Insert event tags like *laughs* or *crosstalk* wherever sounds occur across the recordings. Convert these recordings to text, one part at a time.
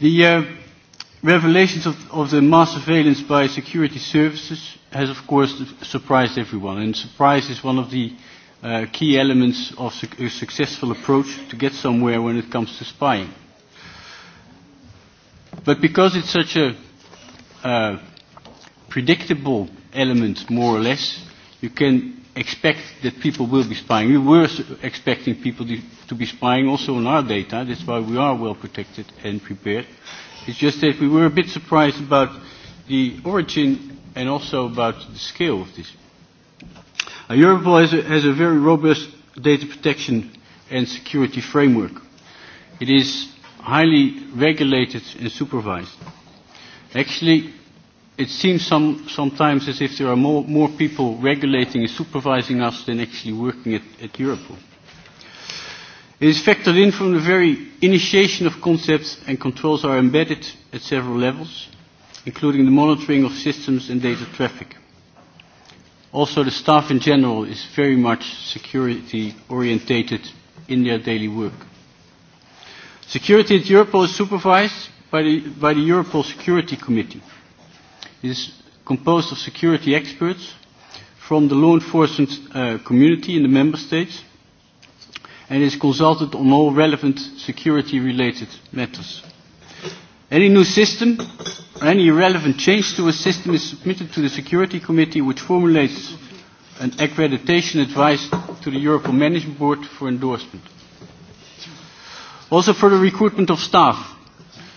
The uh, revelations of, of the mass surveillance by security services has, of course, surprised everyone. And surprise is one of the uh, key elements of su a successful approach to get somewhere when it comes to spying. But because it's such a uh, predictable element, more or less, you can expect that people will be spying. We were expecting people to be spying also on our data. That's why we are well protected and prepared. It's just that we were a bit surprised about the origin and also about the scale of this. Uh, Europol has a, has a very robust data protection and security framework. It is highly regulated and supervised. Actually, it seems some, sometimes as if there are more, more people regulating and supervising us than actually working at, at Europol. It is factored in from the very initiation of concepts and controls are embedded at several levels, including the monitoring of systems and data traffic. Also, the staff in general is very much security orientated in their daily work. Security at Europol is supervised by the, by the Europol Security Committee – is composed of security experts from the law enforcement uh, community in the member states and is consulted on all relevant security related matters. Any new system or any relevant change to a system is submitted to the Security Committee which formulates an accreditation advice to the Europol Management Board for endorsement. Also for the recruitment of staff,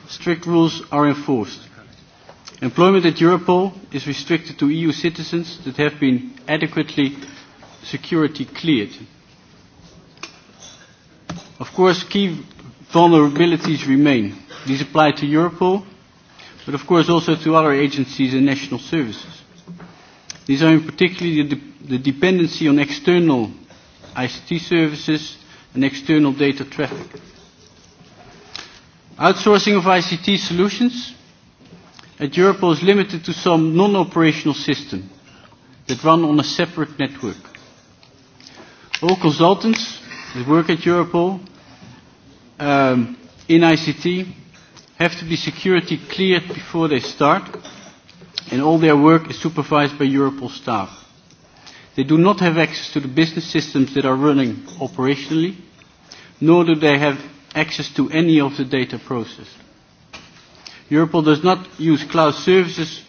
strict rules are enforced. Employment at Europol is restricted to EU citizens that have been adequately security cleared. Of course, key vulnerabilities remain. These apply to Europol, but of course also to other agencies and national services. These are in particular the, de the dependency on external ICT services and external data traffic. Outsourcing of ICT solutions and Europol is limited to some non-operational systems that run on a separate network. All consultants that work at Europol um, in ICT have to be security cleared before they start, and all their work is supervised by Europol staff. They do not have access to the business systems that are running operationally, nor do they have access to any of the data processed. Europol does not use cloud services,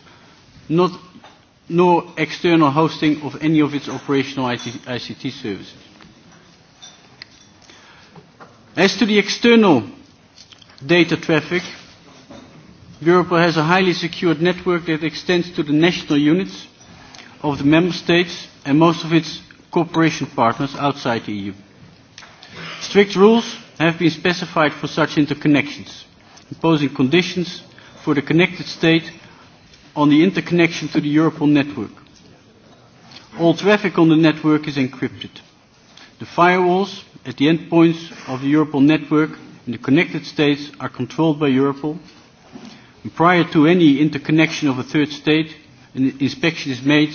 not, nor external hosting of any of its operational IT, ICT services. As to the external data traffic, Europol has a highly secured network that extends to the national units of the member states and most of its cooperation partners outside the EU. Strict rules have been specified for such interconnections, imposing conditions for the connected state on the interconnection to the Europol network. All traffic on the network is encrypted. The firewalls at the endpoints of the Europol network in the connected states are controlled by Europol. And prior to any interconnection of a third state, an inspection is made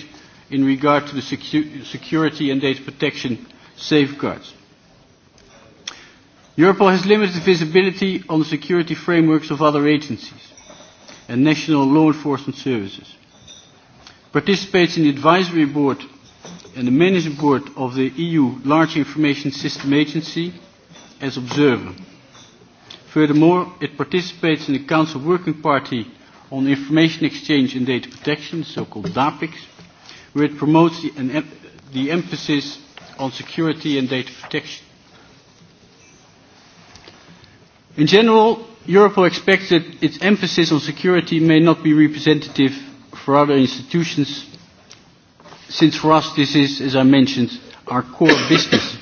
in regard to the secu security and data protection safeguards. Europol has limited visibility on the security frameworks of other agencies and national law enforcement services. Participates in the advisory board and the management board of the EU Large Information System Agency as observer. Furthermore, it participates in the Council Working Party on Information Exchange and Data Protection, so-called DAPIX, where it promotes the, an, the emphasis on security and data protection. In general, Europol expects that its emphasis on security may not be representative for other institutions, since for us this is, as I mentioned, our core business.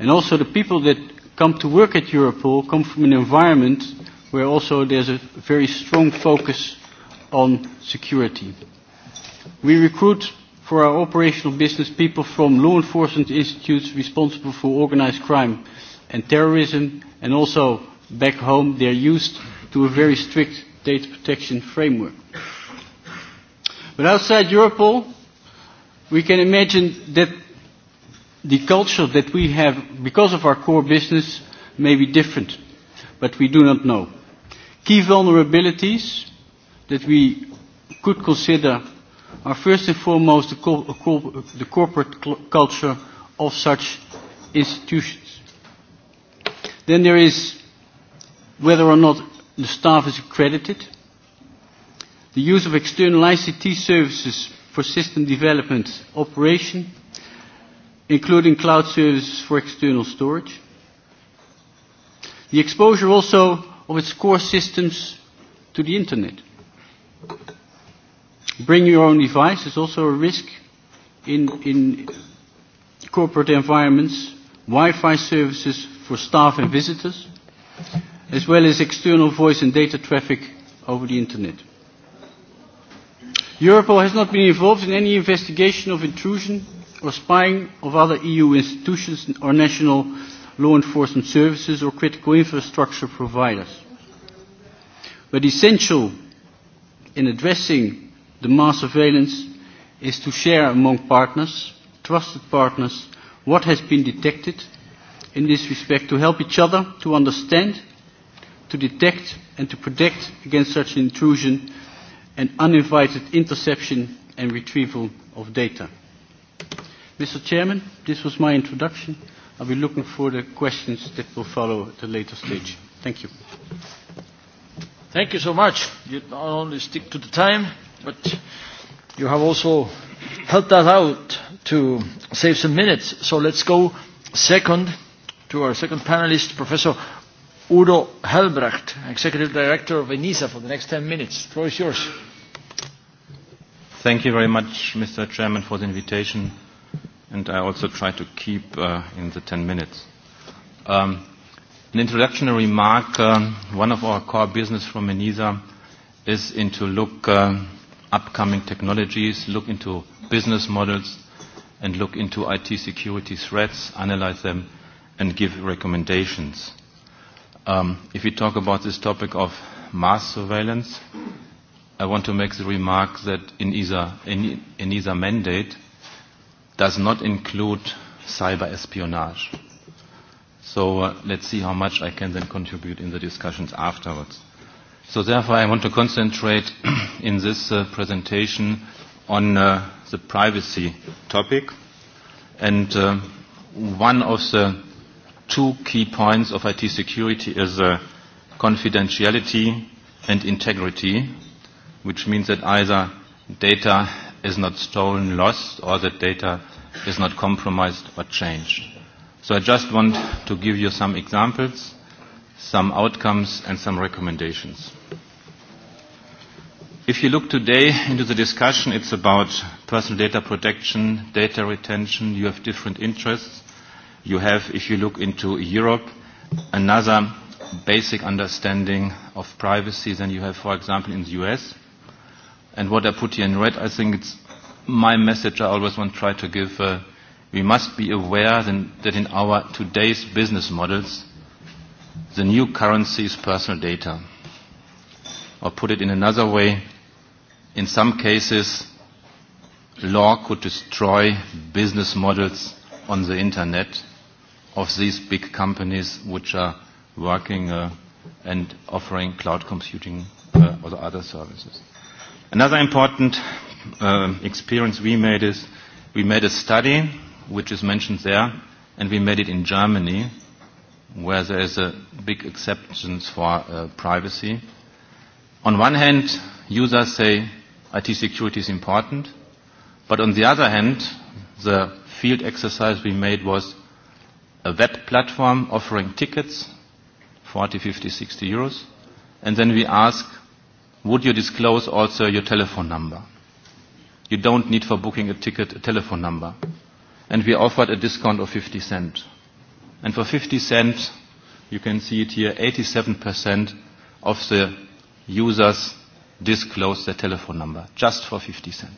And also the people that come to work at Europol come from an environment where also there's a very strong focus on security. We recruit for our operational business people from law enforcement institutes responsible for organized crime and terrorism and also back home, they're used to a very strict data protection framework. But outside Europol, we can imagine that the culture that we have because of our core business may be different, but we do not know. Key vulnerabilities that we could consider are first and foremost the, co co the corporate culture of such institutions. Then there is whether or not the staff is accredited, the use of external ICT services for system development operation, including cloud services for external storage, the exposure also of its core systems to the internet. Bring your own device is also a risk in, in corporate environments, Wi-Fi services for staff and visitors, as well as external voice and data traffic over the Internet. Europol has not been involved in any investigation of intrusion or spying of other EU institutions or national law enforcement services or critical infrastructure providers. But essential in addressing the mass surveillance is to share among partners, trusted partners, what has been detected in this respect to help each other to understand to detect and to protect against such intrusion and uninvited interception and retrieval of data. Mr. Chairman, this was my introduction. I'll be looking for the questions that will follow at a later stage. Thank you. Thank you so much. You not only stick to the time, but you have also helped us out to save some minutes. So let's go second to our second panelist, Professor Udo Helbrecht, Executive Director of ENISA, for the next 10 minutes. The floor is yours. Thank you very much, Mr. Chairman, for the invitation, and I also try to keep uh, in the 10 minutes. Um, an introductory remark, um, one of our core business from ENISA is into look uh, upcoming technologies, look into business models, and look into IT security threats, analyze them, and give recommendations. Um, if we talk about this topic of mass surveillance, I want to make the remark that ENISA, ENISA mandate does not include cyber espionage. So uh, let's see how much I can then contribute in the discussions afterwards. So therefore, I want to concentrate *clears throat* in this uh, presentation on uh, the privacy topic. And uh, one of the two key points of IT security is uh, confidentiality and integrity, which means that either data is not stolen, lost, or that data is not compromised or changed. So I just want to give you some examples, some outcomes, and some recommendations. If you look today into the discussion, it's about personal data protection, data retention. You have different interests you have, if you look into Europe, another basic understanding of privacy than you have, for example, in the US. And what I put here in red, I think it's my message I always want to try to give. Uh, we must be aware that in our today's business models, the new currency is personal data. Or put it in another way, in some cases, law could destroy business models on the internet of these big companies which are working uh, and offering cloud computing uh, or other services. Another important uh, experience we made is we made a study which is mentioned there, and we made it in Germany, where there is a big acceptance for uh, privacy. On one hand, users say IT security is important, but on the other hand, the field exercise we made was a web platform offering tickets, 40, 50, 60 euros. And then we ask, would you disclose also your telephone number? You don't need for booking a ticket a telephone number. And we offered a discount of 50 cent. And for 50 cent, you can see it here, 87% of the users disclosed their telephone number, just for 50 cent.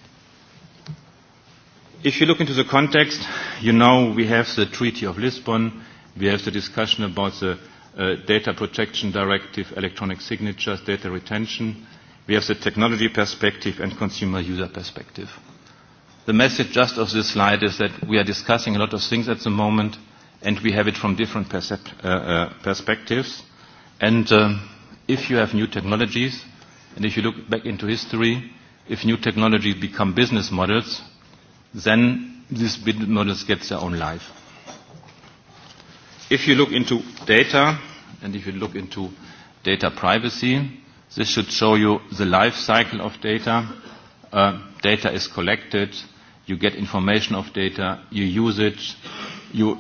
If you look into the context, you know we have the Treaty of Lisbon, we have the discussion about the uh, Data Protection Directive, electronic signatures, data retention, we have the technology perspective and consumer user perspective. The message just of this slide is that we are discussing a lot of things at the moment and we have it from different percep- uh, uh, perspectives. And um, if you have new technologies, and if you look back into history, if new technologies become business models, then this business models get their own life. If you look into data and if you look into data privacy, this should show you the life cycle of data. Uh, data is collected, you get information of data, you use it, you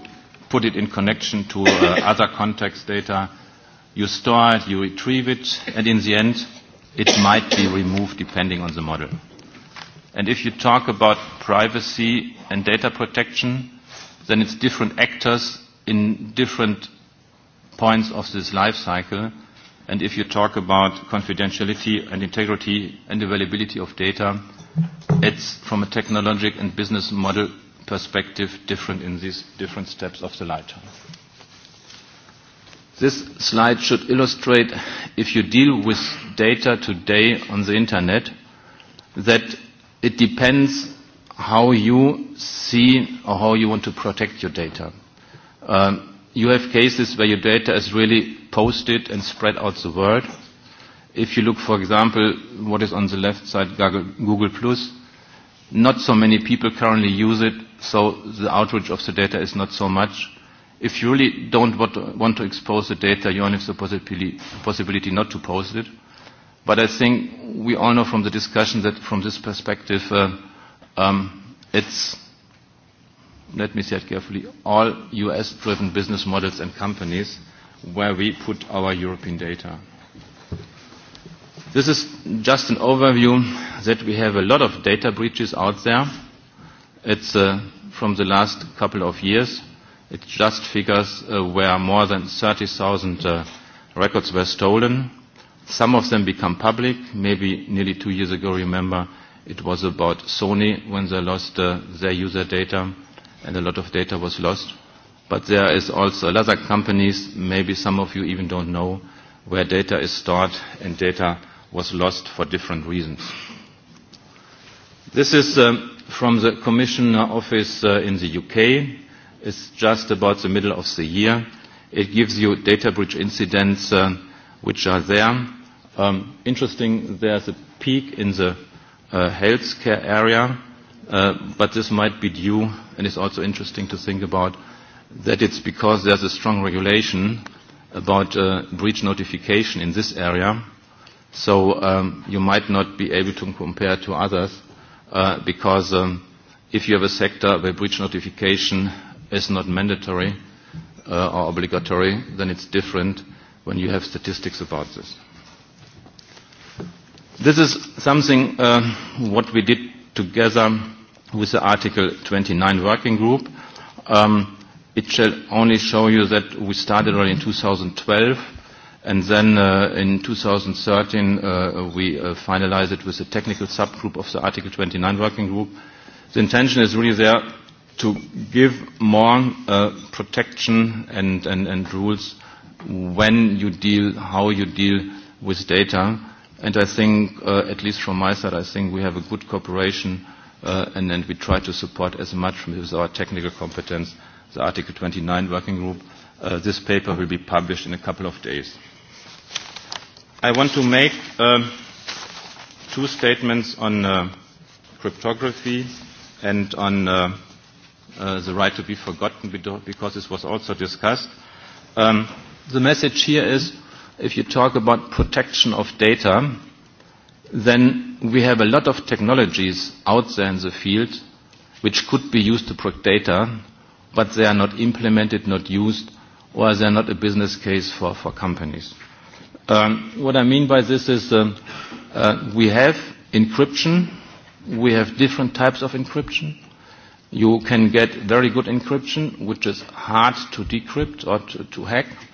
put it in connection to uh, *coughs* other context data, you store it, you retrieve it, and in the end, it might be removed depending on the model. And if you talk about privacy and data protection, then it's different actors in different points of this life cycle. And if you talk about confidentiality and integrity and availability of data, it's from a technologic and business model perspective different in these different steps of the lifetime. This slide should illustrate if you deal with data today on the internet that it depends how you see or how you want to protect your data. Um, you have cases where your data is really posted and spread out the world. If you look, for example, what is on the left side, Google Plus, not so many people currently use it, so the outreach of the data is not so much. If you really don't want to, want to expose the data, you only have the possibility, possibility not to post it. Uh, But I think we all know from the discussion that from this perspective, uh, um, it's, let me say it carefully, all US-driven business models and companies where we put our European data. This is just an overview that we have a lot of data breaches out there. It's uh, from the last couple of years. It's just figures uh, where more than 30,000 uh, records were stolen. Some of them become public. Maybe nearly two years ago, remember, it was about Sony when they lost uh, their user data, and a lot of data was lost. But there is also other companies, maybe some of you even don't know, where data is stored and data was lost for different reasons. This is um, from the Commissioner Office uh, in the UK. It's just about the middle of the year. It gives you data breach incidents uh, which are there Um, interesting, there's a peak in the uh, healthcare area, uh, but this might be due, and it's also interesting to think about that it's because there's a strong regulation about uh, breach notification in this area. So um, you might not be able to compare to others uh, because um, if you have a sector where breach notification is not mandatory uh, or obligatory, then it's different when you have statistics about this. This is something uh, what we did together with the Article 29 working group. Um, it shall only show you that we started already in 2012, and then uh, in 2013 uh, we uh, finalized it with a technical subgroup of the Article 29 working group. The intention is really there to give more uh, protection and, and, and rules when you deal, how you deal with data And I think, uh, at least from my side, I think we have a good cooperation uh, and then we try to support as much with our technical competence the Article 29 working group. Uh, this paper will be published in a couple of days. I want to make um, two statements on uh, cryptography and on uh, uh, the right to be forgotten because this was also discussed. Um, the message here is if you talk about protection of data, then we have a lot of technologies out there in the field which could be used to protect data, but they are not implemented, not used, or they are not a business case for, for companies. Um, what I mean by this is um, uh, we have encryption. We have different types of encryption. You can get very good encryption, which is hard to decrypt or to, to hack. Uh,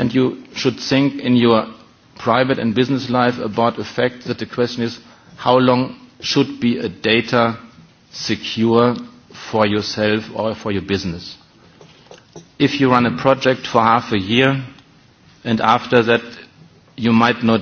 and you should think in your private and business life about the fact that the question is how long should be a data secure for yourself or for your business. If you run a project for half a year and after that you might not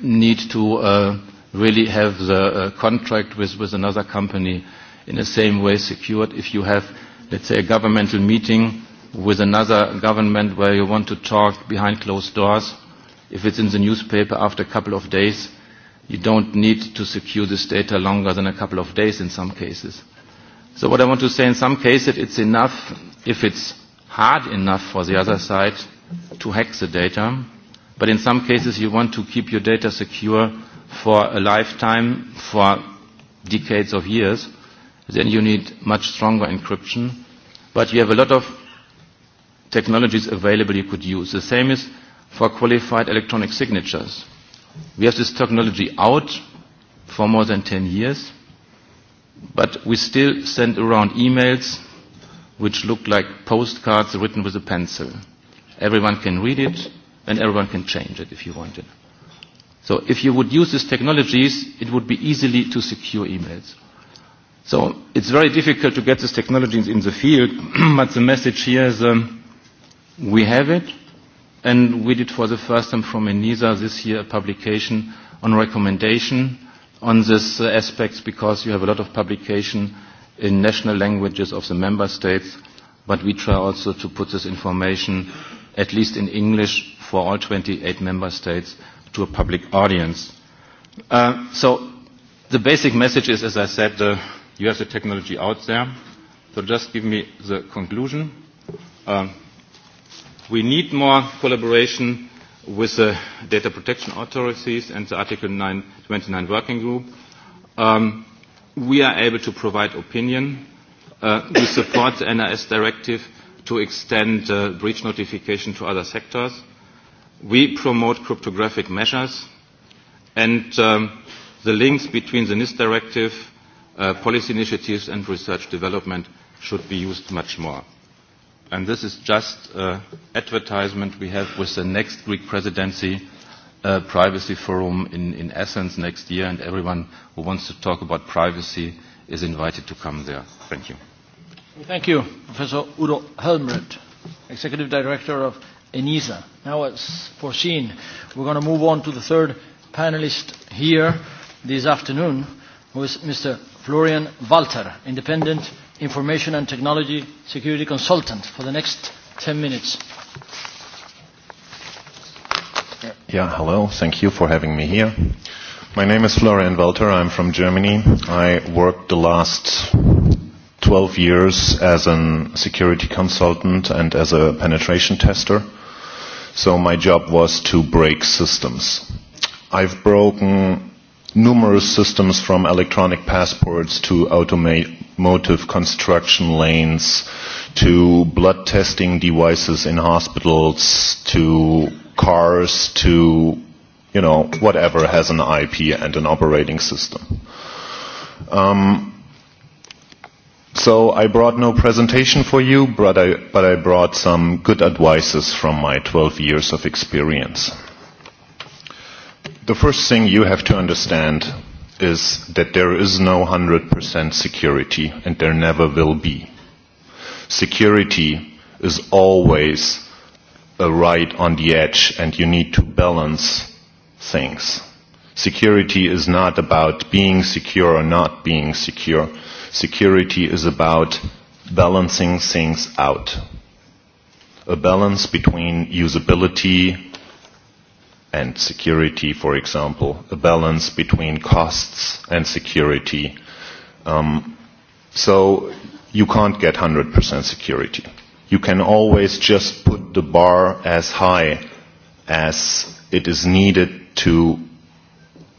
need to uh, really have the uh, contract with, with another company in the same way secured if you have, let's say, a governmental meeting with another government where you want to talk behind closed doors, if it's in the newspaper after a couple of days, you don't need to secure this data longer than a couple of days in some cases. So what I want to say, in some cases it's enough if it's hard enough for the other side to hack the data, but in some cases you want to keep your data secure for a lifetime, for decades of years, then you need much stronger encryption. But you have a lot of technologies available you could use. The same is for qualified electronic signatures. We have this technology out for more than 10 years, but we still send around emails which look like postcards written with a pencil. Everyone can read it and everyone can change it if you want it. So if you would use these technologies, it would be easily to secure emails. So it's very difficult to get this technology in the field, *clears throat* but the message here is um, We have it, and we did for the first time from ENISA this year a publication on recommendation on this uh, aspects because you have a lot of publication in national languages of the member states, but we try also to put this information, at least in English, for all 28 member states to a public audience. Uh, so the basic message is, as I said, uh, you have the technology out there. So just give me the conclusion. Um, we need more collaboration with the data protection authorities and the Article 9, 29 working group. Um, we are able to provide opinion. Uh, we support the NIS directive to extend uh, breach notification to other sectors. We promote cryptographic measures and um, the links between the NIST directive, uh, policy initiatives and research development should be used much more and this is just uh, advertisement we have with the next Greek presidency uh, privacy forum in, in Athens next year, and everyone who wants to talk about privacy is invited to come there. Thank you. Thank you, Professor Udo Helmrich, Executive Director of ENISA. Now, as foreseen, we're going to move on to the third panelist here this afternoon, who is Mr. Florian Walter, independent information and technology security consultant for the next 10 minutes. Yeah, hello. Thank you for having me here. My name is Florian Welter. I'm from Germany. I worked the last 12 years as a security consultant and as a penetration tester. So my job was to break systems. I've broken numerous systems from electronic passports to automotive construction lanes to blood testing devices in hospitals to cars to you know whatever has an IP and an operating system. Um, so I brought no presentation for you, but I, but I brought some good advices from my 12 years of experience. The first thing you have to understand is that there is no 100% security and there never will be. Security is always a right on the edge and you need to balance things. Security is not about being secure or not being secure. Security is about balancing things out. A balance between usability, and security, for example, a balance between costs and security. Um, so you can't get 100% security. You can always just put the bar as high as it is needed to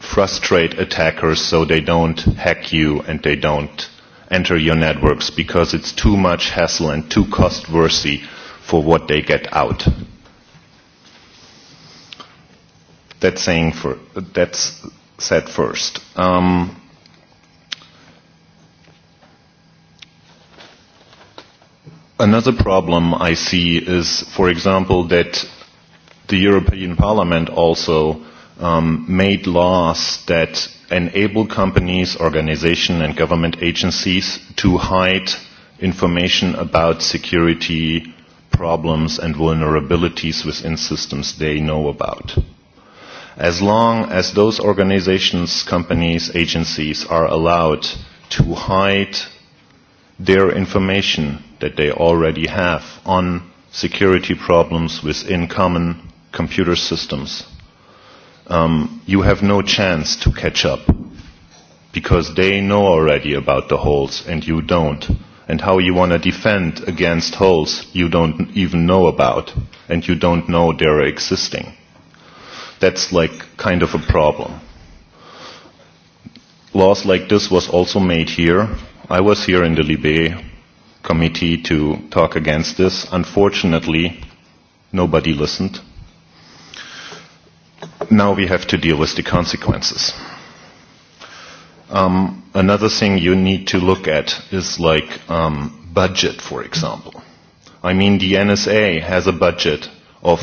frustrate attackers so they don't hack you and they don't enter your networks because it's too much hassle and too cost worthy for what they get out. That's saying for that's said first. Um, another problem I see is, for example, that the European Parliament also um, made laws that enable companies, organizations, and government agencies to hide information about security problems and vulnerabilities within systems they know about as long as those organizations, companies, agencies are allowed to hide their information that they already have on security problems within common computer systems, um, you have no chance to catch up because they know already about the holes and you don't. And how you want to defend against holes you don't even know about and you don't know they're existing. That's like kind of a problem. Laws like this was also made here. I was here in the Libé committee to talk against this. Unfortunately, nobody listened. Now we have to deal with the consequences. Um, another thing you need to look at is like um, budget, for example. I mean, the NSA has a budget of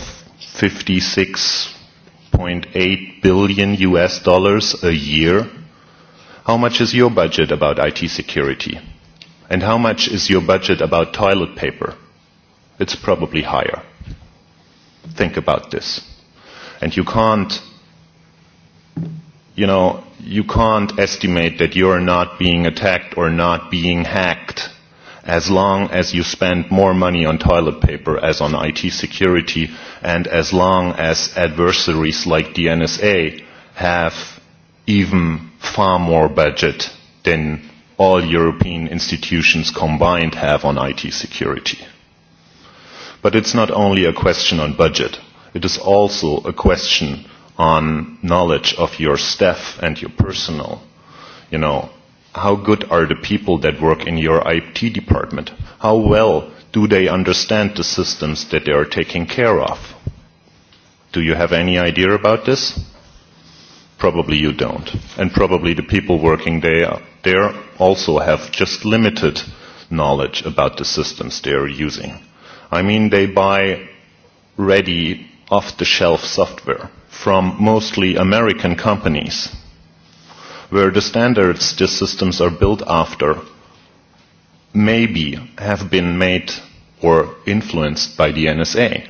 56 $1.8 billion US dollars a year. How much is your budget about IT security? And how much is your budget about toilet paper? It's probably higher. Think about this. And you can't, you know, you can't estimate that you're not being attacked or not being hacked as long as you spend more money on toilet paper as on IT security, and as long as adversaries like the NSA have even far more budget than all European institutions combined have on IT security. But it's not only a question on budget. It is also a question on knowledge of your staff and your personnel. You know, how good are the people that work in your IT department? How well do they understand the systems that they are taking care of? Do you have any idea about this? Probably you don't. And probably the people working there, there also have just limited knowledge about the systems they are using. I mean, they buy ready off-the-shelf software from mostly American companies where the standards these systems are built after maybe have been made or influenced by the NSA.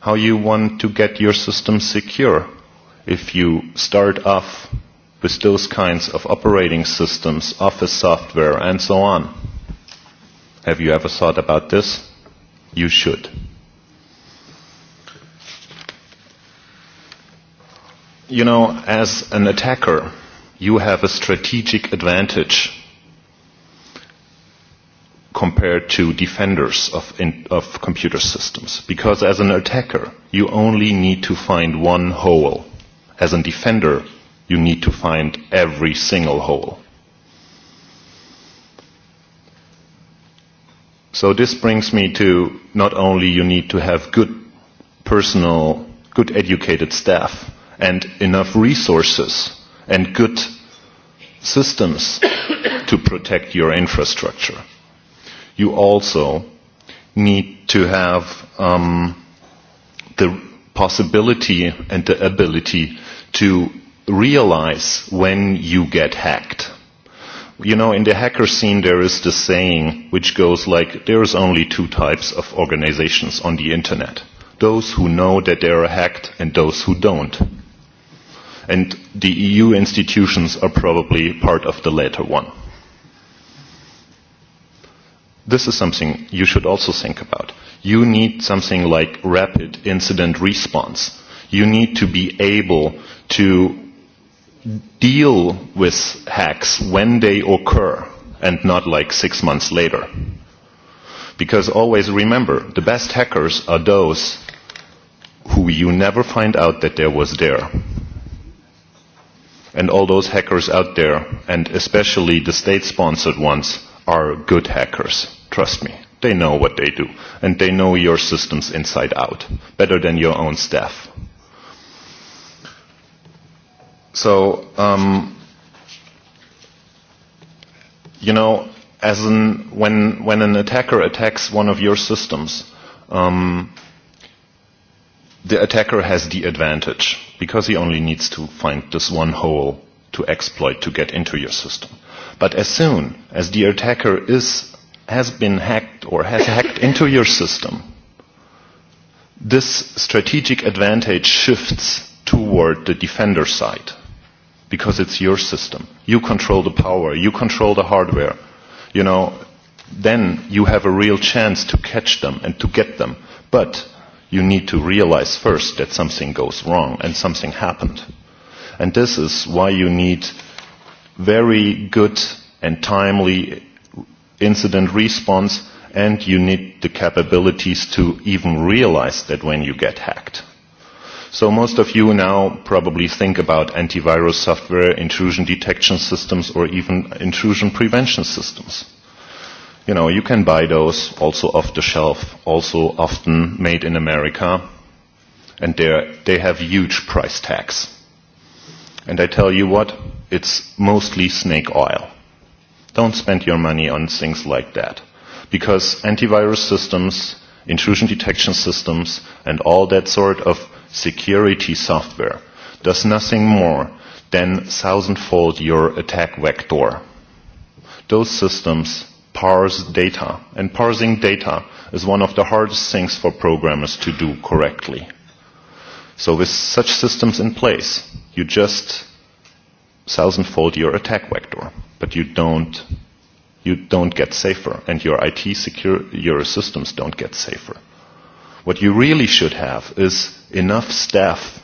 How you want to get your system secure if you start off with those kinds of operating systems, office software, and so on. Have you ever thought about this? You should. you know, as an attacker, you have a strategic advantage compared to defenders of, in, of computer systems. Because as an attacker, you only need to find one hole. As a defender, you need to find every single hole. So this brings me to not only you need to have good personal, good educated staff, and enough resources and good systems to protect your infrastructure. You also need to have um, the possibility and the ability to realize when you get hacked. You know, in the hacker scene, there is this saying which goes like, there is only two types of organizations on the internet. Those who know that they are hacked and those who don't and the EU institutions are probably part of the latter one. This is something you should also think about. You need something like rapid incident response. You need to be able to deal with hacks when they occur and not like six months later. Because always remember, the best hackers are those who you never find out that there was there and all those hackers out there, and especially the state-sponsored ones, are good hackers. Trust me. They know what they do, and they know your systems inside out, better than your own staff. So, um, you know, as an, when, when an attacker attacks one of your systems, um, the attacker has the advantage because he only needs to find this one hole to exploit to get into your system. But as soon as the attacker is, has been hacked or has hacked *laughs* into your system, this strategic advantage shifts toward the defender side because it's your system. You control the power, you control the hardware. You know, then you have a real chance to catch them and to get them. But you need to realize first that something goes wrong and something happened. And this is why you need very good and timely incident response, and you need the capabilities to even realize that when you get hacked. So most of you now probably think about antivirus software, intrusion detection systems, or even intrusion prevention systems you know, you can buy those also off the shelf, also often made in America, and they have huge price tags. And I tell you what, it's mostly snake oil. Don't spend your money on things like that, because antivirus systems, intrusion detection systems, and all that sort of security software does nothing more than thousandfold your attack vector. Those systems parse data. And parsing data is one of the hardest things for programmers to do correctly. So with such systems in place, you just thousandfold your attack vector, but you don't, you don't get safer, and your IT secure, your systems don't get safer. What you really should have is enough staff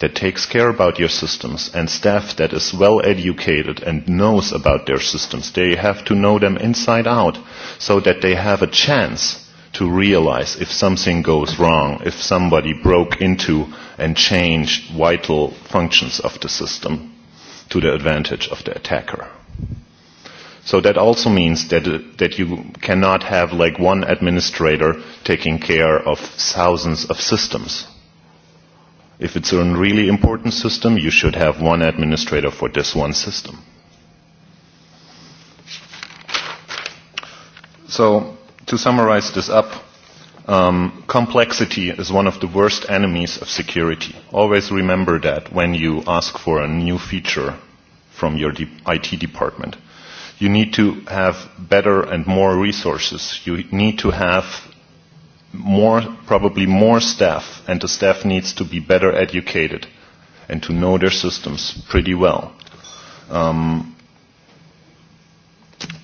that takes care about your systems and staff that is well educated and knows about their systems. They have to know them inside out so that they have a chance to realize if something goes wrong, if somebody broke into and changed vital functions of the system to the advantage of the attacker. So that also means that, uh, that you cannot have like one administrator taking care of thousands of systems If it's a really important system, you should have one administrator for this one system. So, to summarize this up, um, complexity is one of the worst enemies of security. Always remember that when you ask for a new feature from your de- IT department. You need to have better and more resources. You need to have more, probably more staff, and the staff needs to be better educated and to know their systems pretty well. Um,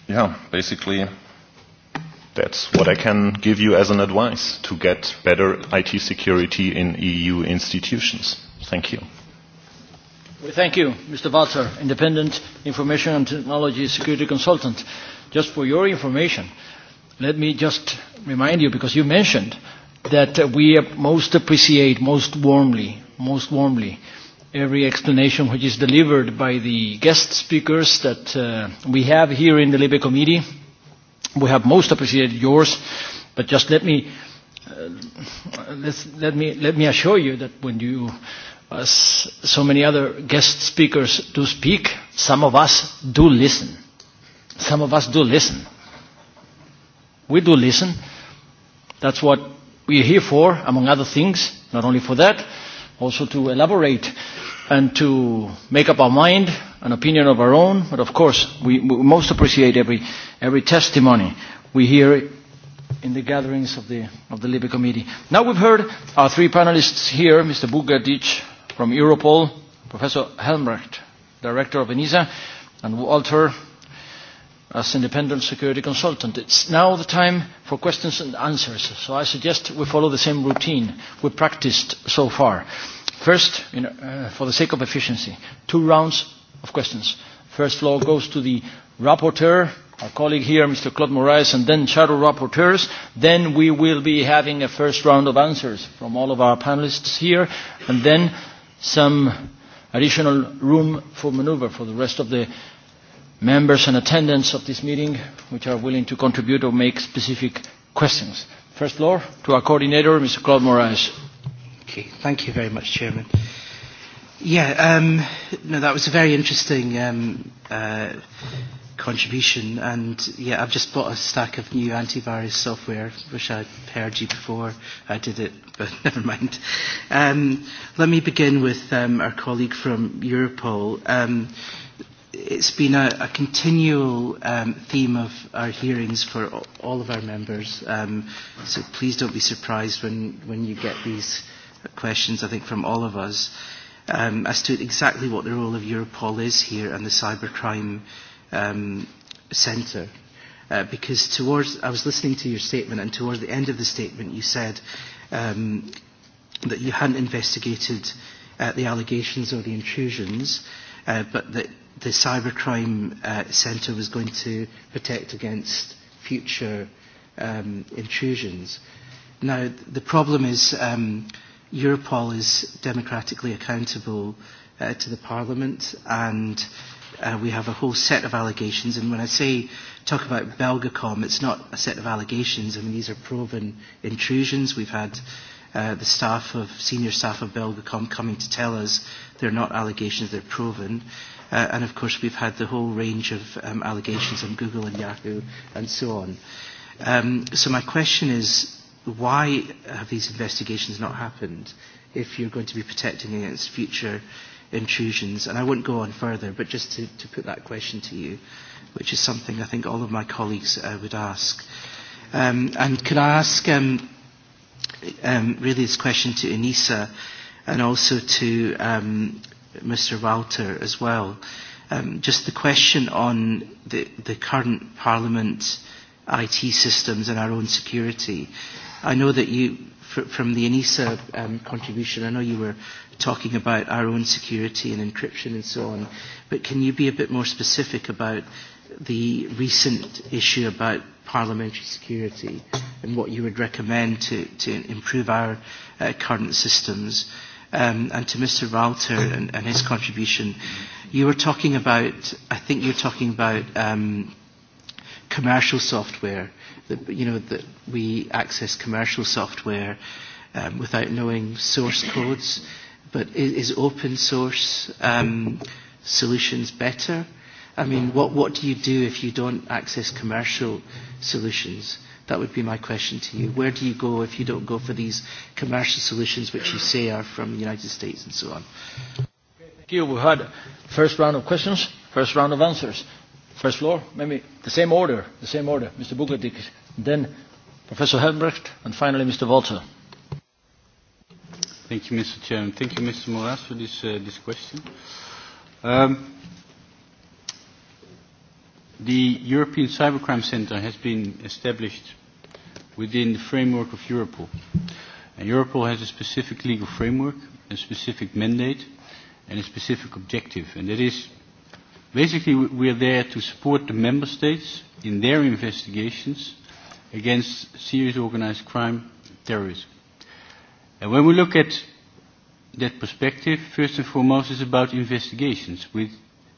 yeah, basically, that's what I can give you as an advice to get better IT security in EU institutions. Thank you. Well, thank you, Mr. Walter, Independent Information and Technology Security Consultant. Just for your information, uh, Let me just remind you, because you mentioned that we most appreciate most warmly, most warmly, every explanation which is delivered by the guest speakers that uh, we have here in the Libe Committee. We have most appreciated yours, but just let me, uh, let's, let me, let me assure you that when you, as so many other guest speakers do speak, some of us do listen. Some of us do listen We do listen. That's what we are here for, among other things, not only for that, also to elaborate and to make up our mind, an opinion of our own. But of course, we, we most appreciate every, every testimony we hear in the gatherings of the, of the Libe Committee. Now we've heard our three panelists here, Mr. Bugadich from Europol, Professor Helmrecht, Director of ENISA, and Walter as independent security consultant. It's now the time for questions and answers, so I suggest we follow the same routine we practiced so far. First, in, uh, for the sake of efficiency, two rounds of questions. First floor goes to the rapporteur, our colleague here, Mr. Claude Moraes, and then shadow rapporteurs. Then we will be having a first round of answers from all of our panelists here, and then some additional room for maneuver for the rest of the members and attendants of this meeting which are willing to contribute or make specific questions. First floor to our coordinator, Mr. Claude Moraes. Okay, thank you very much, Chairman. Yeah, um, no, that was a very interesting um, uh, contribution, and yeah, I've just bought a stack of new antivirus software. Wish I'd heard you before I did it, *laughs* but never mind. Um, let me begin with um, our colleague from Europol. Um, it's been a, a continual um, theme of our hearings for all of our members. Um, so please don't be surprised when, when you get these questions, I think, from all of us, um, as to exactly what the role of Europol is here and the cybercrime um, centre. Uh, because towards, I was listening to your statement, and towards the end of the statement, you said um, that you hadn't investigated uh, the allegations or the intrusions, uh, but that the cybercrime uh, centre was going to protect against future um, intrusions. Now, the problem is um, Europol is democratically accountable uh, to the Parliament, and uh, we have a whole set of allegations. And when I say talk about Belgacom, it's not a set of allegations. I mean, these are proven intrusions. We've had uh, the staff of senior staff of Belgacom coming to tell us they're not allegations; they're proven. Uh, and of course, we've had the whole range of um, allegations on Google and Yahoo and so on. Um, so my question is, why have these investigations not happened if you're going to be protecting against future intrusions? And I won't go on further, but just to, to put that question to you, which is something I think all of my colleagues uh, would ask. Um, and could I ask um, um, really this question to Anissa and also to um, Mr. Walter as well. Um, just the question on the, the current Parliament IT systems and our own security. I know that you, fr- from the ENISA um, contribution, I know you were talking about our own security and encryption and so on, but can you be a bit more specific about the recent issue about parliamentary security and what you would recommend to, to improve our uh, current systems? um, and to Mr. Walter and, and his contribution. You were talking about, I think you're talking about um, commercial software, that, you know, that we access commercial software um, without knowing source codes, but is, is open source um, solutions better? I mean, what, what do you do if you don't access commercial solutions? That would be my question to you. Where do you go if you don't go for these commercial solutions which you say are from the United States and so on? Thank you. We had first round of questions, first round of answers. First floor, maybe the same order, the same order. Mr. Bukladik, then Professor Helmbrecht, and finally Mr. Walter. Thank you, Mr. Chair. And thank you, Mr. Moraes, for this, uh, this question. Um, the European Cybercrime Center has been established within the framework of Europol. And Europol has a specific legal framework, a specific mandate, and a specific objective. And that is basically we are there to support the member states in their investigations against serious organized crime, terrorism. And when we look at that perspective, first and foremost, is about investigations with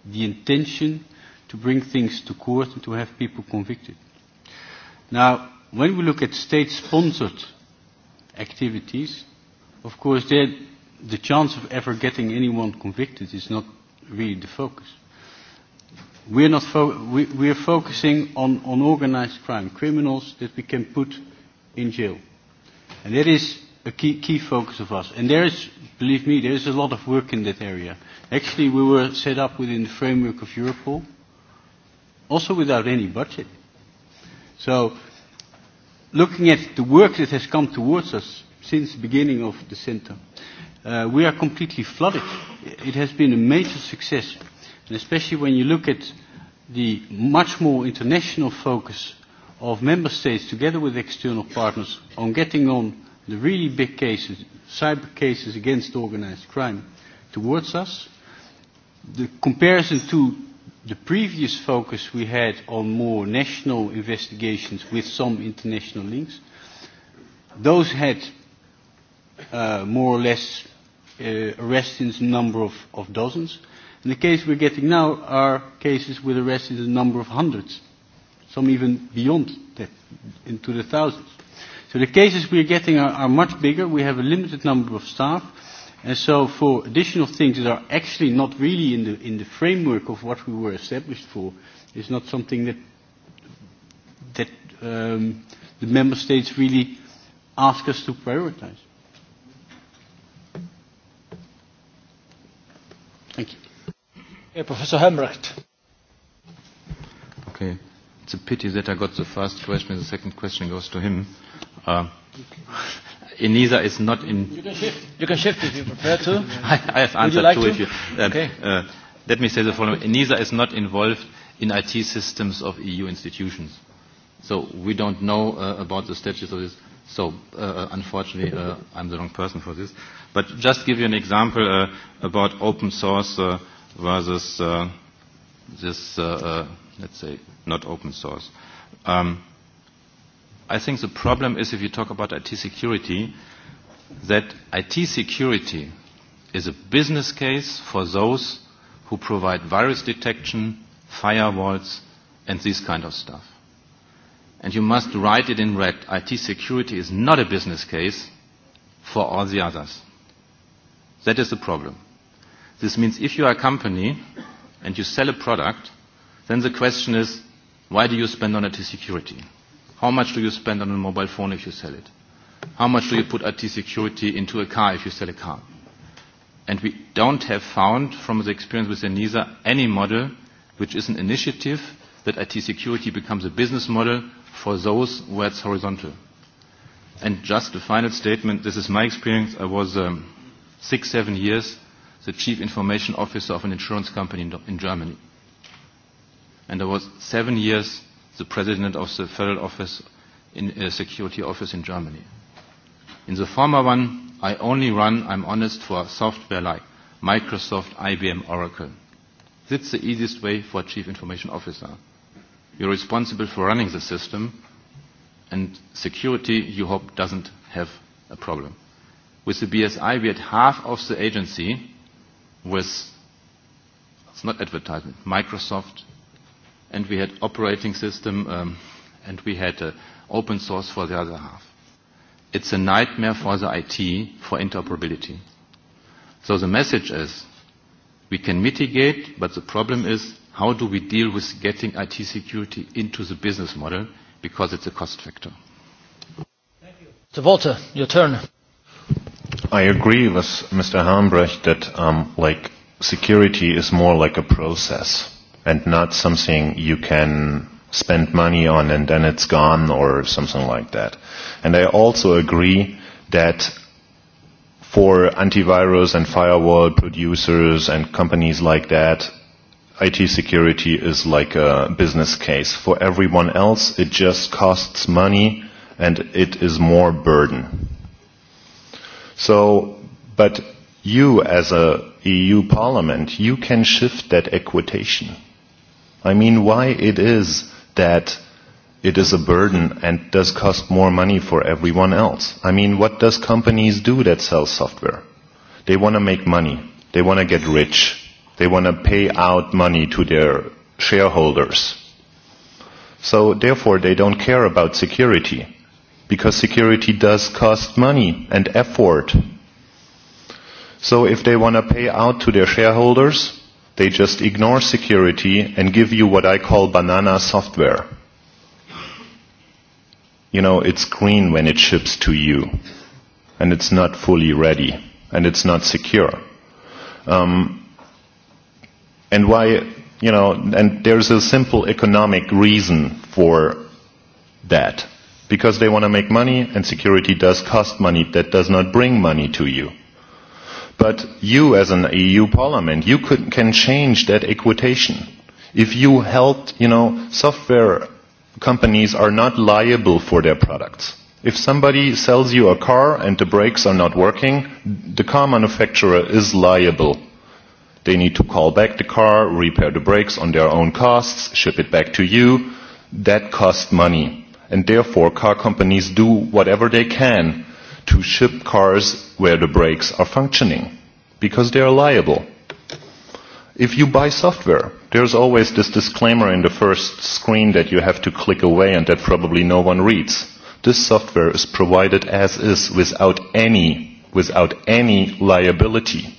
the intention to bring things to court and to have people convicted. Now, When we look at state-sponsored activities, of course, the chance of ever getting anyone convicted is not really the focus. We're, not fo- we, we're focusing on, on organized crime, criminals that we can put in jail. And that is a key, key focus of us. And there is, believe me, there is a lot of work in that area. Actually, we were set up within the framework of Europol, also without any budget. So looking at the work that has come towards us since the beginning of the center, uh, we are completely flooded. It has been a major success, and especially when you look at the much more international focus of member states together with external partners on getting on the really big cases, cyber cases against organized crime towards us. The comparison to the previous focus we had on more national investigations with some international links, those had uh, more or less uh, arrests in the number of, of dozens. And the case we're getting now are cases with arrests in the number of hundreds, some even beyond that, into the thousands. So the cases we're getting are, are much bigger. We have a limited number of staff And so for additional things that are actually not really in the, in the framework of what we were established for is not something that, that um, the member states really ask us to prioritize. Thank you. Yeah, Professor Hemrecht. Okay. It's a pity that I got the first question and the second question goes to him. Uh, Enisa is not in. You can shift. You can shift if you prefer to. *laughs* I, I have answered like to, to if you. Um, okay. Uh, let me say the following. Enisa is not involved in IT systems of EU institutions, so we don't know uh, about the status of this. So, uh, uh, unfortunately, uh, I'm the wrong person for this. But just give you an example uh, about open source uh, versus uh, this, uh, uh, let's say, not open source. Um, I think the problem is if you talk about IT security, that IT security is a business case for those who provide virus detection, firewalls, and this kind of stuff. And you must write it in red. IT security is not a business case for all the others. That is the problem. This means if you are a company and you sell a product, then the question is, why do you spend on IT security? How much do you spend on a mobile phone if you sell it? How much do you put IT security into a car if you sell a car? And we don't have found from the experience with ENISA any model which is an initiative that IT security becomes a business model for those where it's horizontal. And just a final statement, this is my experience. I was um, six, seven years the chief information officer of an insurance company in, in Germany. And I was seven years the president of the Federal Office in, uh, Security Office in Germany. In the former one, I only run, I'm honest, for software like Microsoft, IBM, Oracle. That's the easiest way for a chief information officer. You're responsible for running the system, and security, you hope, doesn't have a problem. With the BSI, we had half of the agency with, it's not advertisement, Microsoft, and we had operating system, um, and we had uh, open source for the other half. It's a nightmare for the IT for interoperability. So the message is we can mitigate, but the problem is how do we deal with getting IT security into the business model because it's a cost factor. Thank you. So Walter, your turn. I agree with Mr. Hambrecht that um, like security is more like a process and not something you can spend money on and then it's gone or something like that. And I also agree that for antivirus and firewall producers and companies like that, IT security is like a business case. For everyone else, it just costs money and it is more burden. So, but you as a EU parliament, you can shift that equitation I mean, why it is that it is a burden and does cost more money for everyone else. I mean, what does companies do that sell software? They want to make money. They want to get rich. They want to pay out money to their shareholders. So therefore, they don't care about security because security does cost money and effort. So if they want to pay out to their shareholders, They just ignore security and give you what I call banana software. You know, it's green when it ships to you, and it's not fully ready, and it's not secure. Um, and why, you know, and there's a simple economic reason for that. Because they want to make money, and security does cost money that does not bring money to you. But you, as an EU Parliament, you could, can change that equitation. If you helped, you know, software companies are not liable for their products. If somebody sells you a car and the brakes are not working, the car manufacturer is liable. They need to call back the car, repair the brakes on their own costs, ship it back to you. That costs money. And therefore, car companies do whatever they can to ship cars where the brakes are functioning because they are liable. If you buy software, there's always this disclaimer in the first screen that you have to click away and that probably no one reads. This software is provided as is without any, without any liability.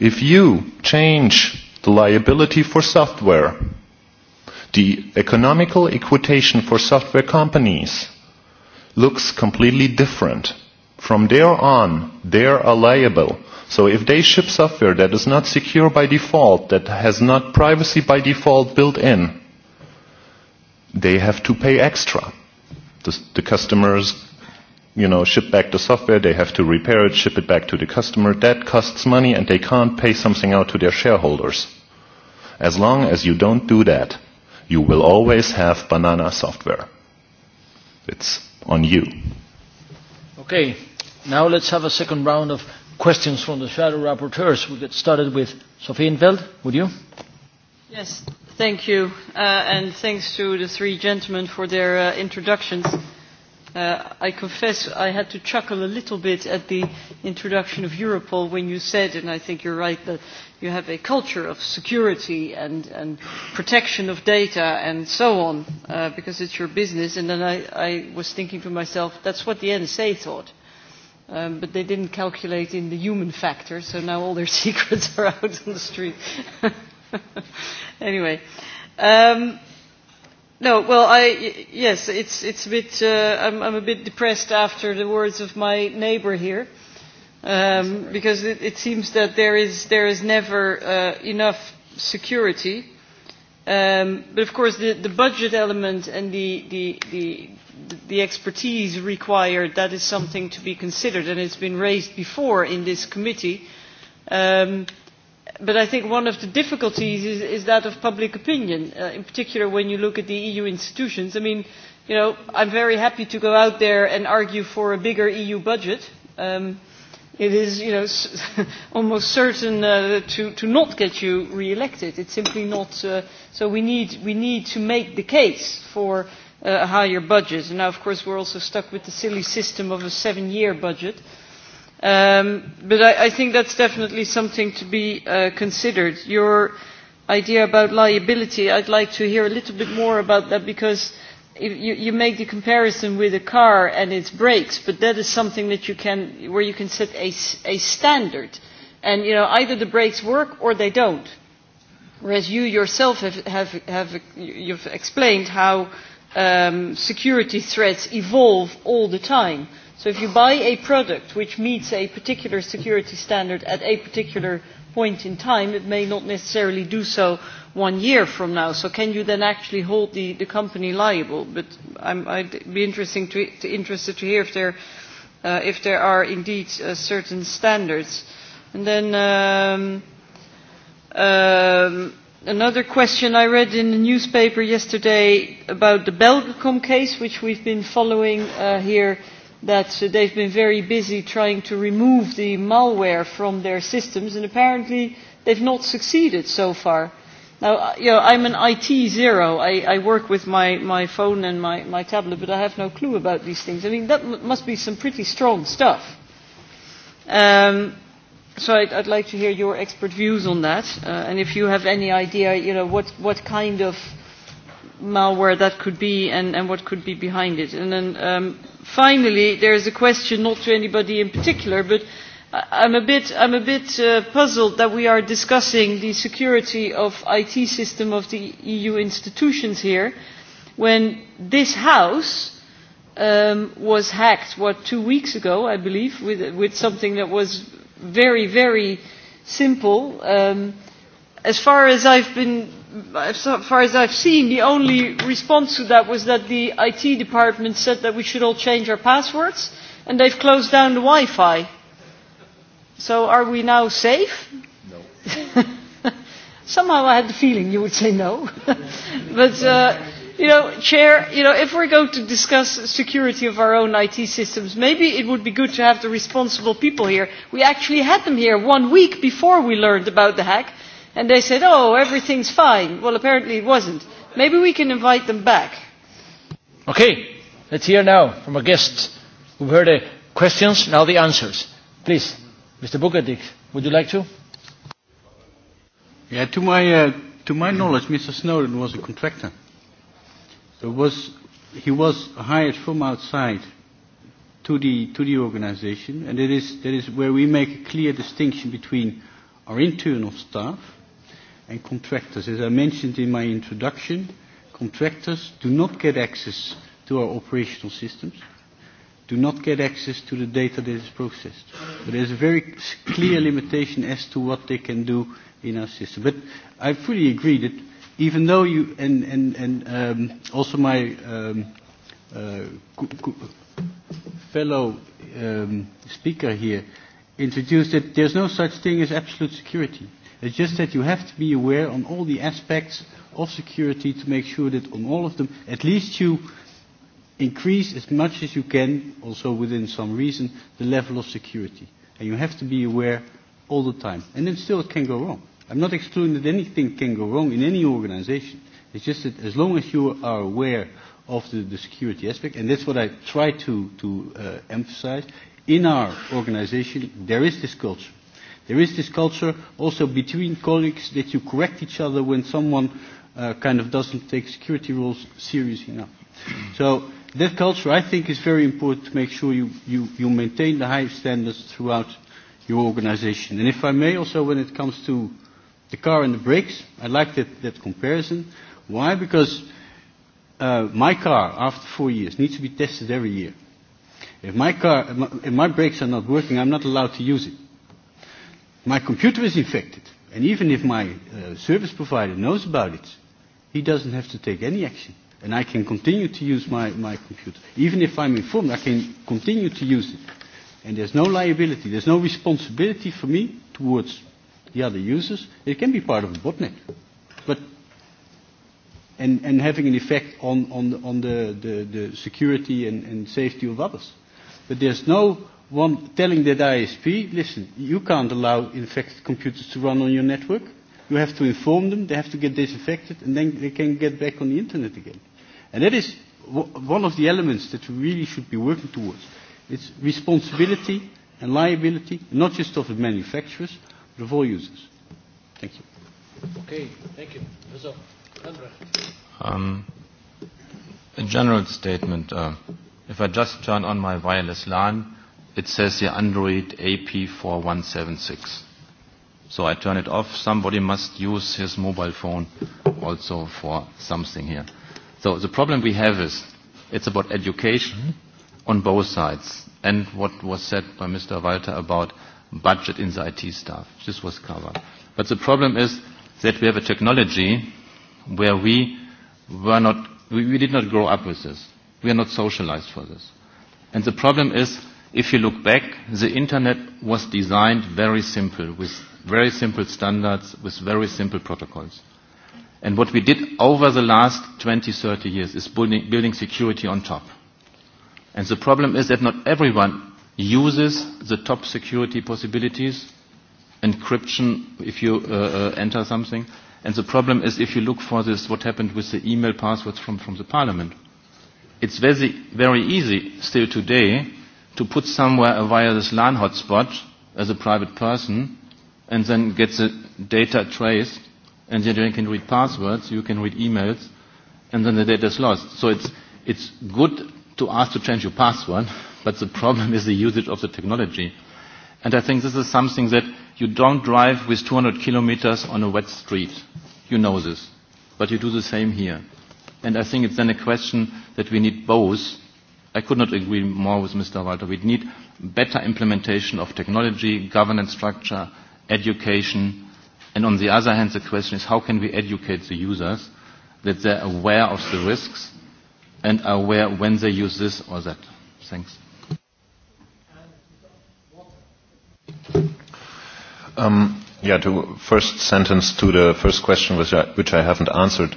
If you change the liability for software, the economical equitation for software companies, looks completely different. From there on, they are liable. So if they ship software that is not secure by default, that has not privacy by default built in, they have to pay extra. The, the customers, you know, ship back the software, they have to repair it, ship it back to the customer. That costs money and they can't pay something out to their shareholders. As long as you don't do that, you will always have banana software. It's on you. Okay, now let's have a second round of questions from the shadow rapporteurs. We'll get started with Sophie Infeld, would you? Yes, thank you, uh, and thanks to the three gentlemen for their uh, introductions. Uh, I confess I had to chuckle a little bit at the introduction of Europol when you said, and I think you're right, that you have a culture of security and, and protection of data and so on, uh, because it's your business. And then I, I was thinking to myself, that's what the NSA thought. Um, but they didn't calculate in the human factor, so now all their *laughs* secrets are out on the street. *laughs* anyway. Um, no, well, I, yes, it's, it's a bit, uh, I'm, I'm a bit depressed after the words of my neighbor here. Uh, um, because it, it seems that there is, there is never uh, enough security. Um, but of course, the, the budget element and the, the, the, the expertise required, that is something to be considered, and it's been raised before in this committee. Um, but I think one of the difficulties is, is that of public opinion, uh, in particular when you look at the EU institutions. I mean, you know, I'm very happy to go out there and argue for a bigger EU budget. Um, it is you know, *laughs* almost certain uh, to, to not get you re-elected. It's simply not. Uh, so we need, we need to make the case for uh, a higher budget. And now, of course, we're also stuck with the silly system of a seven-year budget. Um, but I, I think that's definitely something to be uh, considered. Your idea about liability, I'd like to hear a little bit more about that because uh, you, you make the comparison with a car and its brakes, but that is something that you can, where you can set a, a standard. And, you know, either the brakes work or they don't. Whereas you yourself have, have, have you've explained how um, security threats evolve all the time. So if you buy a product which meets a particular security standard at a particular point in time. It may not necessarily do so one year from now. So can you then actually hold the, the company liable? But I'm, I'd be interesting to, to, interested to hear if there, uh, if there are indeed uh, certain standards. And then um, um, another question I read in the newspaper yesterday about the Belgacom case, which we've been following uh, here that uh, they've been very busy trying to remove the malware from their systems, and apparently they've not succeeded so far. Now, uh, you know, I'm an IT zero. I, I work with my, my phone and my, my tablet, but I have no clue about these things. I mean, that m- must be some pretty strong stuff. Um, so I'd, I'd like to hear your expert views on that, uh, and if you have any idea, you know, what, what kind of malware that could be and, and what could be behind it. And then um, finally there is a question not to anybody in particular but i am a bit, I'm a bit uh, puzzled that we are discussing the security of it system of the eu institutions here when this house um, was hacked what two weeks ago i believe with, with something that was very very simple um, as far as i've been as so far as I've seen, the only response to that was that the IT department said that we should all change our passwords, and they've closed down the Wi-Fi. So are we now safe? No. *laughs* Somehow I had the feeling you would say no. *laughs* but, uh, you know, Chair, you know, if we're going to discuss security of our own IT systems, maybe it would be good to have the responsible people here. We actually had them here one week before we learned about the hack and they said oh everything is fine. well apparently it was not. maybe we can invite them back. okay let us hear now from our guests who heard the questions now the answers. please mr bukadik would you like to? yeah to my uh, to my knowledge mr snowden was a contractor. There was, he was hired from outside to the, to the organization, and that is, that is where we make a clear distinction between our internal staff – and contractors. As I mentioned in my introduction, contractors do not get access to our operational systems, do not get access to the data that is processed. But there's a very clear limitation as to what they can do in our system. But I fully agree that even though you, and, and, and um, also my um, uh, fellow um, speaker here introduced that there's no such thing as absolute security It's just that you have to be aware on all the aspects of security to make sure that on all of them, at least you increase as much as you can, also within some reason, the level of security. And you have to be aware all the time. And then still it can go wrong. I'm not excluding that anything can go wrong in any organization. It's just that as long as you are aware of the, the security aspect, and that's what I try to, to uh, emphasize, in our organization there is this culture There is this culture also between colleagues that you correct each other when someone uh, kind of doesn't take security rules seriously enough. So that culture, I think, is very important to make sure you, you, you maintain the high standards throughout your organization. And if I may, also when it comes to the car and the brakes, I like that, that comparison. Why? Because uh, my car, after four years, needs to be tested every year. If my car, if my, if my brakes are not working, I'm not allowed to use it my computer is infected, and even if my uh, service provider knows about it, he doesn't have to take any action. And I can continue to use my, my computer. Even if I'm informed, I can continue to use it. And there's no liability, there's no responsibility for me towards the other users. It can be part of a botnet. But and, and having an effect on, on, on the, the, the security and, and safety of others. But there's no one telling that ISP, listen, you can't allow infected computers to run on your network. You have to inform them, they have to get disinfected, and then they can get back on the internet again. And that is one of the elements that we really should be working towards. It's responsibility and liability, not just of the manufacturers, but of all users. Thank you. Okay, thank you. Um, a general statement. Uh, if I just turn on my wireless LAN, it says here Android AP4176. So I turn it off. Somebody must use his mobile phone also for something here. So the problem we have is it's about education on both sides. And what was said by Mr. Walter about budget in the IT staff. This was covered. But the problem is that we have a technology where we were not, we, we did not grow up with this. We are not socialized for this. And the problem is If you look back, the internet was designed very simple, with very simple standards, with very simple protocols. And what we did over the last 20, 30 years is building, building security on top. And the problem is that not everyone uses the top security possibilities, encryption if you uh, uh, enter something. And the problem is if you look for this, what happened with the email passwords from, from the parliament. It's very, very easy still today to put somewhere via this LAN hotspot as a private person and then get the data traced and then you can read passwords, you can read emails, and then the data is lost. So it's, it's good to ask to change your password, *laughs* but the problem is the usage of the technology. And I think this is something that you don't drive with 200 kilometers on a wet street. You know this. But you do the same here. And I think it's then a question that we need both I could not agree more with Mr. Walter. We need better implementation of technology, governance structure, education. And on the other hand, the question is how can we educate the users that they're aware of the risks and are aware when they use this or that. Thanks. Um, yeah, to first sentence to the first question, which I, which I haven't answered.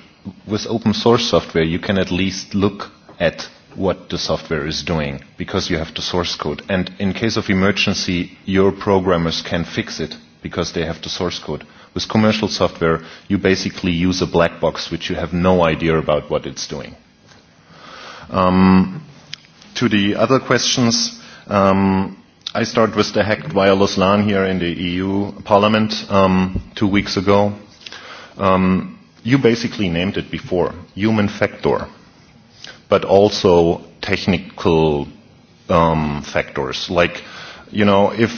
With open source software, you can at least look at what the software is doing because you have the source code. And in case of emergency, your programmers can fix it because they have the source code. With commercial software, you basically use a black box which you have no idea about what it's doing. Um, to the other questions, um, I start with the hacked wireless LAN here in the EU Parliament um, two weeks ago. Um, you basically named it before, human factor but also technical um, factors. Like, you know, if,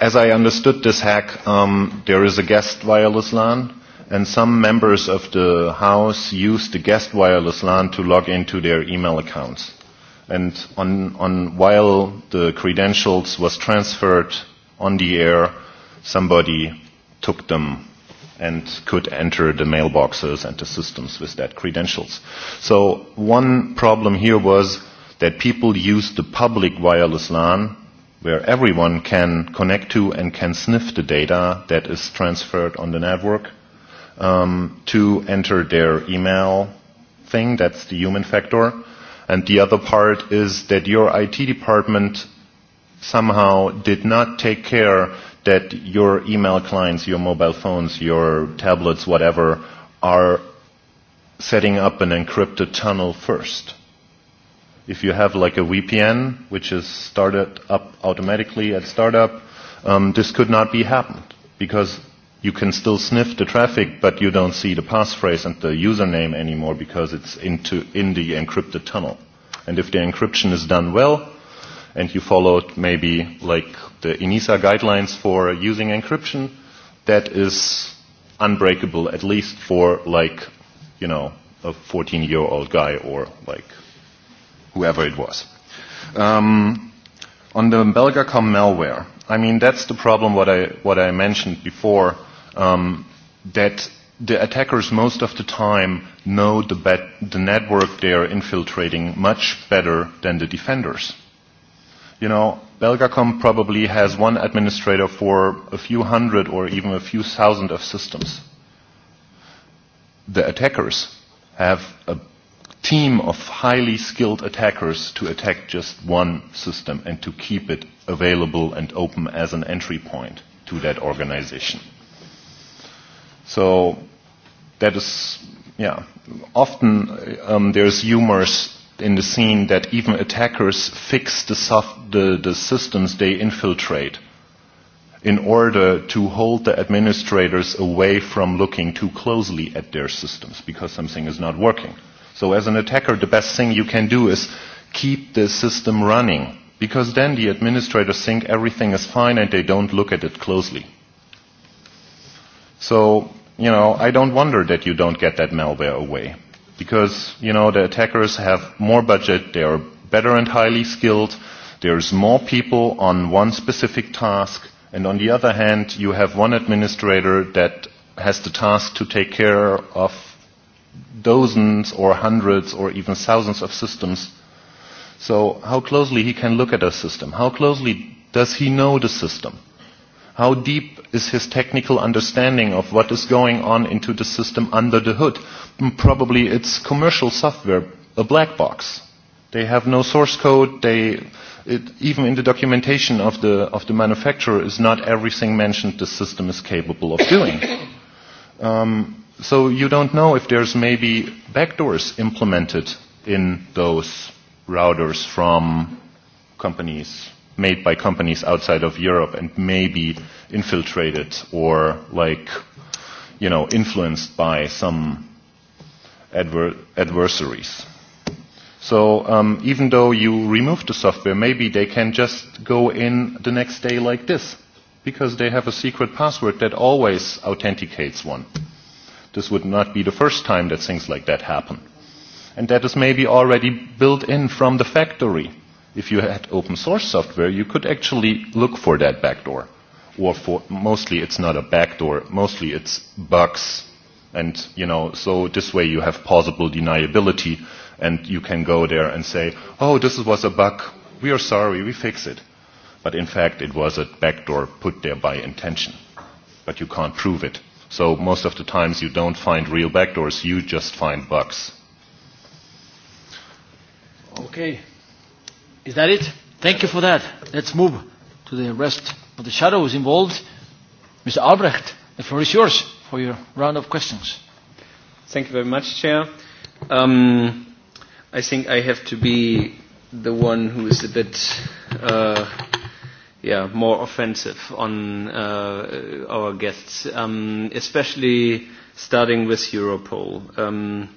as I understood this hack, um, there is a guest wireless LAN, and some members of the House use the guest wireless LAN to log into their email accounts. And on, on while the credentials was transferred on the air, somebody took them and could enter the mailboxes and the systems with that credentials. So one problem here was that people used the public wireless LAN where everyone can connect to and can sniff the data that is transferred on the network um, to enter their email thing. That's the human factor. And the other part is that your IT department somehow did not take care that your email clients, your mobile phones, your tablets, whatever, are setting up an encrypted tunnel first. If you have like a VPN, which is started up automatically at startup, um, this could not be happened because you can still sniff the traffic, but you don't see the passphrase and the username anymore because it's into, in the encrypted tunnel. And if the encryption is done well, and you followed maybe like the ENISA guidelines for using encryption, that is unbreakable, at least for like, you know, a 14-year-old guy or like whoever it was. Um, on the Belgacom malware, I mean, that's the problem what I, what I mentioned before, um, that the attackers most of the time know the, bet- the network they are infiltrating much better than the defenders you know, Belgacom probably has one administrator for a few hundred or even a few thousand of systems. The attackers have a team of highly skilled attackers to attack just one system and to keep it available and open as an entry point to that organization. So that is, yeah, often um, there's humorous in the scene that even attackers fix the, soft, the, the systems they infiltrate in order to hold the administrators away from looking too closely at their systems because something is not working. So as an attacker, the best thing you can do is keep the system running because then the administrators think everything is fine and they don't look at it closely. So, you know, I don't wonder that you don't get that malware away because, you know, the attackers have more budget, they are better and highly skilled, there's more people on one specific task, and on the other hand, you have one administrator that has the task to take care of dozens or hundreds or even thousands of systems. So how closely he can look at a system, how closely does he know the system? How deep is his technical understanding of what is going on into the system under the hood? Mm, probably it's commercial software, a black box. They have no source code. They, it, even in the documentation of the, of the manufacturer is not everything mentioned the system is capable of doing. *coughs* um, so you don't know if there's maybe backdoors implemented in those routers from companies made by companies outside of Europe and maybe infiltrated or like, you know, influenced by some adver- adversaries. So um, even though you remove the software, maybe they can just go in the next day like this because they have a secret password that always authenticates one. This would not be the first time that things like that happen. And that is maybe already built in from the factory if you had open source software, you could actually look for that backdoor. Or for mostly it's not a backdoor, mostly it's bugs. And, you know, so this way you have plausible deniability and you can go there and say, oh, this was a bug. We are sorry. We fix it. But in fact, it was a backdoor put there by intention. But you can't prove it. So most of the times you don't find real backdoors. You just find bugs. Okay. Is that it? Thank you for that. Let's move to the rest of the shadows involved. Mr. Albrecht, the floor is yours for your round of questions. Thank you very much, Chair. Um, I think I have to be the one who is a bit uh, yeah, more offensive on uh, our guests, um, especially starting with Europol. Um,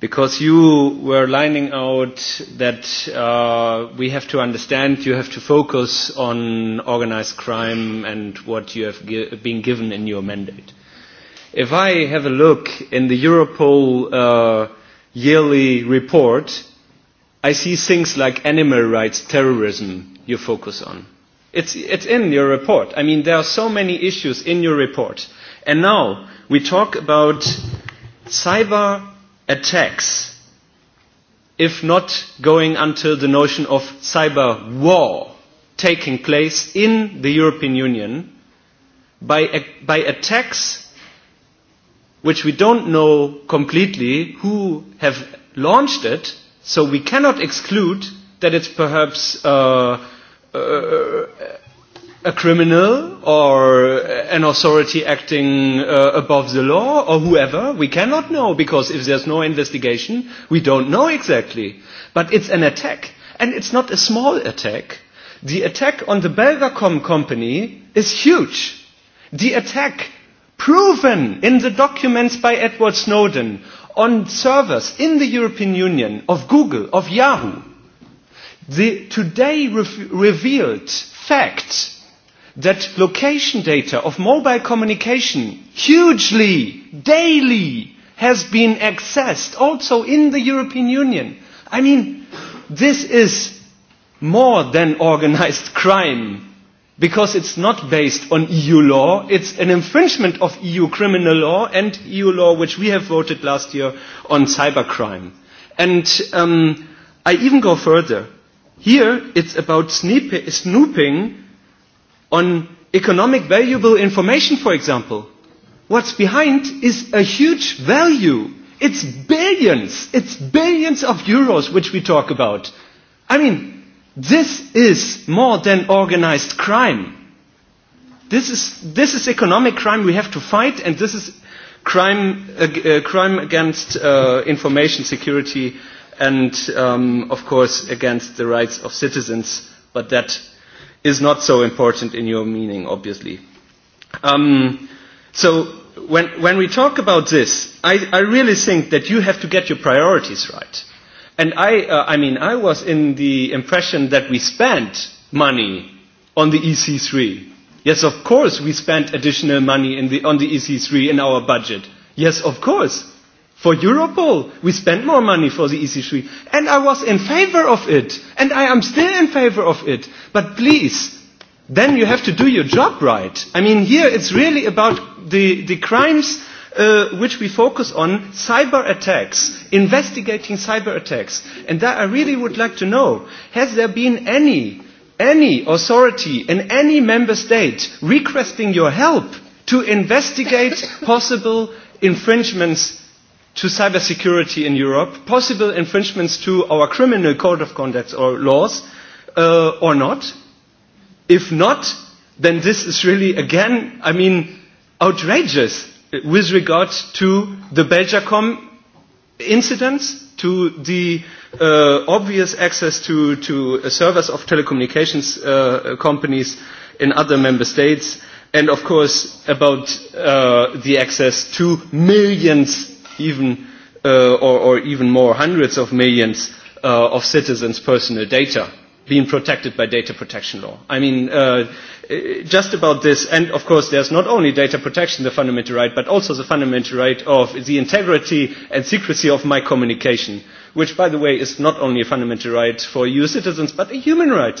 because you were lining out that uh, we have to understand, you have to focus on organized crime and what you have gi- been given in your mandate. If I have a look in the Europol uh, yearly report, I see things like animal rights, terrorism you focus on. It's, it's in your report. I mean, there are so many issues in your report. And now we talk about cyber attacks, if not going until the notion of cyber war taking place in the European Union by, by attacks which we don't know completely who have launched it, so we cannot exclude that it's perhaps uh, uh, a criminal or an authority acting uh, above the law or whoever. We cannot know because if there's no investigation, we don't know exactly. But it's an attack. And it's not a small attack. The attack on the Belgacom company is huge. The attack proven in the documents by Edward Snowden on servers in the European Union of Google, of Yahoo. The today re- revealed fact that location data of mobile communication hugely, daily, has been accessed also in the European Union. I mean, this is more than organized *laughs* crime because it's not based on EU law. It's an infringement of EU criminal law and EU law, which we have voted last year on cybercrime. And um, I even go further. Here, it's about snooping on economic valuable information, for example. What's behind is a huge value. It's billions. It's billions of euros which we talk about. I mean, this is more than organized crime. This is, this is economic crime we have to fight, and this is crime, uh, uh, crime against uh, information security and, um, of course, against the rights of citizens. But that is not so important in your meaning, obviously. Um, so when, when we talk about this, I, I really think that you have to get your priorities right. And I, uh, I mean, I was in the impression that we spent money on the EC3. Yes, of course, we spent additional money in the, on the EC3 in our budget. Yes, of course. For Europol, we spent more money for the EC3. And I was in favor of it. And I am still in favor of it. But please, then you have to do your job right. I mean, here it's really about the, the crimes uh, which we focus on, cyber attacks, investigating cyber attacks. And that I really would like to know, has there been any, any authority in any member state requesting your help to investigate *laughs* possible infringements to cybersecurity in Europe, possible infringements to our criminal code of conduct or laws, uh, or not. If not, then this is really, again, I mean, outrageous with regard to the Belgacom incidents, to the uh, obvious access to, to servers of telecommunications uh, companies in other member states, and of course about uh, the access to millions even uh, or, or even more hundreds of millions uh, of citizens' personal data being protected by data protection law. I mean, uh, just about this, and of course, there's not only data protection, the fundamental right, but also the fundamental right of the integrity and secrecy of my communication, which, by the way, is not only a fundamental right for EU citizens, but a human right.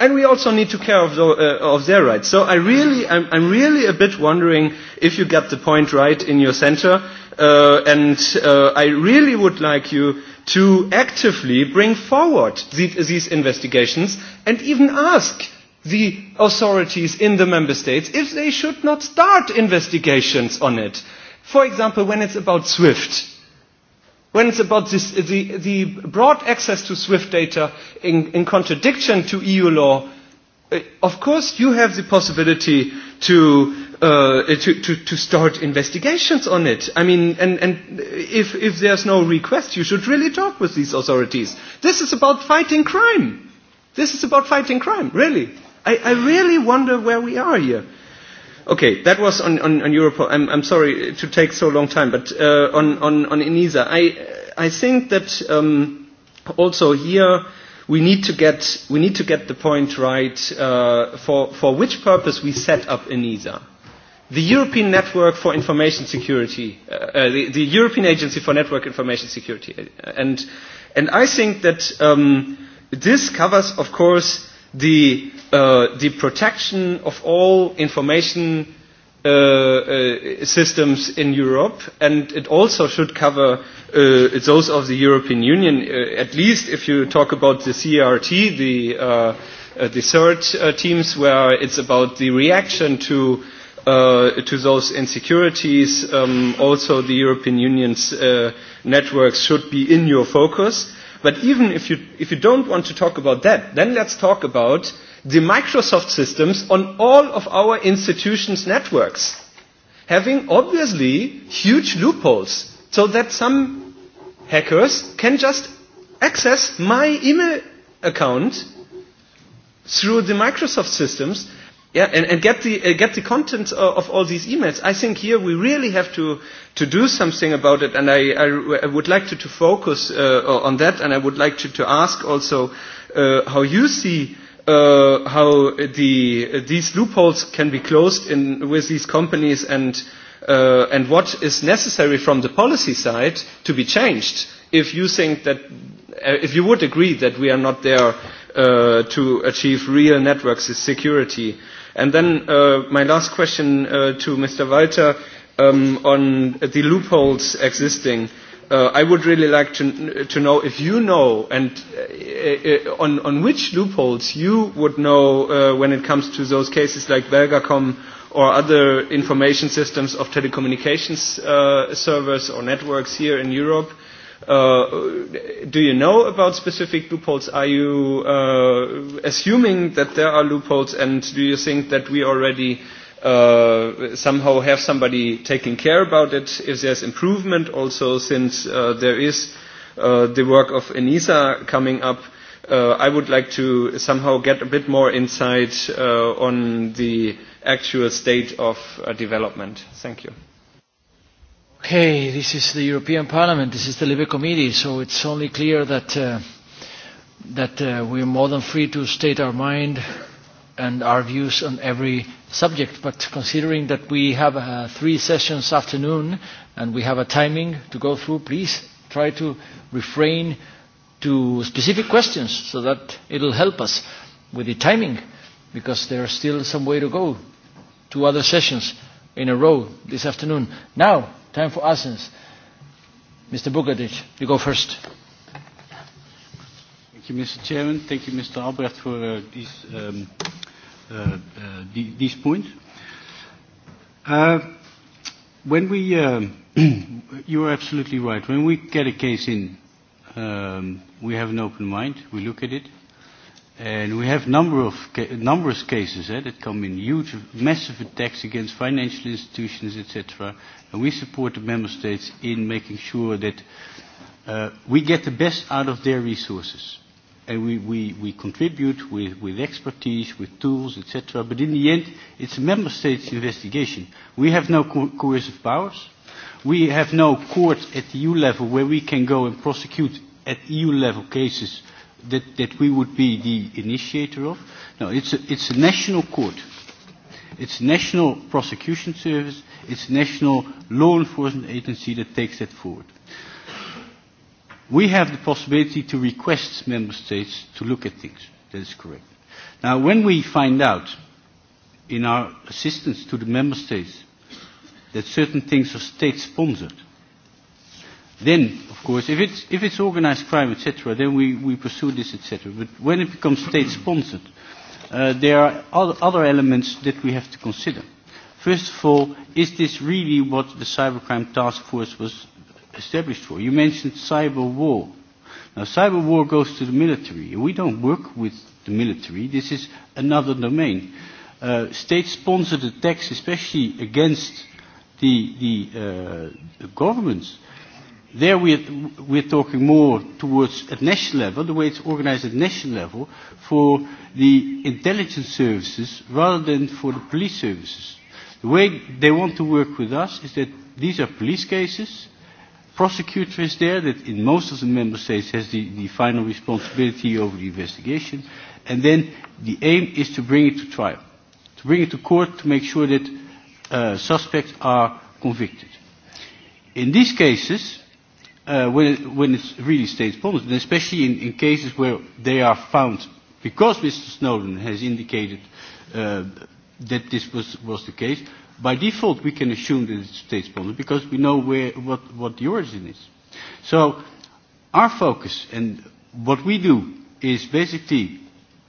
And we also need to care of, the, uh, of their rights. So I really, I'm, I'm really a bit wondering if you get the point right in your center Uh, and uh, I really would like you to actively bring forward the, these investigations and even ask the authorities in the member states if they should not start investigations on it. For example, when it's about SWIFT, when it's about this, the, the broad access to SWIFT data in, in contradiction to EU law, uh, of course you have the possibility to uh, to, to, to start investigations on it. I mean, and, and if, if there's no request, you should really talk with these authorities. This is about fighting crime. This is about fighting crime, really. I, I really wonder where we are here. Okay, that was on, on, on Europol. I'm, I'm sorry to take so long time, but uh, on, on, on ENISA, I, I think that um, also here we need to get, we need to get the point right uh, for, for which purpose we set up ENISA the European Network for Information Security, uh, uh, the, the European Agency for Network Information Security. Uh, and, and I think that um, this covers, of course, the, uh, the protection of all information uh, uh, systems in Europe, and it also should cover uh, those of the European Union, uh, at least if you talk about the CRT, the, uh, uh, the third uh, teams, where it's about the reaction to uh, uh, to those insecurities. Um, also, the European Union's uh, networks should be in your focus. But even if you, if you don't want to talk about that, then let's talk about the Microsoft systems on all of our institutions' networks, having obviously huge loopholes so that some hackers can just access my email account through the Microsoft systems yeah, and, and get the uh, get the content of, uh, of all these emails. I think here we really have to to do something about it, and I, I, I would like to, to focus uh, on that, and I would like to, to ask also uh, how you see. Uh, how the, uh, these loopholes can be closed in, with these companies and, uh, and what is necessary from the policy side to be changed if you think that, uh, if you would agree that we are not there uh, to achieve real network security uh, And then uh, my last question uh, to Mr. Walter um, on the loopholes existing. Uh, I would really like to, to know if you know and uh, uh, on, on which loopholes you would know uh, when it comes to those cases like Belgacom or other information systems of telecommunications uh, servers or networks here in Europe. Uh, Uh, do you know about specific loopholes? Are you uh, assuming that there are loopholes, and do you think that we already uh, somehow have somebody taking care about it? If there's improvement, also since uh, there is uh, the work of ENISA coming up. Uh, I would like to somehow get a bit more insight uh, on the actual state of uh, development. Thank you. Okay, this is the European Parliament, this is the Libre Committee, so it's only clear that, uh, that uh, we're more than free to state our mind and our views on every subject. But considering that we have uh, three sessions afternoon and we have a timing to go through, please try to refrain to specific questions so that it'll help us with the timing because there's still some way to go. Two other sessions in a row this afternoon. Now, Time for Athens. Mr. Bugadich, you go first. Thank you, Mr. Chairman. Thank you, Mr. Albrecht, for uh, these, um, uh, uh, the, these points. Uh, when we, um, *clears throat* you are absolutely right. When we get a case in, um, we have an open mind. We look at it. And we have number of ca- numerous cases eh, that come in huge, massive attacks against financial institutions, etc. And we support the member states in making sure that uh, we get the best out of their resources. And we, we, we contribute with, with expertise, with tools, etc. But in the end, it's a member states investigation. We have no co coercive powers. We have no court at EU e level where we can go and prosecute at EU level cases that, that we would be the initiator of. No, it's a, it's a national court. Uh, It's National Prosecution Service, it's National Law Enforcement Agency that takes that forward. We have the possibility to request member states to look at things. That is correct. Now, when we find out in our assistance to the member states that certain things are state sponsored, then, of course, if it's, if it's organized crime, etc., then we, we pursue this, etc. But when it becomes state sponsored, uh, there are other elements that we have to consider. First of all, is this really what the cybercrime task force was established for? You mentioned cyber war. Now, cyber war goes to the military. We don't work with the military. This is another domain. Uh, State-sponsored attacks, especially against the, the, uh, the governments, There we're, we're talking more towards at national level, the way it's organized at national level, for the intelligence services rather than for the police services. The way they want to work with us is that these are police cases, prosecutor is there that in most of the member states has the, the final responsibility over the investigation, and then the aim is to bring it to trial, to bring it to court to make sure that uh, suspects are convicted. In these cases, uh, when, it, when it really states problems, and especially in, in cases where they are found, because Mr. Snowden has indicated uh, that this was, was the case, by default we can assume that it states problems because we know where, what, what the origin is. So our focus and what we do is basically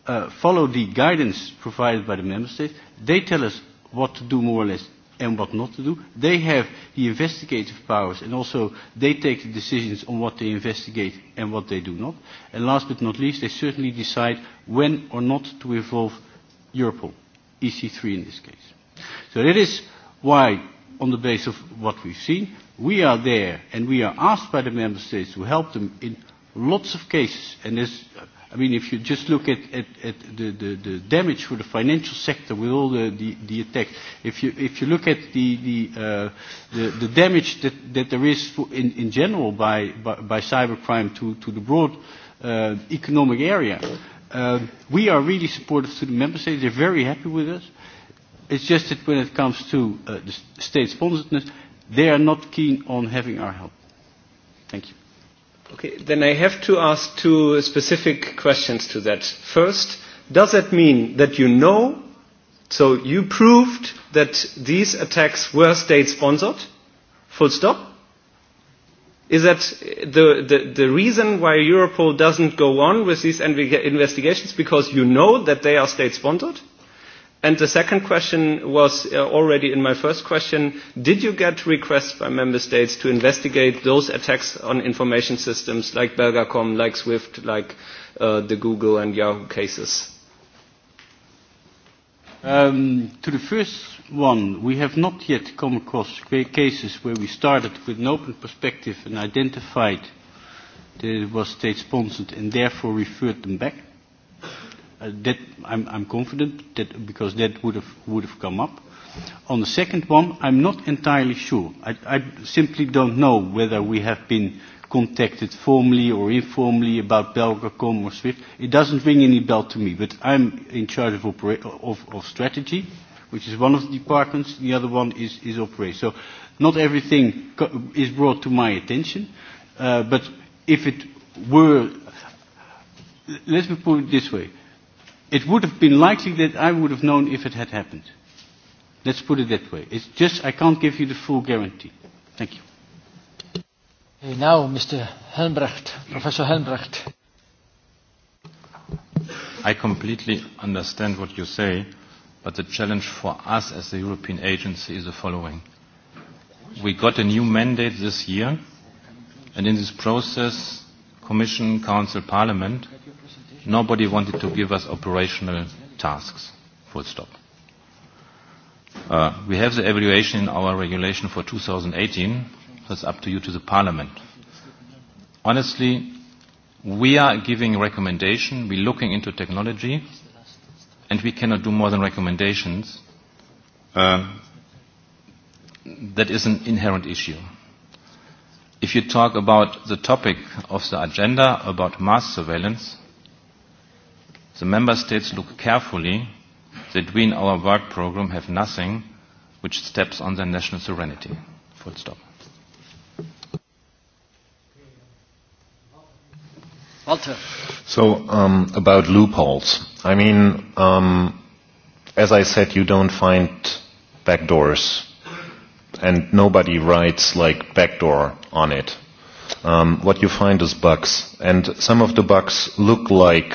uh, follow the guidance provided by the member states. They tell us what to do more or less and what not to do. They have the investigative powers and also they take the decisions on what they investigate and what they do not. And last but not least, they certainly decide when or not to involve Europol, EC3 in this case. So that is why, on the basis of what we've seen, we are there and we are asked by the Member States to help them in lots of cases. And there's I mean, if you just look at, at, at the, the, the damage for the financial sector with all the, the, the attacks, if you, if you look at the, the, uh, the, the damage that, that there is in, in general by, by, by cybercrime to, to the broad uh, economic area, uh, we are really supportive to the member states. They're very happy with us. It's just that when it comes to uh, the state sponsoredness, they are not keen on having our help. Thank you. Okay, then I have to ask two specific questions to that. First, does that mean that you know, so you proved that these attacks were state sponsored? Full stop? Is that the, the, the reason why Europol doesn't go on with these investigations because you know that they are state sponsored? And the second question was uh, already in my first question. Did you get requests by member states to investigate those attacks on information systems like Belgacom, like SWIFT, like uh, the Google and Yahoo cases? Um, to the first one, we have not yet come across cases where we started with an open perspective and identified that it was state-sponsored and therefore referred them back. Uh, that I'm, I'm confident that because that would have, would have come up. On the second one, I'm not entirely sure. I, I simply don't know whether we have been contacted formally or informally about Belgacom or SWIFT. It doesn't ring any bell to me, but I'm in charge of, opera- of, of strategy, which is one of the departments. The other one is, is operation. So not everything co- is brought to my attention, uh, but if it were, let's put it this way. It would have been likely that I would have known if it had happened. Let's put it that way. It's just I can't give you the full guarantee. Thank you. Hey, now, Mr. Helmbrecht, Professor Helmbrecht. I completely understand what you say, but the challenge for us as the European agency is the following. We got a new mandate this year, and in this process, Commission, Council, Parliament Nobody wanted to give us operational tasks. Full stop. Uh, we have the evaluation in our regulation for 2018. That's up to you to the Parliament. Honestly, we are giving recommendation. We're looking into technology, and we cannot do more than recommendations. Uh, that is an inherent issue. If you talk about the topic of the agenda, about mass surveillance, The member states look carefully that we in our work program have nothing which steps on their national sovereignty. Full stop. Walter. So um, about loopholes. I mean, um, as I said, you don't find backdoors, and nobody writes like backdoor on it. Um, what you find is bugs, and some of the bugs look like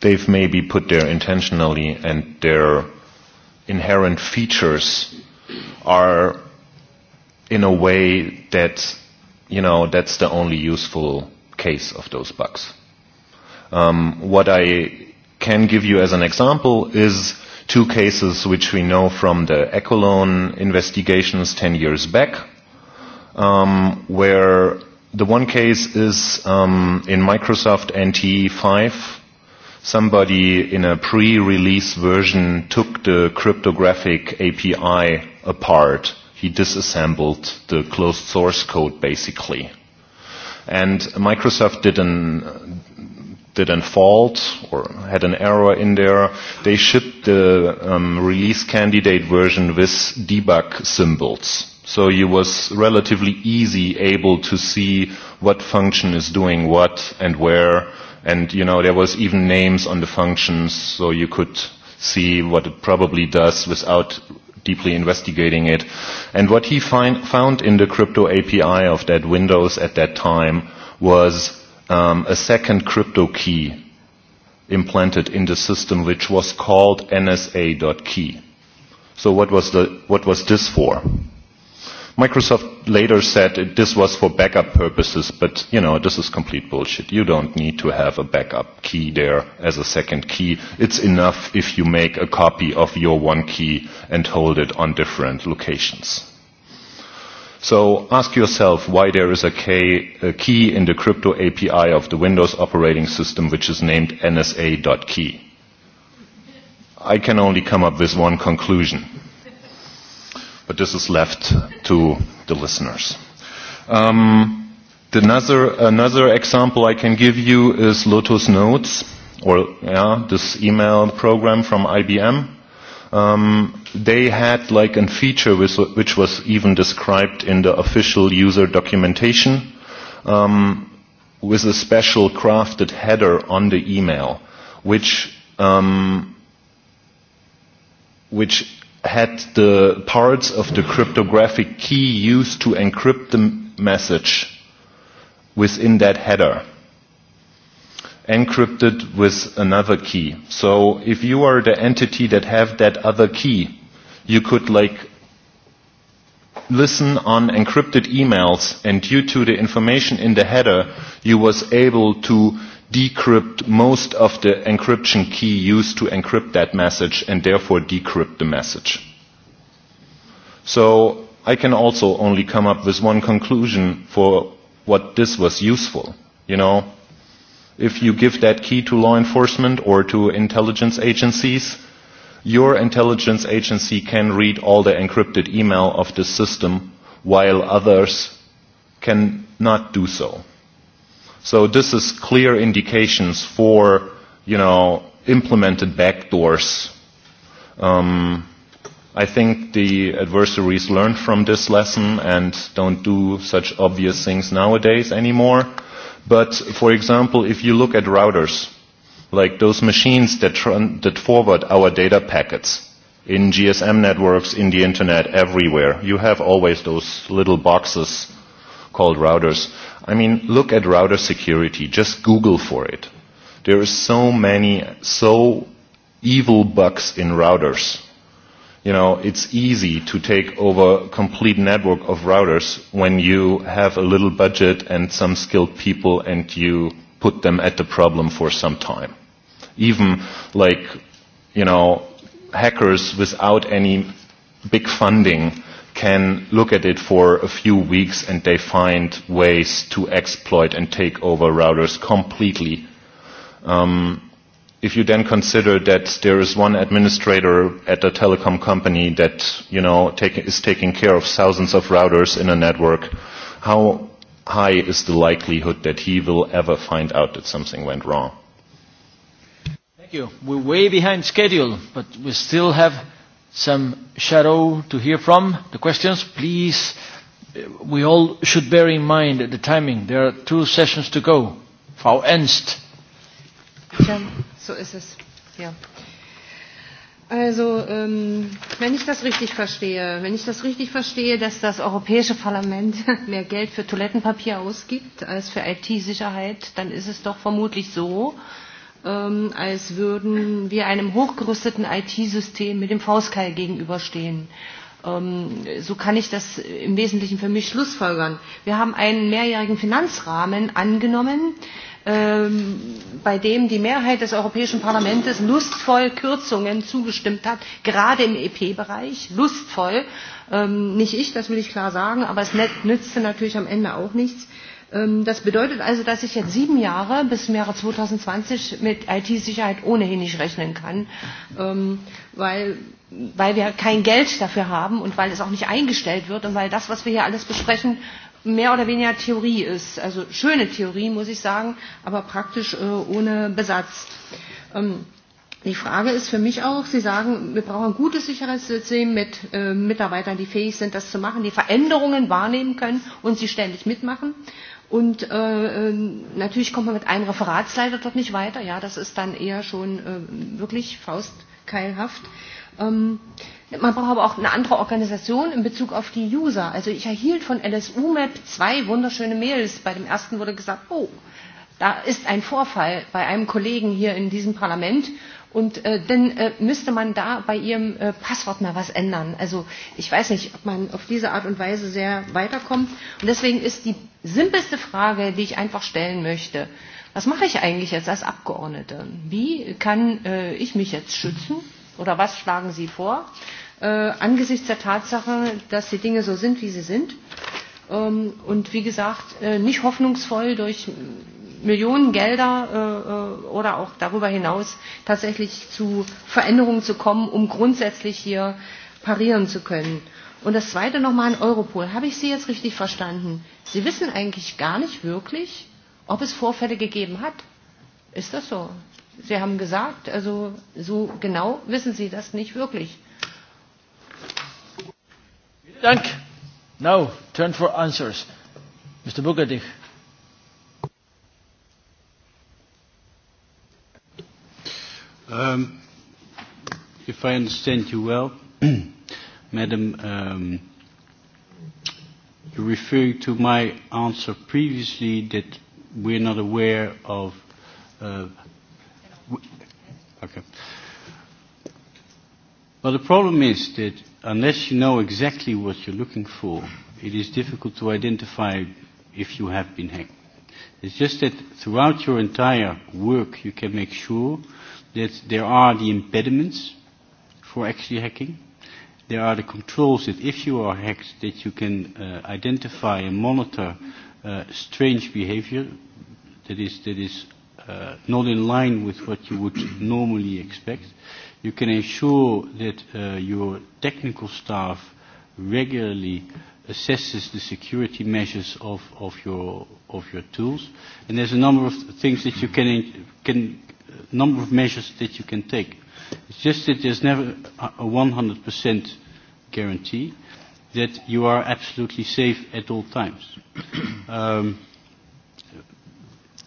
they've maybe put there intentionally and their inherent features are in a way that, you know, that's the only useful case of those bugs. Um, what I can give you as an example is two cases which we know from the Ecolone investigations 10 years back, um, where the one case is um, in Microsoft NTE 5 somebody in a pre-release version took the cryptographic API apart. He disassembled the closed source code basically. And Microsoft did an, did an fault or had an error in there. They shipped the um, release candidate version with debug symbols. So you was relatively easy able to see what function is doing what and where And, you know, there was even names on the functions, so you could see what it probably does without deeply investigating it. And what he find, found in the crypto API of that Windows at that time was um, a second crypto key implanted in the system, which was called NSA.key. So what was, the, what was this for? Microsoft later said it, this was for backup purposes, but you know, this is complete bullshit. You don't need to have a backup key there as a second key. It's enough if you make a copy of your one key and hold it on different locations. So ask yourself why there is a, K, a key in the crypto API of the Windows operating system which is named nsa.key. I can only come up with one conclusion but this is left to the listeners. Um, the another, another example I can give you is Lotus Notes, or yeah, this email program from IBM. Um, they had like a feature which, which was even described in the official user documentation um, with a special crafted header on the email, which um, which had the parts of the cryptographic key used to encrypt the message within that header encrypted with another key. So if you are the entity that have that other key, you could like listen on encrypted emails and due to the information in the header, you was able to decrypt most of the encryption key used to encrypt that message and therefore decrypt the message. So I can also only come up with one conclusion for what this was useful. You know, if you give that key to law enforcement or to intelligence agencies, your intelligence agency can read all the encrypted email of this system while others can not do so. So this is clear indications for, you know, implemented backdoors. Um, I think the adversaries learned from this lesson and don't do such obvious things nowadays anymore. But for example, if you look at routers, like those machines that, tr- that forward our data packets in GSM networks, in the internet, everywhere, you have always those little boxes called routers. I mean, look at router security. Just Google for it. There are so many, so evil bugs in routers. You know, it's easy to take over a complete network of routers when you have a little budget and some skilled people and you put them at the problem for some time. Even like, you know, hackers without any big funding can look at it for a few weeks and they find ways to exploit and take over routers completely. Um, if you then consider that there is one administrator at a telecom company that you know take, is taking care of thousands of routers in a network, how high is the likelihood that he will ever find out that something went wrong? Thank you. We're way behind schedule, but we still have some shadow to hear from the questions, please, uh, we all should bear in mind the timing. There are two sessions to go. Frau Ernst. Tja, so ist es. Ja. Also, ähm, wenn ich das richtig verstehe, wenn ich das richtig verstehe, dass das Europäische Parlament *laughs* mehr Geld für Toilettenpapier ausgibt als für IT-Sicherheit, dann ist es doch vermutlich so, äh, ähm, als würden wir einem hochgerüsteten IT-System mit dem Faustkeil gegenüberstehen. Ähm, so kann ich das im Wesentlichen für mich schlussfolgern. Wir haben einen mehrjährigen Finanzrahmen angenommen, ähm, bei dem die Mehrheit des Europäischen Parlaments lustvoll Kürzungen zugestimmt hat, gerade im EP-Bereich, lustvoll. Ähm, nicht ich, das will ich klar sagen, aber es nützte natürlich am Ende auch nichts. Ähm, das bedeutet also, dass ich jetzt sieben Jahre bis zum Jahre 2020 mit IT-Sicherheit ohnehin nicht rechnen kann, ähm, weil, weil wir kein Geld dafür haben und weil es auch nicht eingestellt wird und weil das, was wir hier alles besprechen, mehr oder weniger Theorie ist. Also schöne Theorie, muss ich sagen, aber praktisch äh, ohne Besatz. Ähm, die Frage ist für mich auch, Sie sagen, wir brauchen ein gutes Sicherheitssystem mit äh, Mitarbeitern, die fähig sind, das zu machen, die Veränderungen wahrnehmen können und sie ständig mitmachen. Äh, Und äh, äh, natürlich kommt man mit einem Referatsleiter dort nicht weiter. Ja, das ist dann eher schon äh, wirklich faustkeilhaft. Ähm, man braucht aber auch eine andere Organisation in Bezug auf die User. Also ich erhielt von LSU Map zwei wunderschöne Mails. Bei dem ersten wurde gesagt, oh, da ist ein Vorfall bei einem Kollegen hier in diesem Parlament Und äh, dann äh, müsste man da bei ihrem äh, Passwort mal was ändern. Also ich weiß nicht, ob man auf diese Art und Weise sehr weiterkommt. Und deswegen ist die simpelste Frage, die ich einfach stellen möchte, was mache ich eigentlich jetzt als Abgeordnete? Wie kann äh, ich mich jetzt schützen? Oder was schlagen Sie vor? Äh, angesichts der Tatsache, dass die Dinge so sind, wie sie sind. Ähm, und wie gesagt, äh, nicht hoffnungsvoll durch Millionen Gelder äh, äh, oder auch darüber hinaus tatsächlich zu Veränderungen zu kommen, um grundsätzlich hier parieren zu können. Und das Zweite nochmal an Europol. Habe ich Sie jetzt richtig verstanden? Sie wissen eigentlich gar nicht wirklich, ob es Vorfälle gegeben hat. Ist das so? Sie haben gesagt, also so genau wissen Sie das nicht wirklich. Vielen Dank. Now, turn for answers. Mr. Bugadich. Um, if I understand you well, *clears throat* Madam, um, you're referring to my answer previously that we're not aware of. Uh, okay. Well, the problem is that unless you know exactly what you're looking for, it is difficult to identify if you have been hacked. It's just that throughout your entire work, you can make sure that there are the impediments for actually hacking. There are the controls that if you are hacked, that you can uh, identify and monitor uh, strange behavior that is, that is uh, not in line with what you would normally expect. You can ensure that uh, your technical staff regularly assesses the security measures of, of, your, of your tools. And there's a number of things that you can, can number of measures that you can take. It's just that there's never a 100% guarantee that you are absolutely safe at all times. *coughs* um,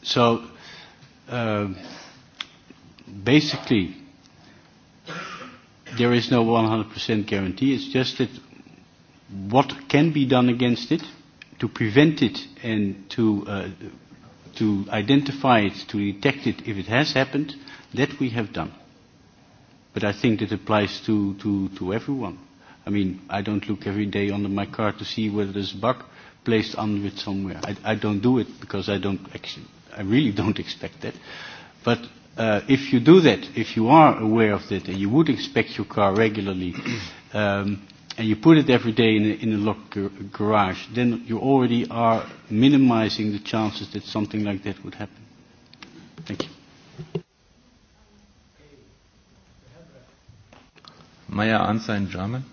so, um, basically, there is no 100% guarantee. It's just that what can be done against it, to prevent it and to uh, to identify it, to detect it if it has happened, that we have done. But I think that applies to, to, to everyone. I mean, I don't look every day under my car to see whether there's a bug placed under it somewhere. I, I don't do it because I don't actually, I really *laughs* don't expect that. But uh, if you do that, if you are aware of that, and you would expect your car regularly *clears throat* um, and you put it every day in a, in a locked garage, then you already are minimizing the chances that something like that would happen. Thank you. May I answer in German?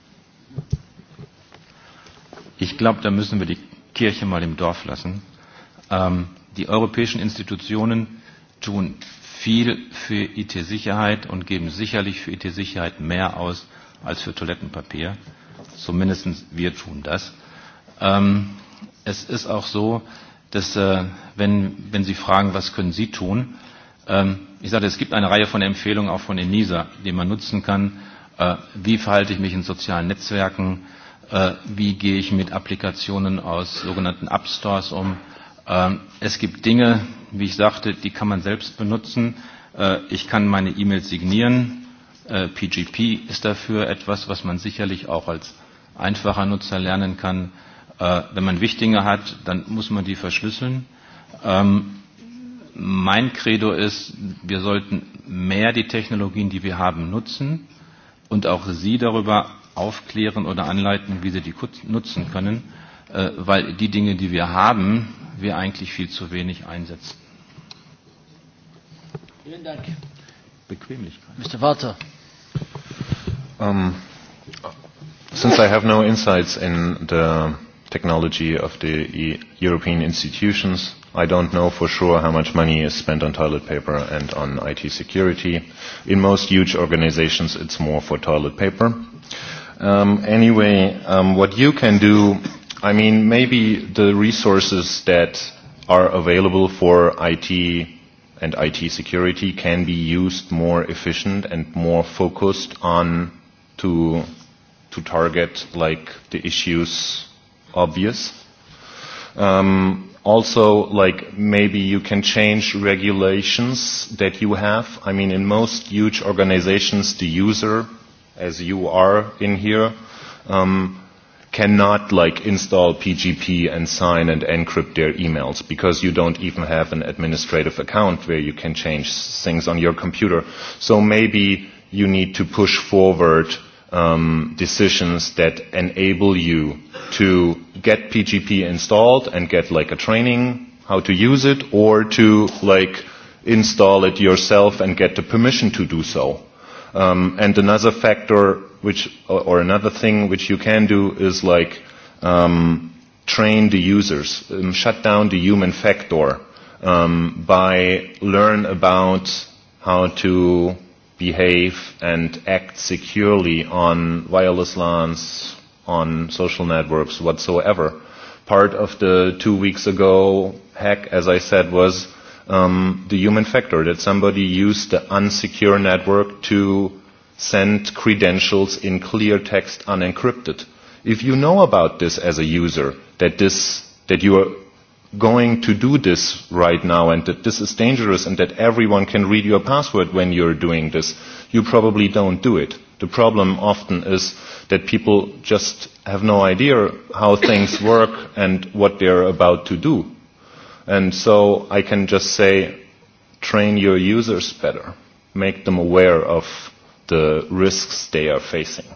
Ich glaube, da müssen wir die Kirche mal im Dorf lassen. Ähm, die europäischen Institutionen tun viel für IT-Sicherheit und geben sicherlich für IT-Sicherheit mehr aus als für Toilettenpapier. Äh, Zumindest wir tun das. Ähm, es ist auch so, dass äh, wenn, wenn Sie fragen, was können Sie tun, ähm, ich sagte, es gibt eine Reihe von Empfehlungen auch von ENISA, die man nutzen kann. Äh, wie verhalte ich mich in sozialen Netzwerken? Äh, wie gehe ich mit Applikationen aus sogenannten App Stores um? Äh, es gibt Dinge, wie ich sagte, die kann man selbst benutzen. Äh, ich kann meine E-Mails signieren. Äh, PGP ist dafür etwas, was man sicherlich auch als einfacher Nutzer lernen kann. Äh, wenn man Wichtinge hat, dann muss man die verschlüsseln. Ähm, mein Credo ist, wir sollten mehr die Technologien, die wir haben, nutzen und auch Sie darüber aufklären oder anleiten, wie Sie die nutzen können, äh, weil die Dinge, die wir haben, wir eigentlich viel zu wenig einsetzen. Vielen Dank. Bequemlichkeit. Mr. Walter. Ähm, Since I have no insights in the technology of the e European institutions, I don't know for sure how much money is spent on toilet paper and on IT security. In most huge organizations, it's more for toilet paper. Um, anyway, um, what you can do, I mean, maybe the resources that are available for IT and IT security can be used more efficient and more focused on to to target like the issues obvious. Um, also, like maybe you can change regulations that you have. I mean, in most huge organizations, the user, as you are in here, um, cannot like install PGP and sign and encrypt their emails because you don't even have an administrative account where you can change things on your computer. So maybe you need to push forward um, decisions that enable you to get PGP installed and get like a training how to use it or to like install it yourself and get the permission to do so. Um, and another factor which or another thing which you can do is like um, train the users, um, shut down the human factor um, by learn about how to behave and act securely on wireless LANs, on social networks whatsoever. Part of the two weeks ago hack, as I said, was um, the human factor that somebody used the unsecure network to send credentials in clear text unencrypted. If you know about this as a user, that this that you are going to do this right now and that this is dangerous and that everyone can read your password when you're doing this, you probably don't do it. The problem often is that people just have no idea how things *coughs* work and what they're about to do. And so I can just say, train your users better. Make them aware of the risks they are facing.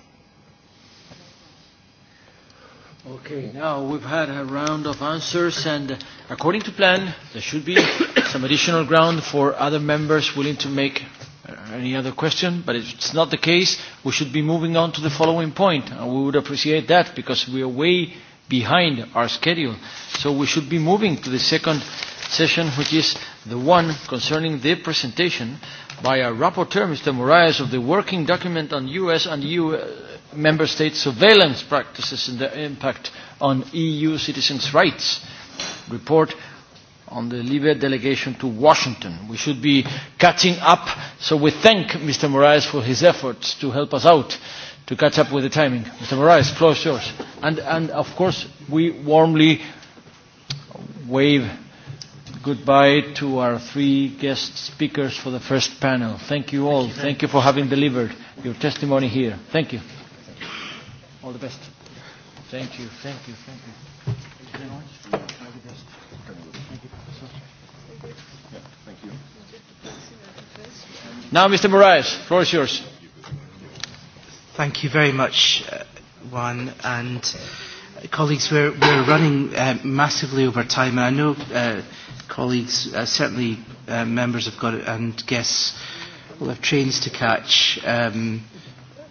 Okay, now we've had a round of answers, and according to plan, there should be *coughs* some additional ground for other members willing to make uh, any other question, but if it's not the case, we should be moving on to the following point, and we would appreciate that because we are way behind our schedule. So we should be moving to the second session, which is the one concerning the presentation uh, by our rapporteur, Mr. Moraes, of the working document on US and EU uh, member state surveillance practices and their impact on EU citizens' rights report on the Libya delegation to Washington. We should be catching up, so we thank Mr. Moraes for his efforts to help us out to catch up with the timing. Mr. Moraes, floor is yours. And, and of course, we warmly wave goodbye to our three guest speakers for the first panel. Thank you all. Thank you, Thank you for having delivered your testimony here. Thank you. All the best. Thank you. Thank you. Thank you. Thank you very much. Thank you, Professor. Yeah, thank you. Now, Mr. Moraes, floor is yours. Thank you very much, uh, Juan. And uh, colleagues, we're, we're running uh, massively over time. And I know uh, colleagues, uh, certainly uh, members have got it, and guests will have trains to catch, um,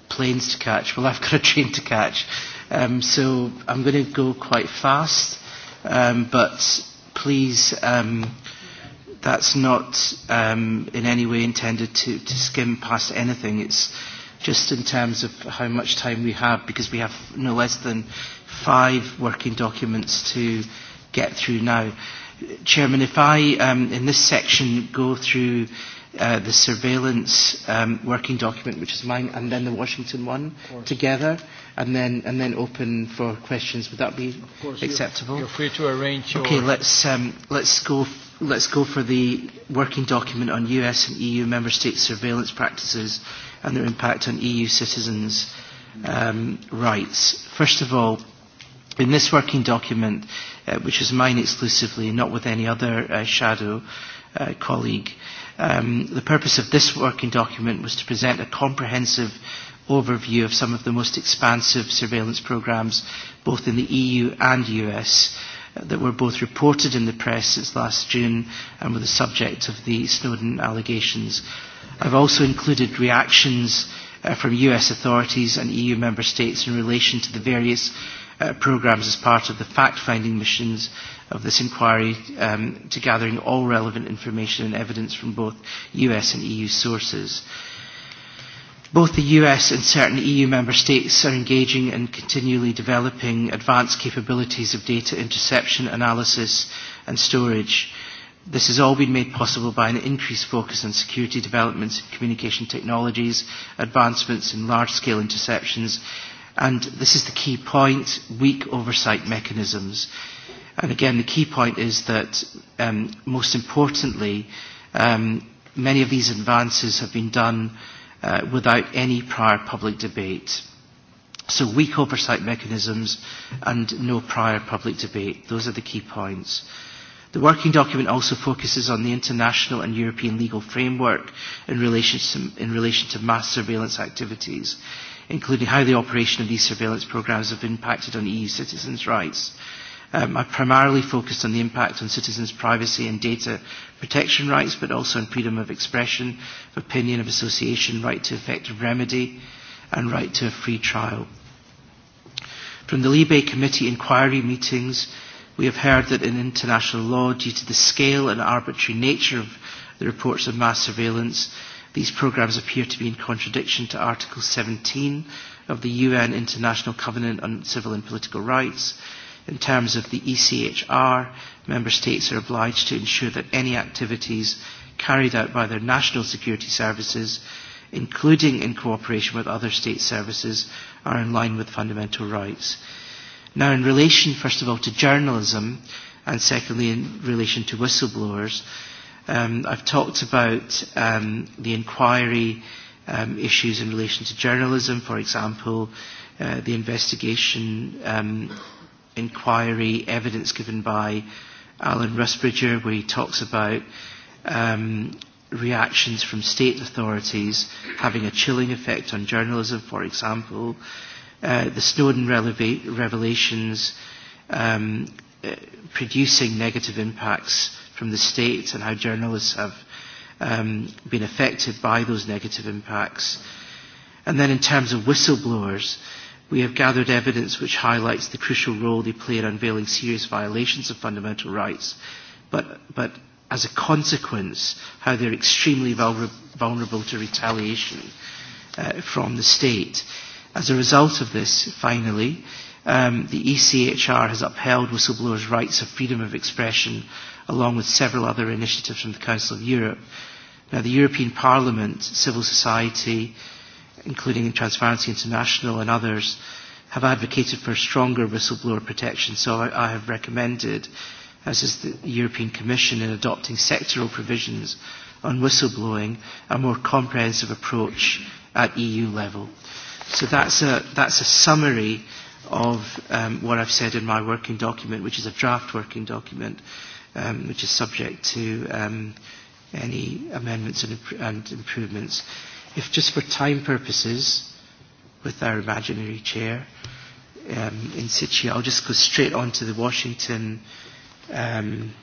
planes to catch. Well, I've got a *laughs* train to catch, um, so I'm going to go quite fast. Um, but please, um, that's not um, in any way intended to, to skim past anything. It's just in terms of how much time we have, because we have no less than five working documents to get through now. Chairman, if I, um, in this section, go through uh, the surveillance um, working document, which is mine, and then the Washington one together, and then and then open for questions. Would that be of course, acceptable? You're, you're free to arrange. Your okay, let's um, let's go. F- let's go for the working document on US and EU member state surveillance practices and their impact on EU citizens' um, rights. First of all, in this working document, uh, uh, which is mine exclusively, not with any other uh, shadow uh, colleague. Um, the purpose of this working document was to present a comprehensive overview of some of the most expansive surveillance programs, both in the EU and US, uh, that were both reported in the press since last June and were the subject of the Snowden allegations. I've also included reactions uh, from US authorities and EU member states in relation to the various uh, programmes as part of the fact-finding missions of this inquiry um, to gathering all relevant information and evidence from both US and EU sources. Both the US and certain EU member states are engaging and continually developing advanced capabilities of data interception, analysis and storage. This has all been made possible by an increased focus on security developments in communication technologies, advancements in large-scale interceptions And this is the key point, weak oversight mechanisms. And again, the key point is that, um, most importantly, um, many of these advances have been done uh, without any prior public debate. So weak oversight mechanisms and no prior public debate. Those are the key points. The working document also focuses on the international and European legal framework in relation to, in relation to mass surveillance activities including how the operation of these surveillance programs have impacted on EU citizens' rights. Um, I primarily focused on the impact on citizens' privacy and data protection rights, but also on freedom of expression, of opinion, of association, right to effective remedy, and right to a free trial. From the Libe Committee inquiry meetings, we have heard that in international law, due to the scale and arbitrary nature of the reports of mass surveillance, These programs appear to be in contradiction to Article 17 of the UN International Covenant on Civil and Political Rights. In terms of the ECHR, member states are obliged to ensure that any activities carried out by their national security services, including in cooperation with other state services, are in line with fundamental rights. Now, in relation, first of all, to journalism, and secondly, in relation to whistleblowers, Um, I've talked about um, the inquiry um, issues in relation to journalism, for example, uh, the investigation um, inquiry evidence given by Alan Rusbridger, where he talks about um, reactions from state authorities having a chilling effect on journalism, for example. Uh, the Snowden releva- revelations um, uh, producing negative impacts from the state and how journalists have um, been affected by those negative impacts. And then in terms of whistleblowers, we have gathered evidence which highlights the crucial role they play in unveiling serious violations of fundamental rights, but, but as a consequence, how they're extremely vulner- vulnerable to retaliation uh, from the state. As a result of this, finally, um, the ECHR has upheld whistleblowers' rights of freedom of expression along with several other initiatives from the Council of Europe. Now, the European Parliament, civil society, including Transparency International and others, have advocated for stronger whistleblower protection, so I, I have recommended, as has the European Commission in adopting sectoral provisions on whistleblowing, a more comprehensive approach at EU level. So that's a, that's a summary of um, what I've said in my working document, which is a draft working document um, which is subject to um, any amendments and, imp- and improvements. If just for time purposes, with our imaginary chair um, in situ, I'll just go straight on to the Washington. Um,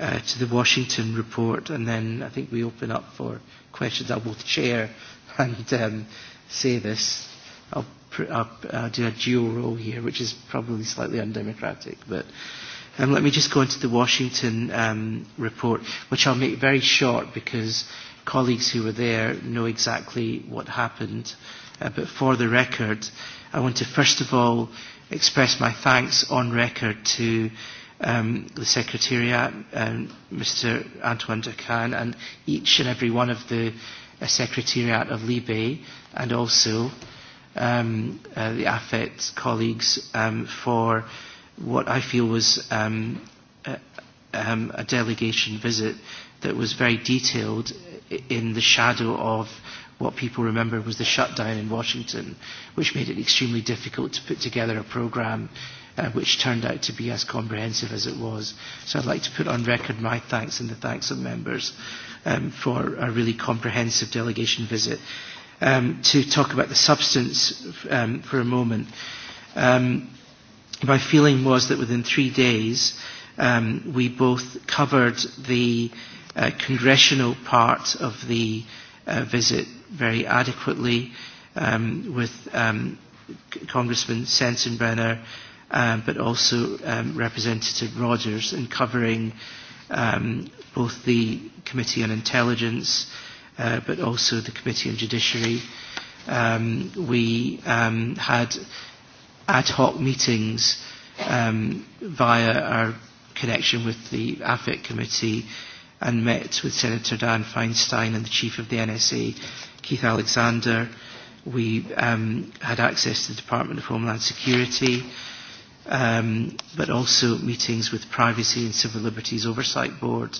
uh, to the Washington report, and then I think we open up for questions. I'll both chair *laughs* and um, say this. I'll, pr- I'll, I'll do a dual role here, which is probably slightly undemocratic, but uh, Um, let me just go into the Washington um, report, which I'll make very short because colleagues who were there know exactly what happened. Uh, but for the record, I want to first of all express my thanks on record to um, the Secretariat, um, Mr. Antoine Dacan, and each and every one of the uh, Secretariat of Libe, and also um, uh, the AFET colleagues um, for what I feel was um, a, um, a delegation visit that was very detailed in the shadow of what people remember was the shutdown in Washington, which made it extremely difficult to put together a programme uh, which turned out to be as comprehensive as it was. So I'd like to put on record my thanks and the thanks of members um, for a really comprehensive delegation visit. Um, to talk about the substance um, for a moment, um, my feeling was that within three days um, we both covered the uh, congressional part of the uh, visit very adequately um, with um, Congressman Sensenbrenner, um, but also um, Representative Rogers, in covering um, both the Committee on Intelligence, uh, but also the Committee on Judiciary. Um, we um, had ad hoc meetings um, via our connection with the AFIC committee and met with Senator Dan Feinstein and the chief of the NSA, Keith Alexander. We um, had access to the Department of Homeland Security, um, but also meetings with the Privacy and Civil Liberties Oversight Board,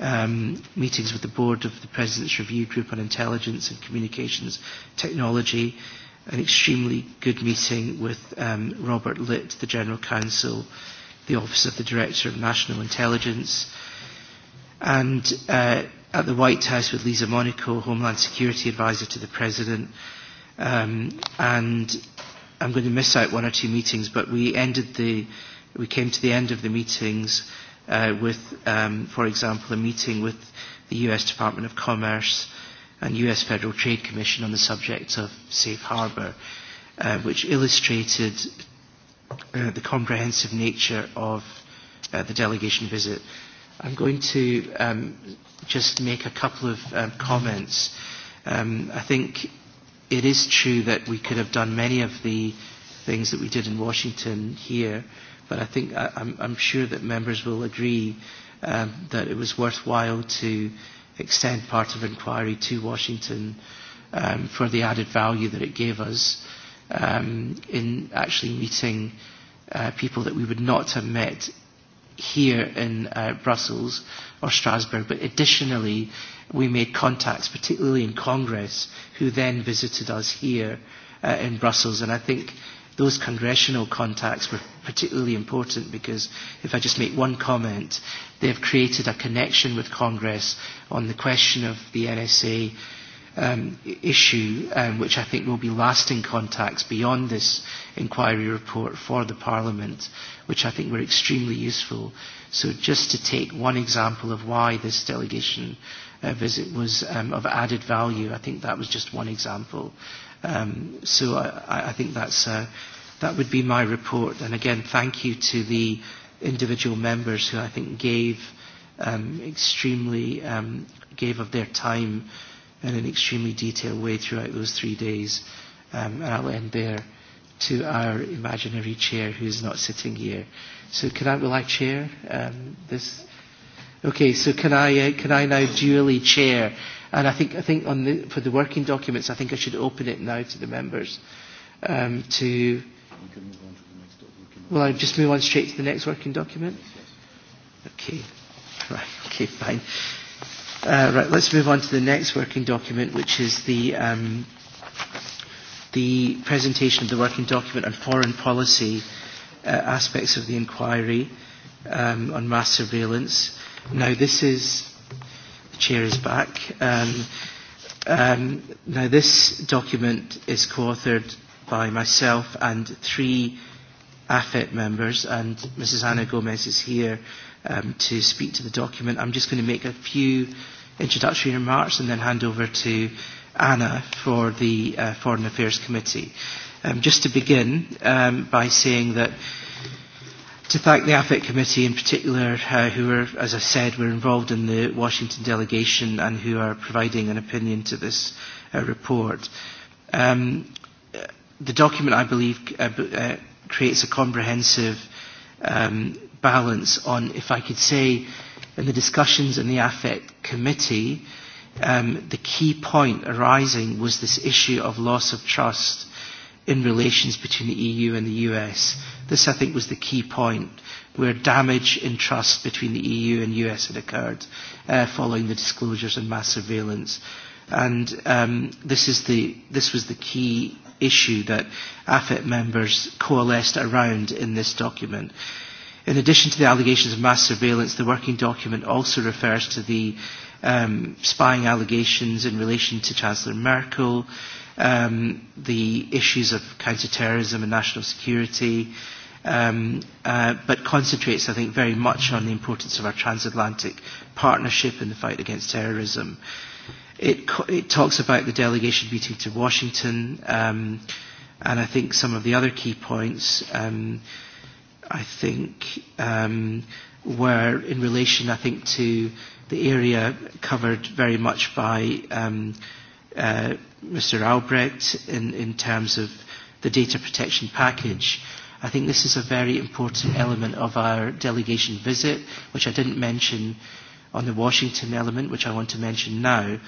um, meetings with the board of the President's Review Group on Intelligence and Communications Technology, uh, an extremely good meeting with um, Robert Litt, the General Counsel, the Office of the Director of National Intelligence, and uh, at the White House with Lisa Monaco, Homeland Security Advisor to the President. Um, and I'm going to miss out one or two meetings, but we ended the, we came to the end of the meetings uh, with, um, for example, a meeting with the U.S. Department of Commerce, and US Federal Trade Commission on the subject of safe harbour, uh, which illustrated uh, the comprehensive nature of uh, the delegation visit. I'm going to um, just make a couple of um, comments. Um, I think it is true that we could have done many of the things that we did in Washington here, but I think I, I'm, I'm sure that members will agree um, that it was worthwhile to uh, extend part of inquiry to Washington um, for the added value that it gave us um, in actually meeting uh, people that we would not have met here in uh, Brussels or Strasbourg, but additionally, we made contacts, particularly in Congress, who then visited us here uh, in Brussels. And I think those congressional contacts were particularly important because, if I just make one comment, they have created a connection with Congress on the question of the NSA um, issue, um, which I think will be lasting contacts beyond this inquiry report for the Parliament, which I think were extremely useful. So just to take one example of why this delegation uh, visit was um, of added value, I think that was just one example. Um, so I, I think that's, uh, that would be my report. And again, thank you to the individual members who I think gave um, extremely, um, gave of their time in an extremely detailed way throughout those three days. Um, and I'll end there to our imaginary chair who's not sitting here. So can I, will I chair um, this? Okay, so can I, uh, can I now duly chair And I think, I think on the, for the working documents, I think I should open it now to the members um, to... We can move on to the next document. Well, I'll just move on straight to the next working document. Okay. Right, okay, fine. Uh, right, let's move on to the next working document, which is the, um, the presentation of the working document on foreign policy uh, aspects of the inquiry um, on mass surveillance. Now, this is The chair is back. Um, um, now, this document is co-authored by myself and three AFET members, and Mrs. Anna Gomez is here um, to speak to the document. I'm just going to make a few introductory remarks and then hand over to Anna for the uh, Foreign Affairs Committee. Um, just to begin um, by saying that to thank the AFIC e committee in particular, uh, who are, as I said, were involved in the Washington delegation and who are providing an opinion to this uh, report. Um, the document, I believe, uh, uh, creates a comprehensive um, balance on, if I could say, in the discussions in the AFET committee, um, the key point arising was this issue of loss of trust in relations between the EU and the US. This, I think, was the key point where damage in trust between the EU and US had occurred uh, following the disclosures and mass surveillance. And um, this, is the, this was the key issue that AFIT members coalesced around in this document. In addition to the allegations of mass surveillance, the working document also refers to the um, spying allegations in relation to Chancellor Merkel, um, the issues of counterterrorism and national security, um, uh, but concentrates, I think, very much on the importance of our transatlantic partnership in the fight against terrorism. It, co- it talks about the delegation meeting to Washington, um, and I think some of the other key points, um, I think, um, were in relation, I think, to the area covered very much by um, uh, Mr. Albrecht in, in terms of the data protection package. I think this is a very important element of our delegation visit, which I didn't mention on the Washington element, which I want to mention now,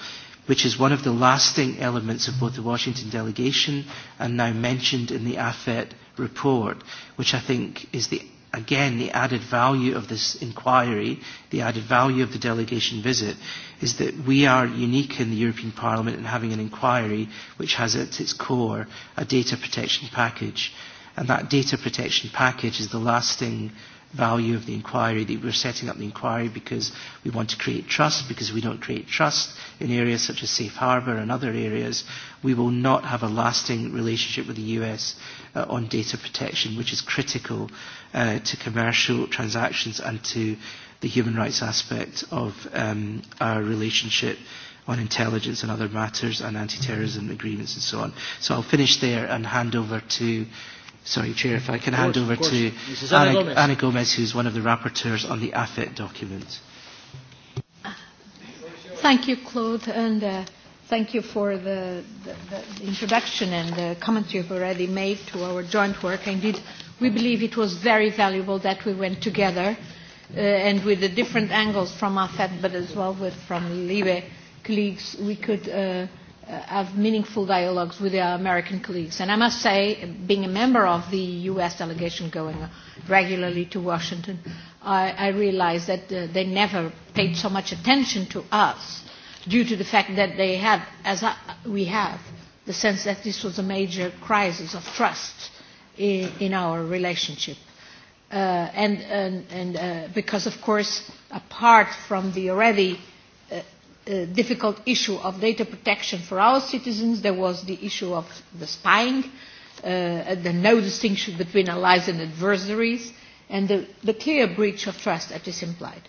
which is one of the lasting elements of both the Washington delegation and now mentioned in the AFET report, which I think is the again, the added value of this inquiry, the added value of the delegation visit, is that we are unique in the European Parliament in having an inquiry which has at its core a data protection package. And that data protection package is the lasting value of the inquiry, that we're setting up the inquiry because we want to create trust, because we don't create trust in areas such as safe harbour and other areas, we will not have a lasting relationship with the US uh, on data protection, which is critical uh, to commercial transactions and to the human rights aspect of um, our relationship on intelligence and other matters and anti-terrorism agreements and so on. So I'll finish there and hand over to Sorry, Chair, if I can course, hand over to Anna, Anna, Gomez. Anna Gomez, who's one of the rapporteurs on the AFIT document. Thank you, Claude, and uh, thank you for the, the, the introduction and the commentary you've already made to our joint work. Indeed, we believe it was very valuable that we went together uh, and with the different angles from AFET, but as well with from LIBE colleagues, we could uh, Uh, have meaningful dialogues with their American colleagues. And I must say, being a member of the U.S. delegation going regularly to Washington, I, I realized that uh, they never paid so much attention to us due to the fact that they have, as I, we have, the sense that this was a major crisis of trust in, in our relationship. Uh, and and, and uh, because, of course, apart from the already uh, uh, difficult issue of data protection for our citizens. There was the issue of the spying, uh, the no distinction between allies and adversaries, and the, the clear breach of trust that is implied.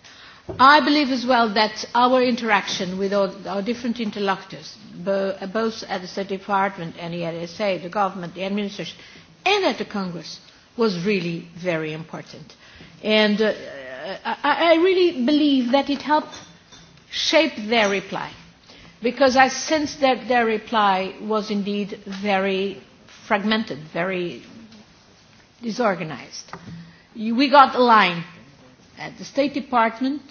I believe as well that our interaction with all, our different interlocutors, bo both at the State Department and the NSA, the government, the administration, and at the Congress, was really very important. And uh, I, I really believe that it helped shape their reply. Because I sensed that their reply was indeed very fragmented, very disorganized. We got a line at the State Department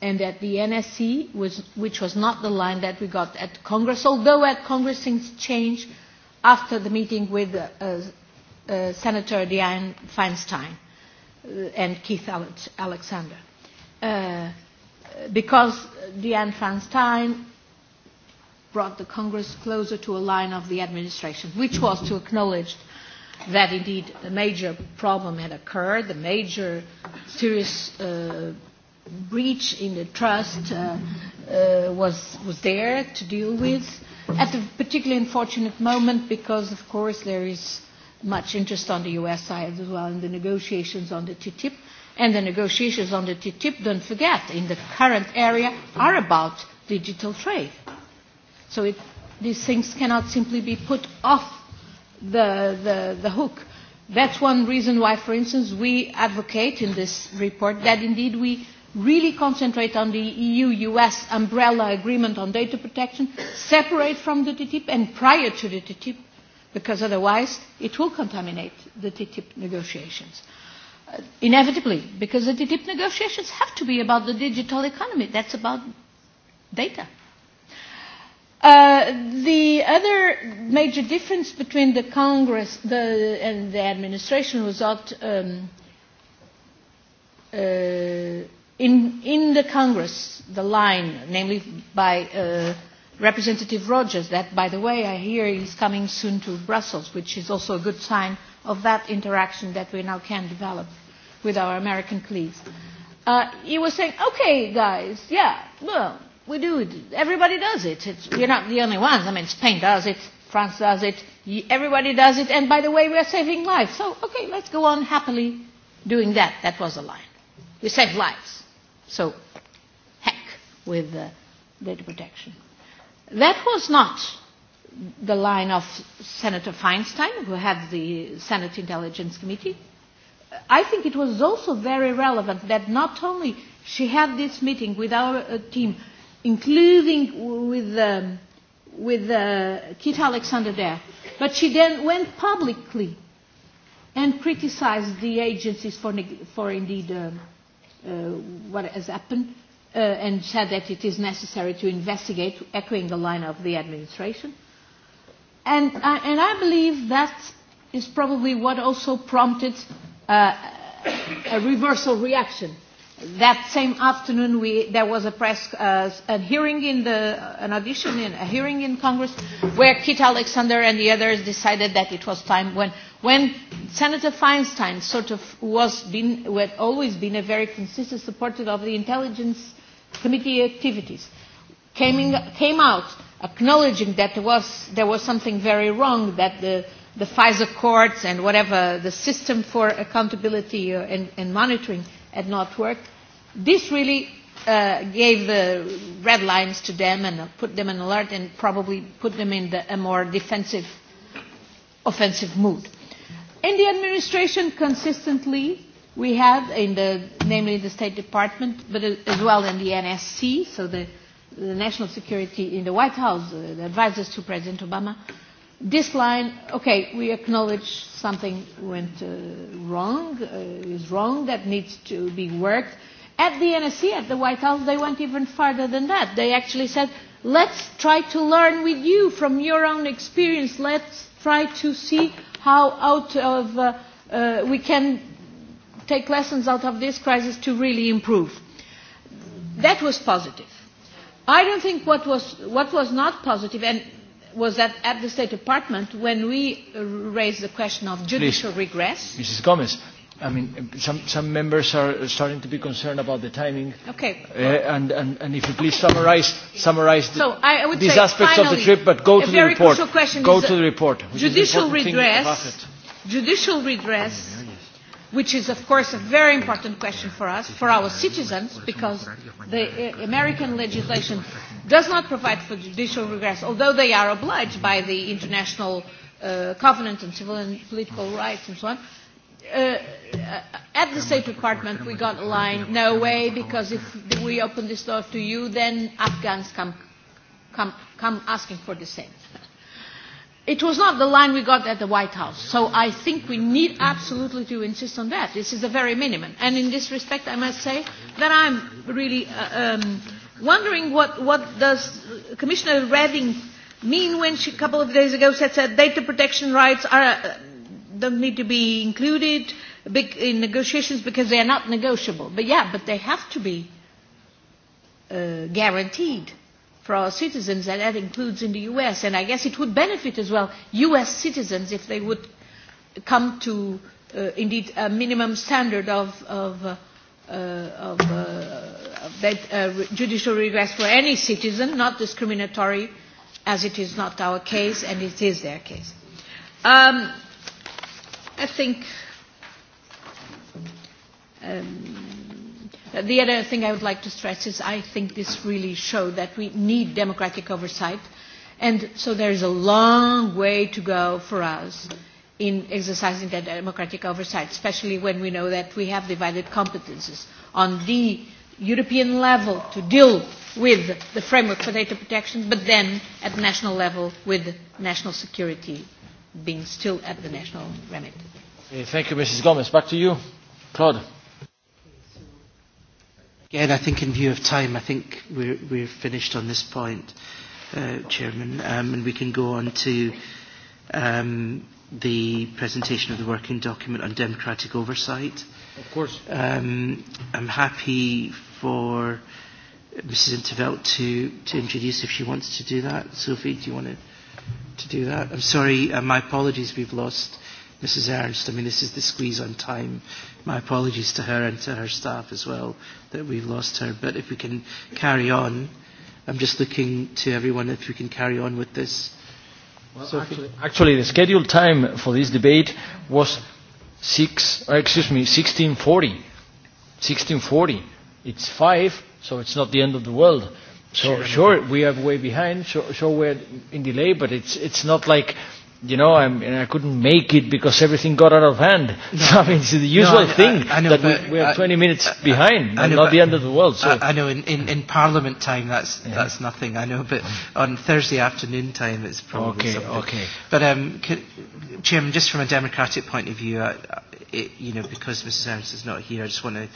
and at the NSC, which, which was not the line that we got at Congress, although at Congress things changed after the meeting with uh, uh, Senator Dianne Feinstein uh, and Keith Alexander. Uh, because the Anfan's time brought the Congress closer to a line of the administration, which was to acknowledge that indeed a major problem had occurred, a major serious uh, breach in the trust uh, uh, was, was there to deal with at a particularly unfortunate moment because, of course, there is much interest on the U.S. side as well in the negotiations on the TTIP and the negotiations on the TTIP, don't forget, in the current area are about digital trade. So it, these things cannot simply be put off the, the, the hook. That's one reason why, for instance, we advocate in this report that indeed we really concentrate on the EU-US umbrella agreement on data protection, separate from the TTIP and prior to the TTIP, because otherwise it will contaminate the TTIP negotiations. Uh, inevitably, because the TTIP negotiations have to be about the digital economy. That's about data. Uh, the other major difference between the Congress the, and the administration was that um, uh, in, in the Congress, the line, namely by uh, Representative Rogers, that, by the way, I hear is coming soon to Brussels, which is also a good sign of that interaction that we now can develop. Uh, with our American colleagues. Uh, he was saying, okay, guys, yeah, well, we do it. Everybody does it. It's, we're not the only ones. I mean, Spain does it, France does it, everybody does it, and by the way, we're saving lives. So, okay, let's go on happily doing that. That was the line. We save lives. So, heck with uh, data protection. That was not the line of Senator Feinstein, who had the Senate Intelligence Committee. I think it was also very relevant that not only she had this meeting with our uh, team, including with, um, with uh, Kit Alexander there, but she then went publicly and criticized the agencies for, for indeed um, uh, uh, what has happened uh, and said that it is necessary to investigate, echoing the line of the administration. And, uh, and I believe that is probably what also prompted uh, a reversal reaction. That same afternoon, we, there was a press uh, a hearing in the an audition in a hearing in Congress, where Kit Alexander and the others decided that it was time when when Senator Feinstein sort of was been who had always been a very consistent supporter of the intelligence committee activities, came in, came out acknowledging that there was there was something very wrong that the the FISA courts and whatever the system for accountability uh, and, and monitoring had not worked. This really uh, gave the red lines to them and uh, put them in alert and probably put them in the, a more defensive, offensive mood. In the administration, consistently, we had, in the, namely the State Department, but uh, as well in the NSC, so the, the National Security in the White House, uh, the advisors to President Obama, uh, This line, okay, we acknowledge something went uh, wrong, uh, is wrong, that needs to be worked. At the NSC, at the White House, they went even further than that. They actually said, let's try to learn with you from your own experience. Let's try to see how out of, uh, uh, we can take lessons out of this crisis to really improve. That was positive. I don't think what was, what was not positive, and was at, at the State Department when we uh, raised the question of judicial Please, regress. Mrs. Gomez, I mean, some, some members are starting to be concerned about the timing. Okay. Uh, and, and, and if you please summarize, summarize the, so I would these say aspects finally, of the trip, but go to the report. Go to the report. Judicial redress, judicial redress which is, of course, a very important question for us, for our citizens, because the uh, American legislation does not provide for judicial redress, although they are obliged by the international uh, covenant on civil and political rights and so on. Uh, at the State Department, we got a line, no way, because if we open this door to you, then Afghans come, come, come asking for the same. Uh, it was not the line we got at the White House. So I think we need absolutely to insist on that. This is the very minimum. And in this respect, I must say that I'm really uh, um, wondering what, what does Commissioner Redding mean when she, a couple of days ago, said that data protection rights are, uh, don't need to be included in negotiations because they are not negotiable. But yeah, but they have to be uh, guaranteed for our citizens, and that includes in the U.S. And I guess it would benefit as well U.S. citizens if they would come to, uh, indeed, a minimum standard of, of, uh, uh, of, uh, of that uh, judicial redress for any citizen, not discriminatory, as it is not our case, and it is their case. Um, I think um, The other thing I would like to stress is I think this really showed that we need democratic oversight. And so there is a long way to go for us in exercising that democratic oversight, especially when we know that we have divided competences on the European level to deal with the framework for data protection, but then at national level with national security being still at the national remit. Thank you, Mrs. Gomez. Back to you, Claude. Again, I think in view of time, I think we're, we're finished on this point, uh, Chairman, um, and we can go on to um, the presentation of the working document on democratic oversight. Of course. Um, I'm happy for Mrs. Intervelt to, to introduce if she wants to do that. Sophie, do you want to, to do that? I'm sorry, uh, my apologies, we've lost Mrs. Ernst. I mean, this is the squeeze on time my apologies to her and to her staff as well that we've lost her. But if we can carry on, I'm just looking to everyone if we can carry on with this. Well, so actually, actually, the scheduled time for this debate was six. Uh, excuse me, 1640. 1640. It's five, so it's not the end of the world. So sure, sure we are way behind. Sure, sure we're in delay, but it's it's not like you know, I, mean, I couldn't make it because everything got out of hand. No. *laughs* So, I mean, it's the usual no, I, thing I, I know, that we, we are I, uh, 20 minutes I, uh, behind, I, I know, not the end of the world. So. I, I know, in, in, in Parliament time, that's yeah. that's nothing. I know, but mm. on Thursday afternoon time, it's probably okay, something. Okay, But, um, could, Chairman, just from a democratic point of view, I, uh, I, it, you know, because Mrs. Ernst is not here, I just want to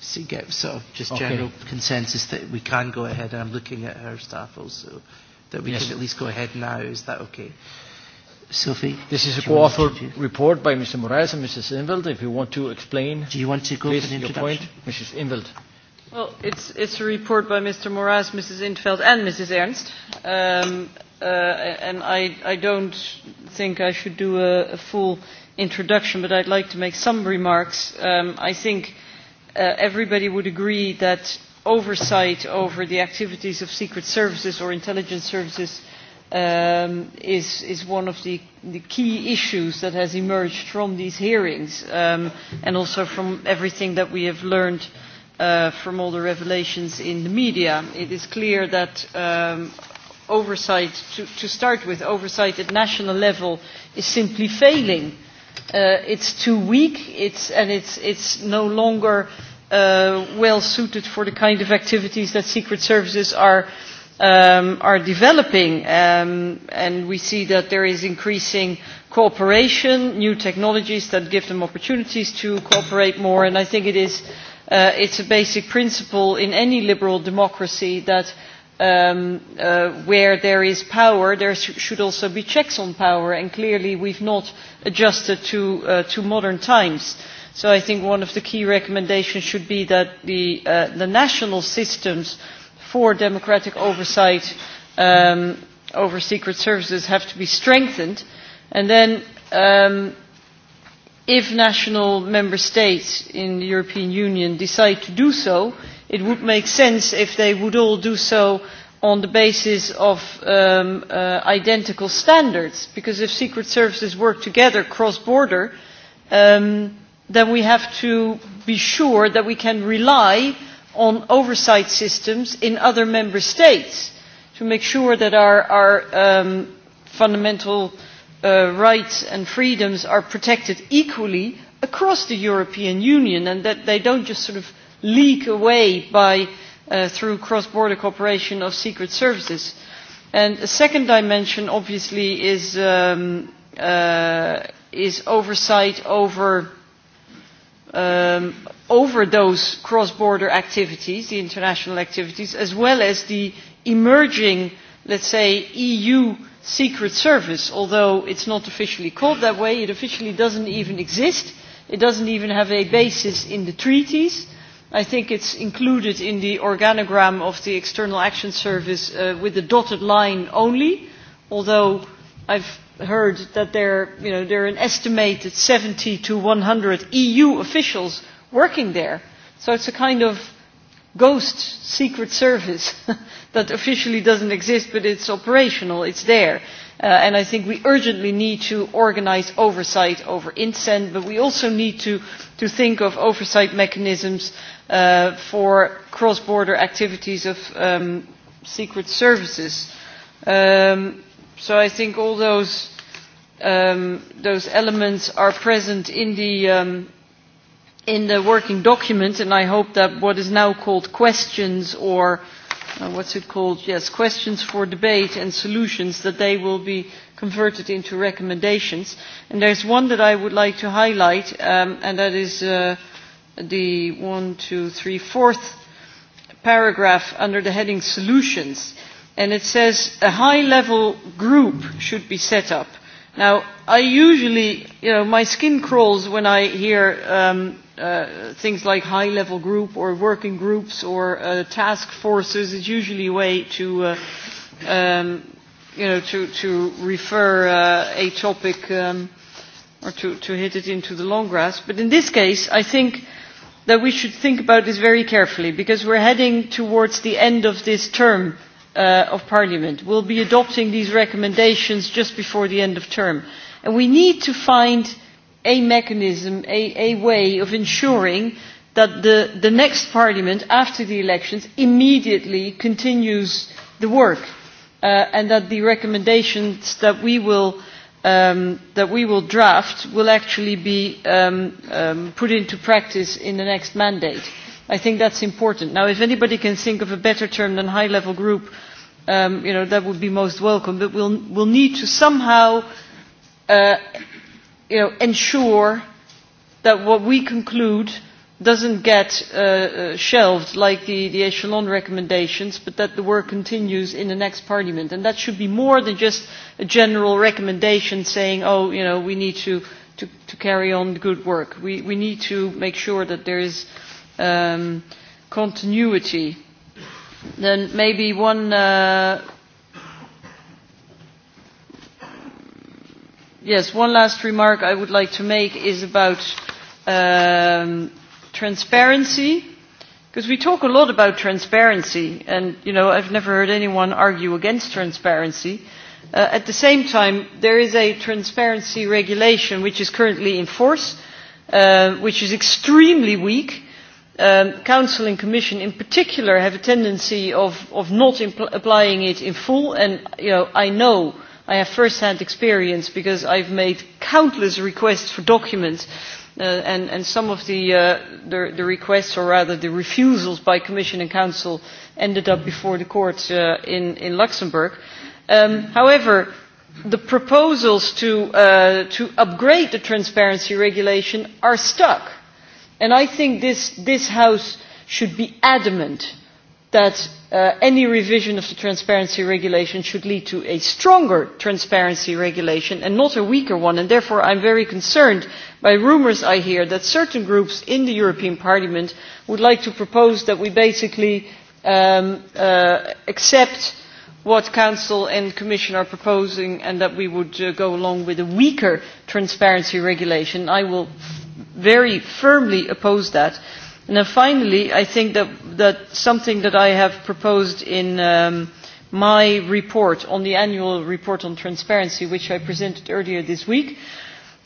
see, get sort of just okay. general consensus that we can go ahead, and I'm looking at her staff also, that we yes. can at least go ahead now. Is that okay? Sophie? This is a co-authored report by Mr. Moraes and Mrs. Inveld. If you want to explain, Do you want to go please, for the introduction? your point, Mrs. Inveld. Well, it's, it's a report by Mr. Moraes, Mrs. Infeld, and Mrs. Ernst. Um, uh, and I, I don't think I should do a, a full introduction, but I'd like to make some remarks. Um, I think uh, everybody would agree that oversight over the activities of secret services or intelligence services uh, um, is, is one of the, the key issues that has emerged from these hearings um, and also from everything that we have learned uh, from all the revelations in the media. It is clear that um, oversight, to, to start with, oversight at national level is simply failing. Uh, it's too weak it's, and it's, it's no longer uh, well suited for the kind of activities that secret services are uh, um, are developing um, and we see that there is increasing cooperation, new technologies that give them opportunities to cooperate more and I think it is uh, it's a basic principle in any liberal democracy that um, uh, where there is power, there sh should also be checks on power, and clearly we've not adjusted to, uh, to modern times. So I think one of the key recommendations should be that the, uh, the national systems uh, for democratic oversight um, over secret services have to be strengthened. And then um, if national member states in the European Union decide to do so, it would make sense if they would all do so on the basis of um, uh, identical standards, because if secret services work together cross-border, um, then we have to be sure that we can rely on on oversight systems in other member states to make sure that our, our um, fundamental uh, rights and freedoms are protected equally across the European Union and that they don't just sort of leak away by, uh, through cross-border cooperation of secret services. And a second dimension, obviously, is, um, uh, is oversight over um, over those cross-border activities, the international activities, as well as the emerging, let's say, EU secret service, although it's not officially called that way. It officially doesn't even exist. It doesn't even have a basis in the treaties. I think it's included in the organogram of the External Action Service uh, with the dotted line only, although I've heard that there, you know, there are an estimated 70 to 100 EU officials working there. So it's a kind of ghost secret service *laughs* that officially doesn't exist, but it's operational, it's there. Uh, and I think we urgently need to organize oversight over INSEN, but we also need to, to think of oversight mechanisms uh, for cross-border activities of um, secret services. Um, So I think all those, um, those elements are present in the, um, in the working document, and I hope that what is now called questions or uh, what's it called? Yes, questions for debate and solutions, that they will be converted into recommendations. And there's one that I would like to highlight, um, and that is uh, the one, two, three, fourth paragraph under the heading Solutions. Uh, and it says a high level group should be set up. Now, I usually, you know, my skin crawls when I hear um, uh, things like high level group or working groups or uh, task forces. It's usually a way to, uh, um, you know, to, to refer uh, a topic um, or to, to hit it into the long grass. But in this case, I think that we should think about this very carefully because we're heading towards the end of this term uh, of Parliament will be adopting these recommendations just before the end of term. And we need to find a mechanism, a, a way of ensuring that the, the next Parliament, after the elections, immediately continues the work uh, and that the recommendations that we will uh, um, that we will draft will actually be um, um, put into practice in the next mandate. I think that's important. Now, if anybody can think of a better term than high-level group um, you know, that would be most welcome, but we'll, we'll need to somehow uh, you know, ensure that what we conclude doesn't get uh, uh, shelved like the, the echelon recommendations, but that the work continues in the next parliament. And that should be more than just a general recommendation saying, oh, you know, we need to, to, to carry on good work. We, we need to make sure that there is um, continuity Then maybe one. Uh, yes, one last remark I would like to make is about um, transparency, because we talk a lot about transparency, and you know I've never heard anyone argue against transparency. Uh, at the same time, there is a transparency regulation which is currently in force, uh, which is extremely weak um, Council and Commission in particular have a tendency of, of not impl applying it in full and you know, I know I have first-hand experience because I've made countless requests for documents uh, and, and some of the, uh, the, the requests or rather the refusals by Commission and Council ended up before the courts uh, in, in Luxembourg. Um, however, the proposals to, uh, to upgrade the transparency regulation are stuck and i think this, this house should be adamant that uh, any revision of the transparency regulation should lead to a stronger transparency regulation and not a weaker one and therefore i am very concerned by rumours i hear that certain groups in the european parliament would like to propose that we basically um, uh, accept what the council and commission are proposing and that we would uh, go along with a weaker transparency regulation. i will very firmly oppose that. And then finally, I think that, that something that I have proposed in um, my report on the annual report on transparency, which I presented earlier this week,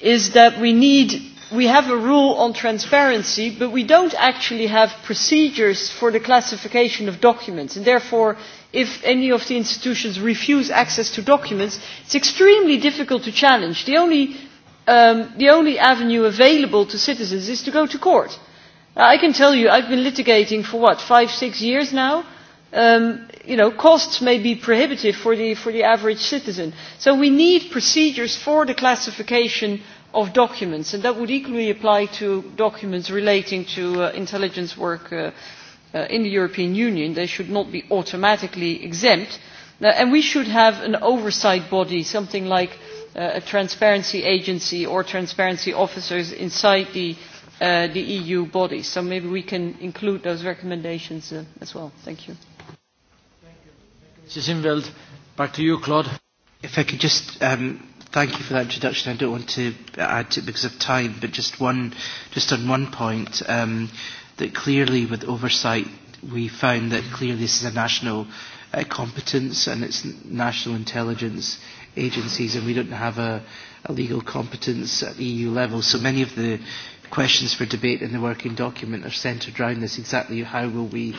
is that we need we have a rule on transparency but we do not actually have procedures for the classification of documents and therefore if any of the institutions refuse access to documents it is extremely difficult to challenge. the only um, the only avenue available to citizens is to go to court. Now, I can tell you I've been litigating for what, five, six years now? Um, you know, costs may be prohibitive for the, for the average citizen. So we need procedures for the classification of documents, and that would equally apply to documents relating to uh, intelligence work uh, uh, in the European Union. They should not be automatically exempt. Uh, and we should have an oversight body, something like Uh, a transparency agency or transparency officers inside the, uh, the EU bodies. So maybe we can include those recommendations uh, as well. Thank you. Mrs. Inveld, back to you, Claude. If I could just um, thank you for that introduction. I don't want to add to it because of time, but just one, just on one point, um, that clearly with oversight, we found that clearly this is a national uh, competence and it's national intelligence agencies, and we don't have a, a legal competence at EU e level. So many of the questions for debate in the working document are centred around this exactly how will we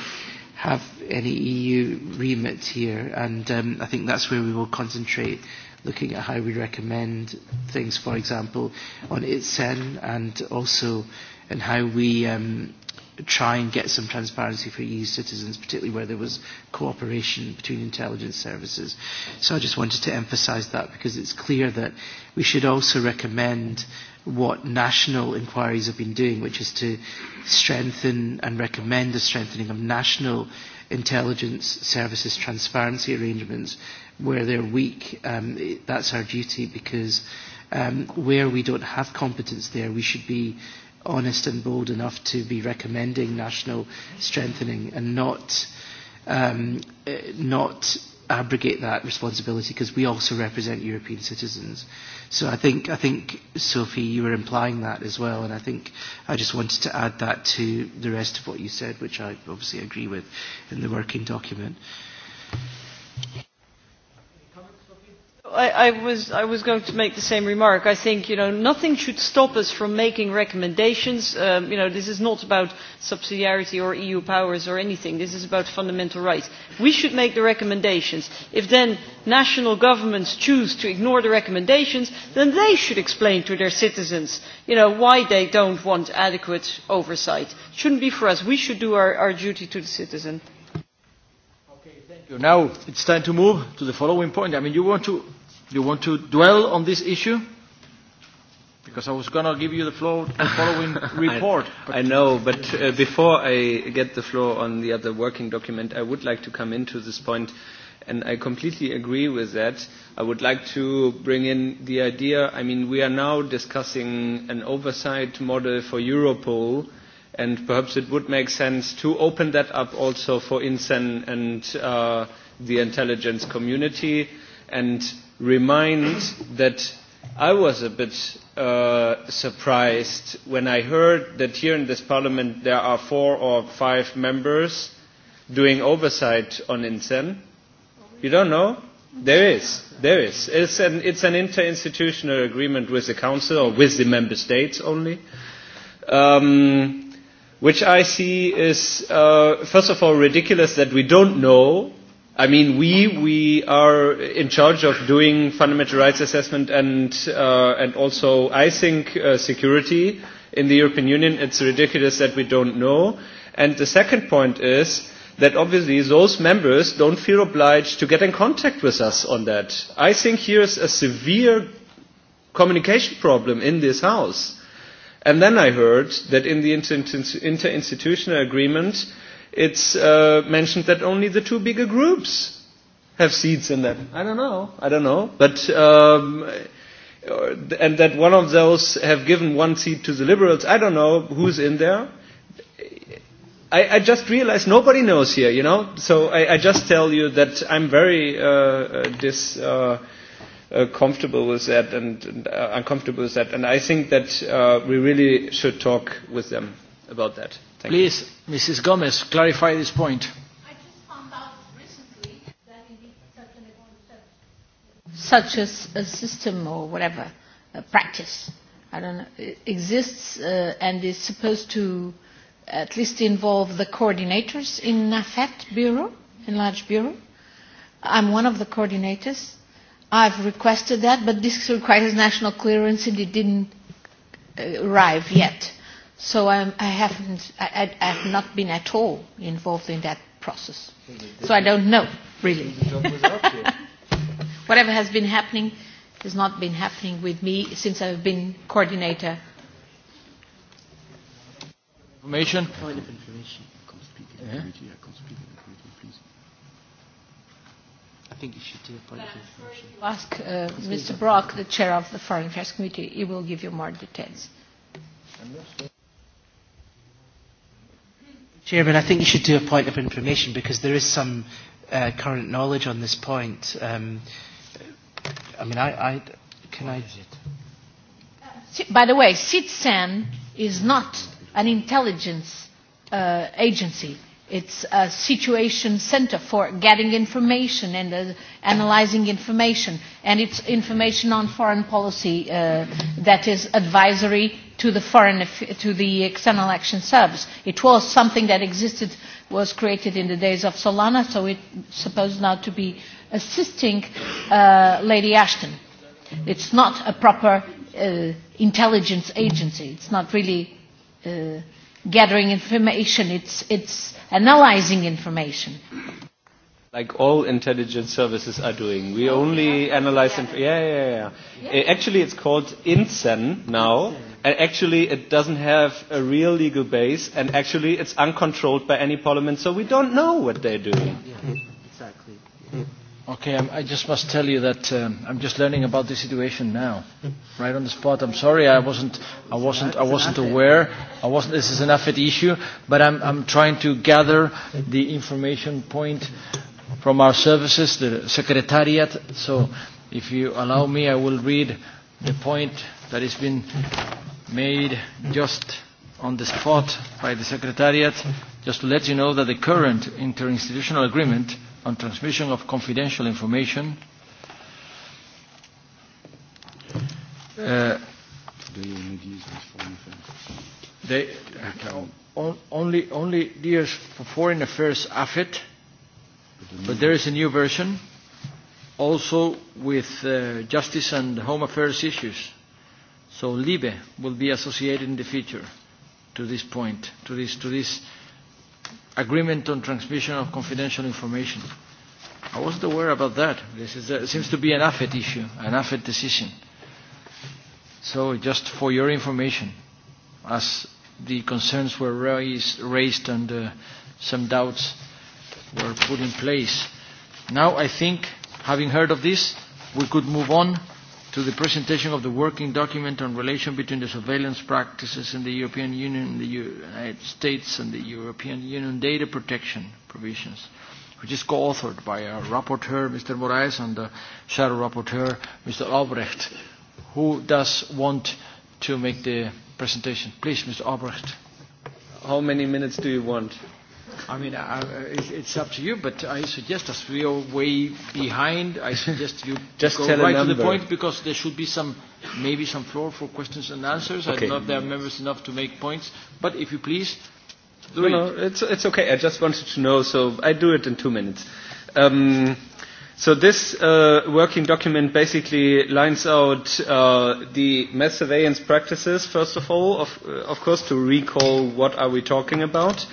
have any EU remit here, and um, I think that's where we will concentrate looking at how we recommend things, for example, on ITSEN and also in how we um, try and get some transparency for EU citizens, particularly where there was cooperation between intelligence services. So I just wanted to emphasise that because it's clear that we should also recommend what national inquiries have been doing, which is to strengthen and recommend the strengthening of national intelligence services transparency arrangements where they're weak. Um, it, that's our duty because um, where we don't have competence there, we should be honest and bold enough to be recommending national strengthening and not um, eh, not abrogate that responsibility because we also represent European citizens. So I think I think Sophie, you were implying that as well, and I think I just wanted to add that to the rest of what you said, which I obviously agree with in the working document. Thank you. I, I, was, I was going to make the same remark. I think you know, nothing should stop us from making recommendations. Um, you know, this is not about subsidiarity or EU powers or anything. This is about fundamental rights. We should make the recommendations. If then national governments choose to ignore the recommendations, then they should explain to their citizens you know, why they don't want adequate oversight. It shouldn't be for us. We should do our, our duty to the citizen now it's time to move to the following point. I mean, you want to, you want to dwell on this issue? Because I was going to give you the floor to the following *laughs* report. I, I know, but uh, before I get the floor on the other working document, I would like to come into this point, and I completely agree with that. I would like to bring in the idea, I mean, we are now discussing an oversight model for Europol, and perhaps it would make sense to open that up also for INSEN and uh, the intelligence community and remind that I was a bit uh, surprised when I heard that here in this parliament there are four or five members doing oversight on INSEN. You don't know? There is. There is. It's an, it's an interinstitutional agreement with the Council or with the Member States only. Um, which I see is, uh, first of all, ridiculous that we don't know. I mean, we, we are in charge of doing fundamental rights assessment and, uh, and also, I think, uh, security in the European Union. It's ridiculous that we don't know. And the second point is that obviously those members don't feel obliged to get in contact with us on that. I think here's a severe communication problem in this House And then I heard that in the interinstitutional agreement, it's uh, mentioned that only the two bigger groups have seats in them. I don't know. I don't know. But um, uh, and that one of those have given one seat to the liberals. I don't know who's in there. I, I just realized nobody knows here, you know. So I, I just tell you that I'm very uh, uh dis. Uh, uh, comfortable with that and, and uh, uncomfortable with that. And I think that uh, we really should talk with them about that. Thank Please, you. Mrs. Gomez, clarify this point. Such as a system or whatever, a practice, I don't know, it e-, exists uh, and is supposed to at least involve the coordinators in NAFET Bureau, in large bureau. I'm one of the coordinators I've requested that, but this requires national clearance and it didn't uh, arrive yet. So I'm, I haven't, I, I have not been at all involved in that process. So I don't know, really. *laughs* Whatever has been happening has not been happening with me since I've been coordinator. Information? Point of information. Conspicuous. Yeah think you should do a point of information. Ask uh, Mr. Brock, the chair of the Foreign Affairs Committee. He will give you more details. Chairman, I think you should do a point of information because there is some uh, current knowledge on this point. Um, I mean, I, I can I. By the way, CITSEN is not an intelligence uh, agency It's a situation center for getting information and uh, analyzing information. And it's information on foreign policy uh, that is advisory to the, foreign, to the External Action Service. It was something that existed, was created in the days of Solana, so it's supposed now to be assisting uh, Lady Ashton. It's not a proper uh, intelligence agency. It's not really... Uh, gathering information, it's, it's analyzing information. Like all intelligence services are doing. We only yeah. analyze. Yeah. Inf- yeah, yeah, yeah. yeah. Actually, it's called INSEN now. INSEN. And actually, it doesn't have a real legal base, and actually, it's uncontrolled by any parliament, so we don't know what they're doing. Yeah, exactly. Yeah. Mm-hmm. Okay, I'm, I just must tell you that um, I'm just learning about the situation now, right on the spot. I'm sorry, I wasn't, I wasn't, I wasn't aware. I wasn't. This is an AFID issue, but I'm, I'm trying to gather the information point from our services, the secretariat. So, if you allow me, I will read the point that has been made just on the spot by the secretariat, just to let you know that the current interinstitutional agreement on transmission of confidential information. Uh, they, only, only deals for foreign affairs AFET, but there is a new version, also with uh, justice and home affairs issues. So Libe will be associated in the future to this point, to this, to this agreement on transmission of confidential information. I wasn't aware about that. This is a, seems to be an AFET issue, an AFET decision. So just for your information, as the concerns were raised, raised and uh, some doubts were put in place. Now I think, having heard of this, we could move on to the presentation of the working document on relation between the surveillance practices in the European Union and the United States and the European Union data protection provisions, which is co-authored by our rapporteur, Mr. Moraes, and the shadow rapporteur, Mr. Albrecht. Who does want to make the presentation? Please, Mr. Albrecht. How many minutes do you want? I mean, I, uh, uh, it, it's up to you, but I suggest us we are way behind. I suggest you *laughs* just go right to the point because there should be some, maybe some floor for questions and answers. Okay. I don't know if there are members enough to make points, but if you please, do no, it. No, it's, it's okay. I just wanted to know, so I do it in two minutes. Um, so this uh, working document basically lines out uh, the mass surveillance practices, first of all, of, uh, of course, to recall what are we talking about. Uh,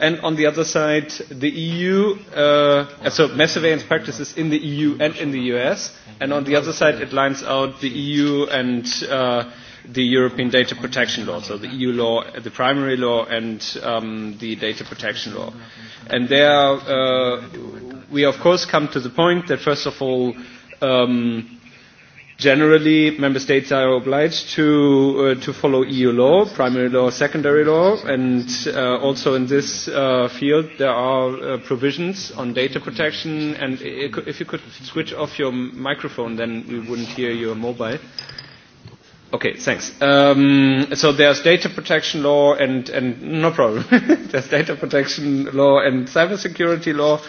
and on the other side, the EU, uh, so mass surveillance practices in the EU and in the US, and on the other side, it lines out the EU and uh, the European data protection law, so the EU law, the primary law, and um, the data protection law. And there, uh, we of course come to the point that first of all, um, Generally, member states are obliged to, uh, to follow EU law, primary law, secondary law, and uh, also in this uh, field there are uh, provisions on data protection. And if you could switch off your microphone, then we wouldn't hear your mobile. Okay, thanks. Um, so there's data protection law and, and no problem. *laughs* there's data protection law and cybersecurity law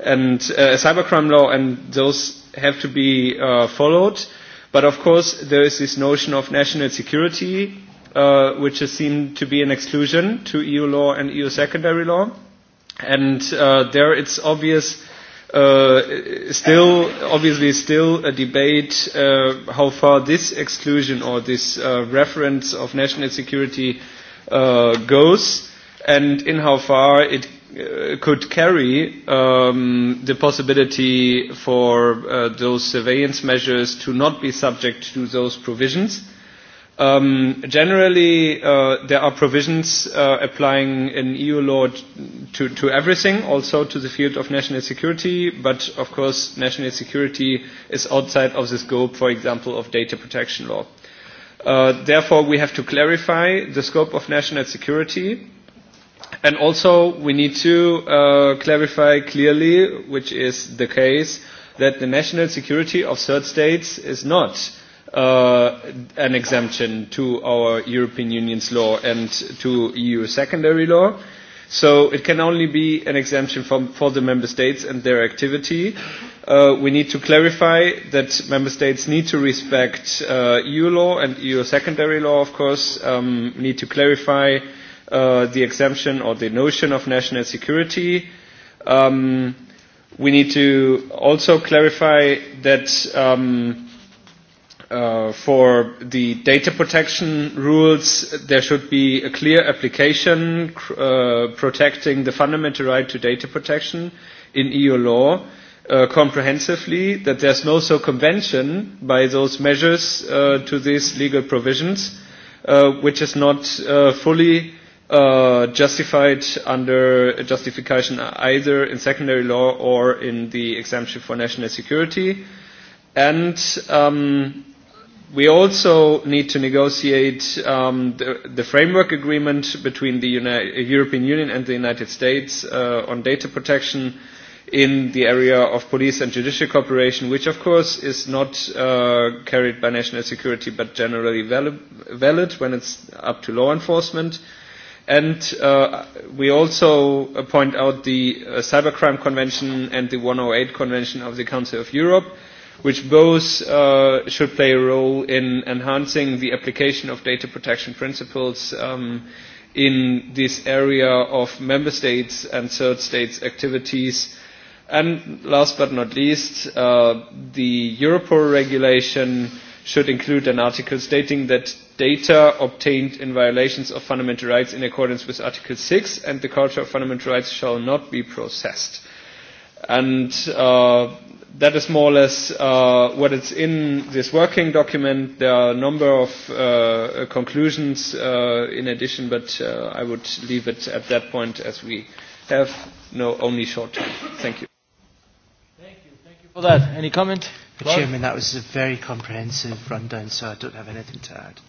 and uh, cybercrime law, and those have to be uh, followed. Uh, But of course, there is this notion of national security, uh, which is seen to be an exclusion to EU law and EU secondary law. And uh, there it's obvious, uh, still, obviously still a debate uh, how far this exclusion or this uh, reference of national security uh, goes and in how far it Uh, could carry um, the possibility for uh, those surveillance measures to not be subject to those provisions. Um, generally, uh, there are provisions uh, applying in EU law to, to everything, also to the field of national security, but of course, national security is outside of the scope, for example, of data protection law. Uh, therefore, we have to clarify the scope of national security And also, we need to uh, clarify clearly, which is the case, that the national security of third states is not uh, an exemption to our European Union's law and to EU secondary law. So it can only be an exemption from, for the member states and their activity. Uh, we need to clarify that member states need to respect uh, EU law and EU secondary law, of course, um, need to clarify uh, uh, the exemption or the notion of national security. Um, we need to also clarify that um, uh, for the data protection rules, there should be a clear application uh, protecting the fundamental right to data protection in EU law uh, comprehensively, that there's no circumvention by those measures uh, to these legal provisions, uh, which is not uh, fully uh, justified under justification either in secondary law or in the exemption for national security. And um, we also need to negotiate um, the, the framework agreement between the Uni- European Union and the United States uh, on data protection in the area of police and judicial cooperation, which of course is not uh, carried by national security but generally valid, valid when it's up to law enforcement. Uh, And uh, we also point out the uh, Cybercrime Convention and the 108 Convention of the Council of Europe, which both uh, should play a role in enhancing the application of data protection principles um, in this area of member states and third states' activities. And last but not least, uh, the Europol regulation should include an article stating that data obtained in violations of fundamental rights in accordance with Article 6 and the Charter of Fundamental Rights shall not be processed. And uh, that is more or less uh, what it's in this working document. There are a number of uh, conclusions uh, in addition, but uh, I would leave it at that point as we have no only short time. Thank you. Thank you. Thank you for that. Any comment? Well, Chairman, that was a very comprehensive rundown, so I don't have anything to add.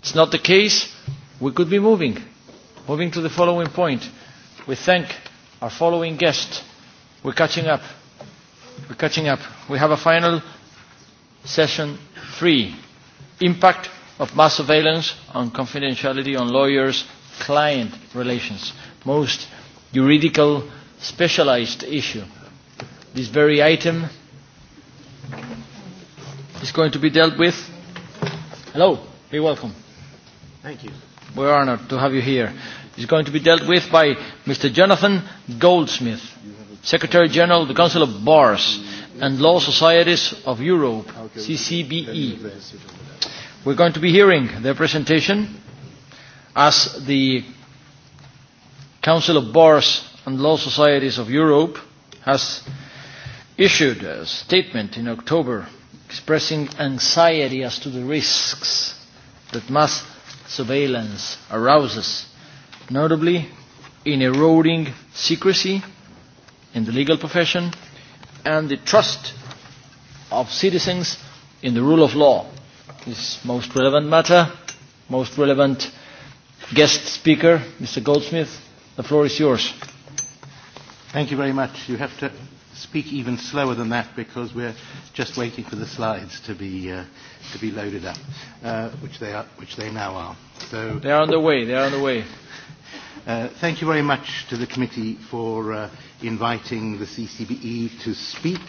It's not the case. We could be moving. Moving to the following point. We thank our following guest. We're catching up. We're catching up. We have a final session three. Impact of mass surveillance on confidentiality on lawyers' client relations, most juridical specialized issue. This very item is going to be dealt with. Hello, be welcome. Thank you. We're honored to have you here. It's going to be dealt with by Mr. Jonathan Goldsmith, Secretary General of the Council of Bars and Law Societies of Europe, CCBE. We're going to be hearing their presentation as the Council of Bars and Law Societies of Europe has issued a statement in October expressing anxiety as to the risks that mass surveillance arouses, notably in eroding secrecy in the legal profession and the trust of citizens in the rule of law this most relevant matter, most relevant guest speaker, Mr. Goldsmith. The floor is yours. Thank you very much. You have to speak even slower than that because we're just waiting for the slides to be uh, to be loaded up, uh, which they are, which they now are. So they are on the way. They are on the way. Uh, thank you very much to the committee for uh, inviting the CCBE to speak.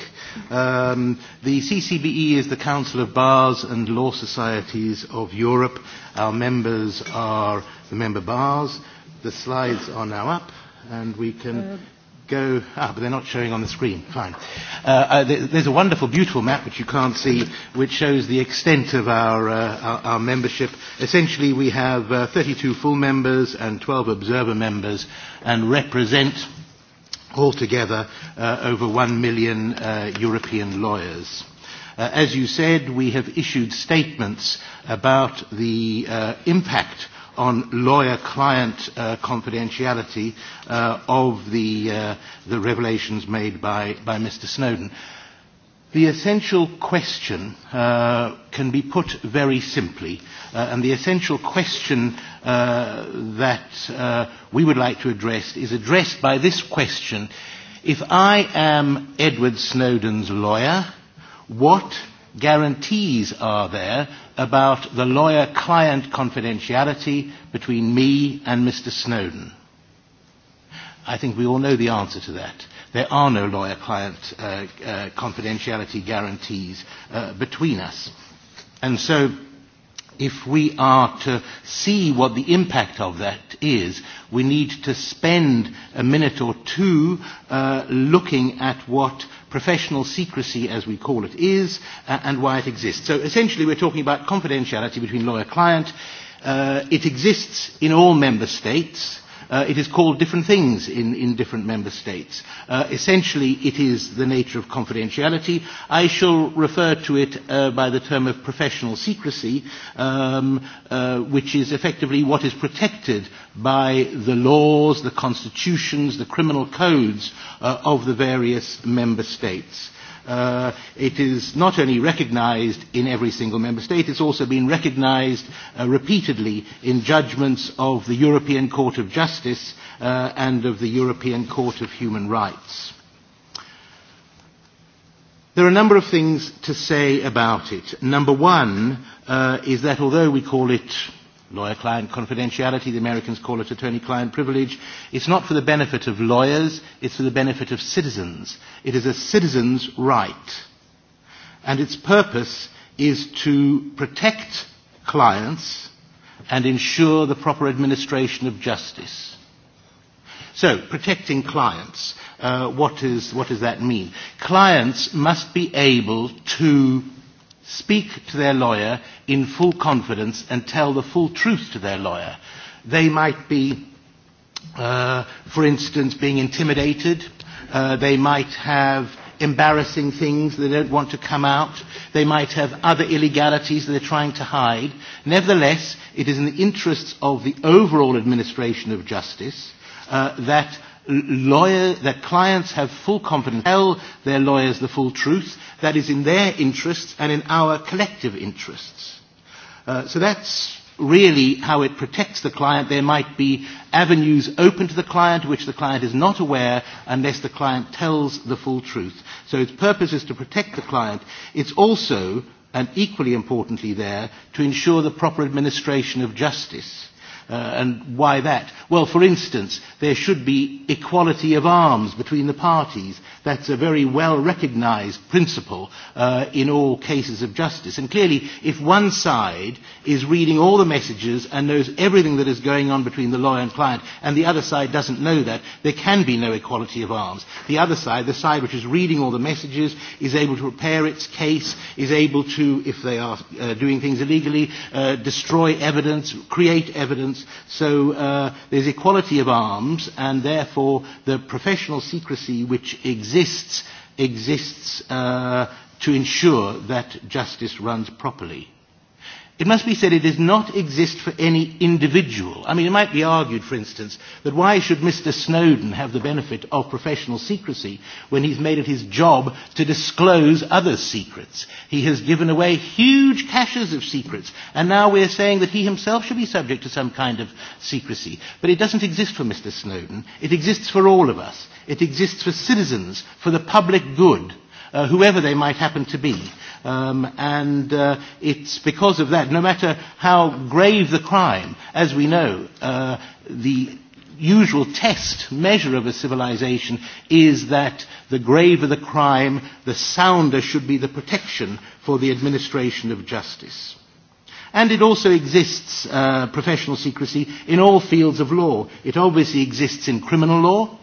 Um, the CCBE is the Council of Bars and Law Societies of Europe. Our members are the member bars. The slides are now up and we can... Uh, go. Ah, but they're not showing on the screen. Fine. Uh, uh, th- there's a wonderful, beautiful map which you can't see, which shows the extent of our uh, our, our membership. Essentially, we have uh, 32 full members and 12 observer members, and represent altogether uh, over 1 million uh, European lawyers. Uh, as you said, we have issued statements about the uh, impact on lawyer-client uh, confidentiality uh, of the, uh, the revelations made by, by Mr. Snowden. The essential question uh, can be put very simply, uh, and the essential question uh, that uh, we would like to address is addressed by this question. If I am Edward Snowden's lawyer, what guarantees are there about the lawyer-client confidentiality between me and Mr. Snowden? I think we all know the answer to that. There are no lawyer-client uh, uh, confidentiality guarantees uh, between us. And so if we are to see what the impact of that is, we need to spend a minute or two uh, looking at what professional secrecy, as we call it, is uh, and why it exists. So essentially, we're talking about confidentiality between lawyer-client. Uh, it exists in all member states. Uh, it is called different things in, in different member states. Uh, essentially, it is the nature of confidentiality. I shall refer to it uh, by the term of professional secrecy, um, uh, which is effectively what is protected by the laws, the constitutions, the criminal codes uh, of the various member states. Uh, it is not only recognized in every single member state, it's also been recognized uh, repeatedly in judgments of the European Court of Justice uh, and of the European Court of Human Rights. There are a number of things to say about it. Number one uh, is that although we call it lawyer-client confidentiality, the Americans call it attorney-client privilege. It's not for the benefit of lawyers, it's for the benefit of citizens. It is a citizen's right. And its purpose is to protect clients and ensure the proper administration of justice. So, protecting clients, uh, what, is, what does that mean? Clients must be able to speak to their lawyer in full confidence and tell the full truth to their lawyer. They might be, uh, for instance, being intimidated. Uh, they might have embarrassing things they don't want to come out. They might have other illegalities they're trying to hide. Nevertheless, it is in the interests of the overall administration of justice uh, that lawyer, their clients have full confidence, tell their lawyers the full truth. That is in their interests and in our collective interests. Uh, so that's really how it protects the client. There might be avenues open to the client which the client is not aware unless the client tells the full truth. So its purpose is to protect the client. It's also, and equally importantly there, to ensure the proper administration of justice Uh, and why that? Well, for instance, there should be equality of arms between the parties That's a very well recognized principle uh, in all cases of justice. And clearly, if one side is reading all the messages and knows everything that is going on between the lawyer and client, and the other side doesn't know that, there can be no equality of arms. The other side, the side which is reading all the messages, is able to prepare its case, is able to, if they are uh, doing things illegally, uh, destroy evidence, create evidence. So uh, there's equality of arms, and therefore the professional secrecy which exists exists exists uh, to ensure that justice runs properly. It must be said it does not exist for any individual. I mean, it might be argued, for instance, that why should Mr. Snowden have the benefit of professional secrecy when he's made it his job to disclose other secrets? He has given away huge caches of secrets, and now we're saying that he himself should be subject to some kind of secrecy. But it doesn't exist for Mr. Snowden. It exists for all of us. It exists for citizens, for the public good uh, whoever they might happen to be. Um, and uh, it's because of that, no matter how grave the crime, as we know, uh, the usual test measure of a civilization is that the graver the crime, the sounder should be the protection for the administration of justice. And it also exists, uh, professional secrecy, in all fields of law. It obviously exists in criminal law,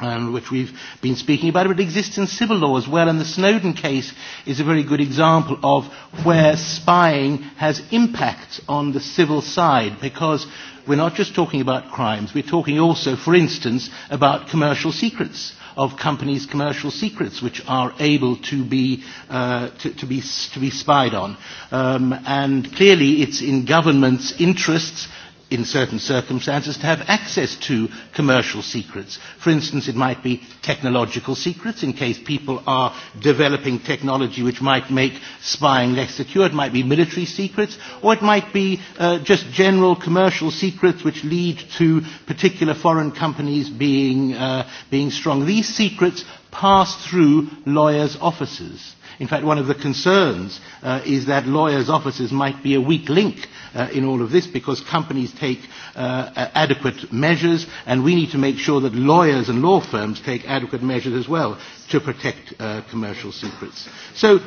and um, which we've been speaking about, but it exists in civil law as well. And the Snowden case is a very good example of where spying has impacts on the civil side because we're not just talking about crimes, we're talking also, for instance, about commercial secrets of companies' commercial secrets, which are able to be uh, to, to be to be spied on. Um, and clearly, it's in governments' interests in certain circumstances to have access to commercial secrets. For instance, it might be technological secrets in case people are developing technology which might make spying less secure. It might be military secrets, or it might be uh, just general commercial secrets which lead to particular foreign companies being, uh, being strong. These secrets pass through lawyers' offices In fact, one of the concerns uh, is that lawyers' offices might be a weak link uh, in all of this because companies take uh, adequate measures, and we need to make sure that lawyers and law firms take adequate measures as well to protect uh, commercial secrets. So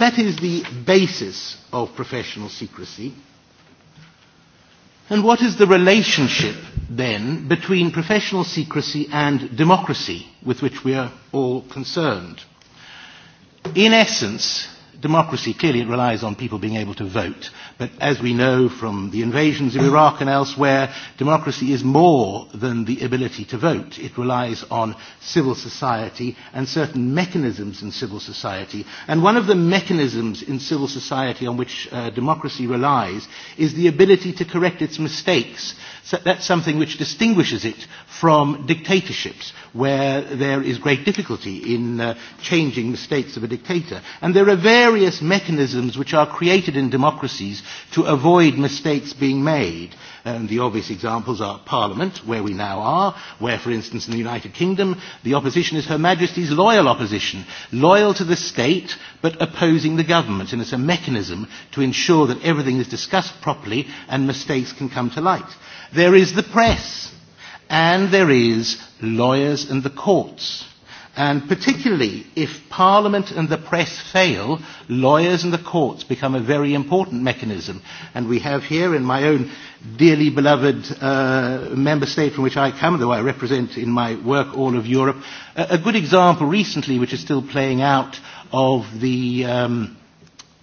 that is the basis of professional secrecy. And what is the relationship then between professional secrecy and democracy with which we are all concerned? in essence, democracy clearly relies on people being able to vote. But as we know from the invasions of Iraq and elsewhere, democracy is more than the ability to vote. It relies on civil society and certain mechanisms in civil society. And one of the mechanisms in civil society on which uh, democracy relies is the ability to correct its mistakes. So that's something which distinguishes it from dictatorships, where there is great difficulty in uh, changing mistakes of a dictator. And there are various mechanisms which are created in democracies to avoid mistakes being made. And the obvious examples are Parliament, where we now are, where, for instance, in the United Kingdom, the opposition is Her Majesty's loyal opposition, loyal to the state but opposing the government. And it's a mechanism to ensure that everything is discussed properly and mistakes can come to light. There is the press, and there is lawyers and the courts. And particularly if Parliament and the press fail, lawyers and the courts become a very important mechanism. And we have here in my own dearly beloved uh, member state from which I come, though I represent in my work all of Europe, a, a good example recently, which is still playing out, of the um,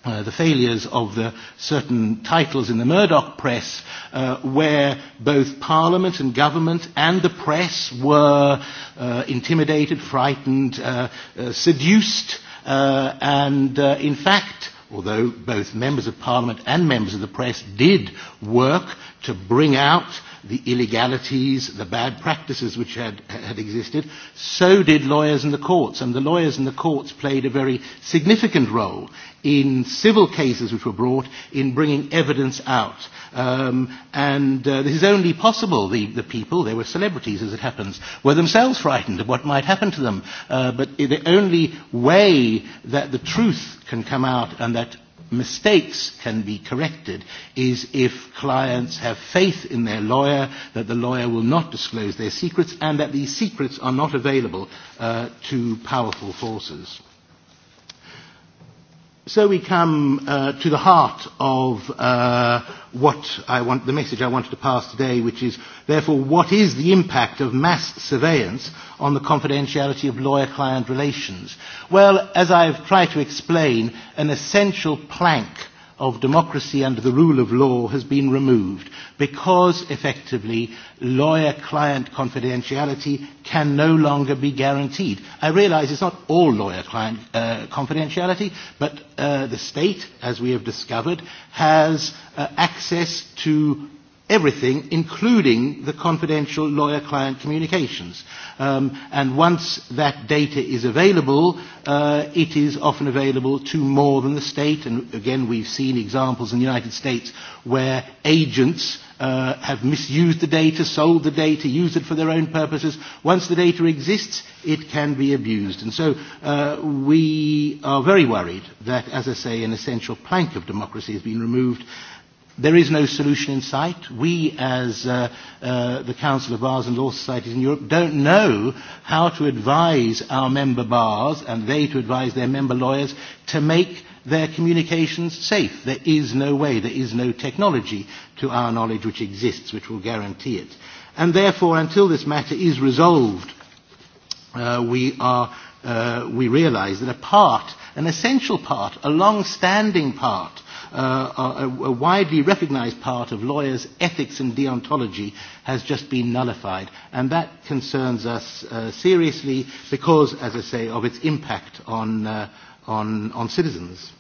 Uh, the failures of the certain titles in the Murdoch press, uh, where both Parliament and government and the press were uh, intimidated, frightened, uh, uh, seduced, uh, and uh, in fact, although both members of Parliament and members of the press did work to bring out the illegalities, the bad practices which had, had existed, so did lawyers and the courts. And the lawyers and the courts played a very significant role in civil cases which were brought in bringing evidence out. Um, and uh, this is only possible. The, the people, they were celebrities as it happens, were themselves frightened of what might happen to them. Uh, but the only way that the truth can come out and that mistakes can be corrected is if clients have faith in their lawyer that the lawyer will not disclose their secrets and that these secrets are not available uh, to powerful forces. So we come uh, to the heart of uh, what I want, the message I wanted to pass today, which is, therefore, what is the impact of mass surveillance on the confidentiality of lawyer-client relations? Well, as I've tried to explain, an essential plank of democracy and the rule of law has been removed because effectively lawyer-client confidentiality can no longer be guaranteed. I realise it's not all lawyer-client uh, confidentiality, but uh, the state, as we have discovered, has uh, access to everything, including the confidential lawyer-client communications. Um, and once that data is available, uh, it is often available to more than the state. And again, we've seen examples in the United States where agents uh, have misused the data, sold the data, used it for their own purposes. Once the data exists, it can be abused. And so uh, we are very worried that, as I say, an essential plank of democracy has been removed There is no solution in sight. We, as uh, uh, the Council of Bars and Law Societies in Europe, don't know how to advise our member bars and they to advise their member lawyers to make their communications safe. There is no way, there is no technology to our knowledge which exists which will guarantee it. And therefore, until this matter is resolved, uh, we, are, uh, we realize that a part, an essential part, a long-standing part uh, a, a widely recognized part of lawyers' ethics and deontology has just been nullified. And that concerns us uh, seriously because, as I say, of its impact on, uh, on, on citizens.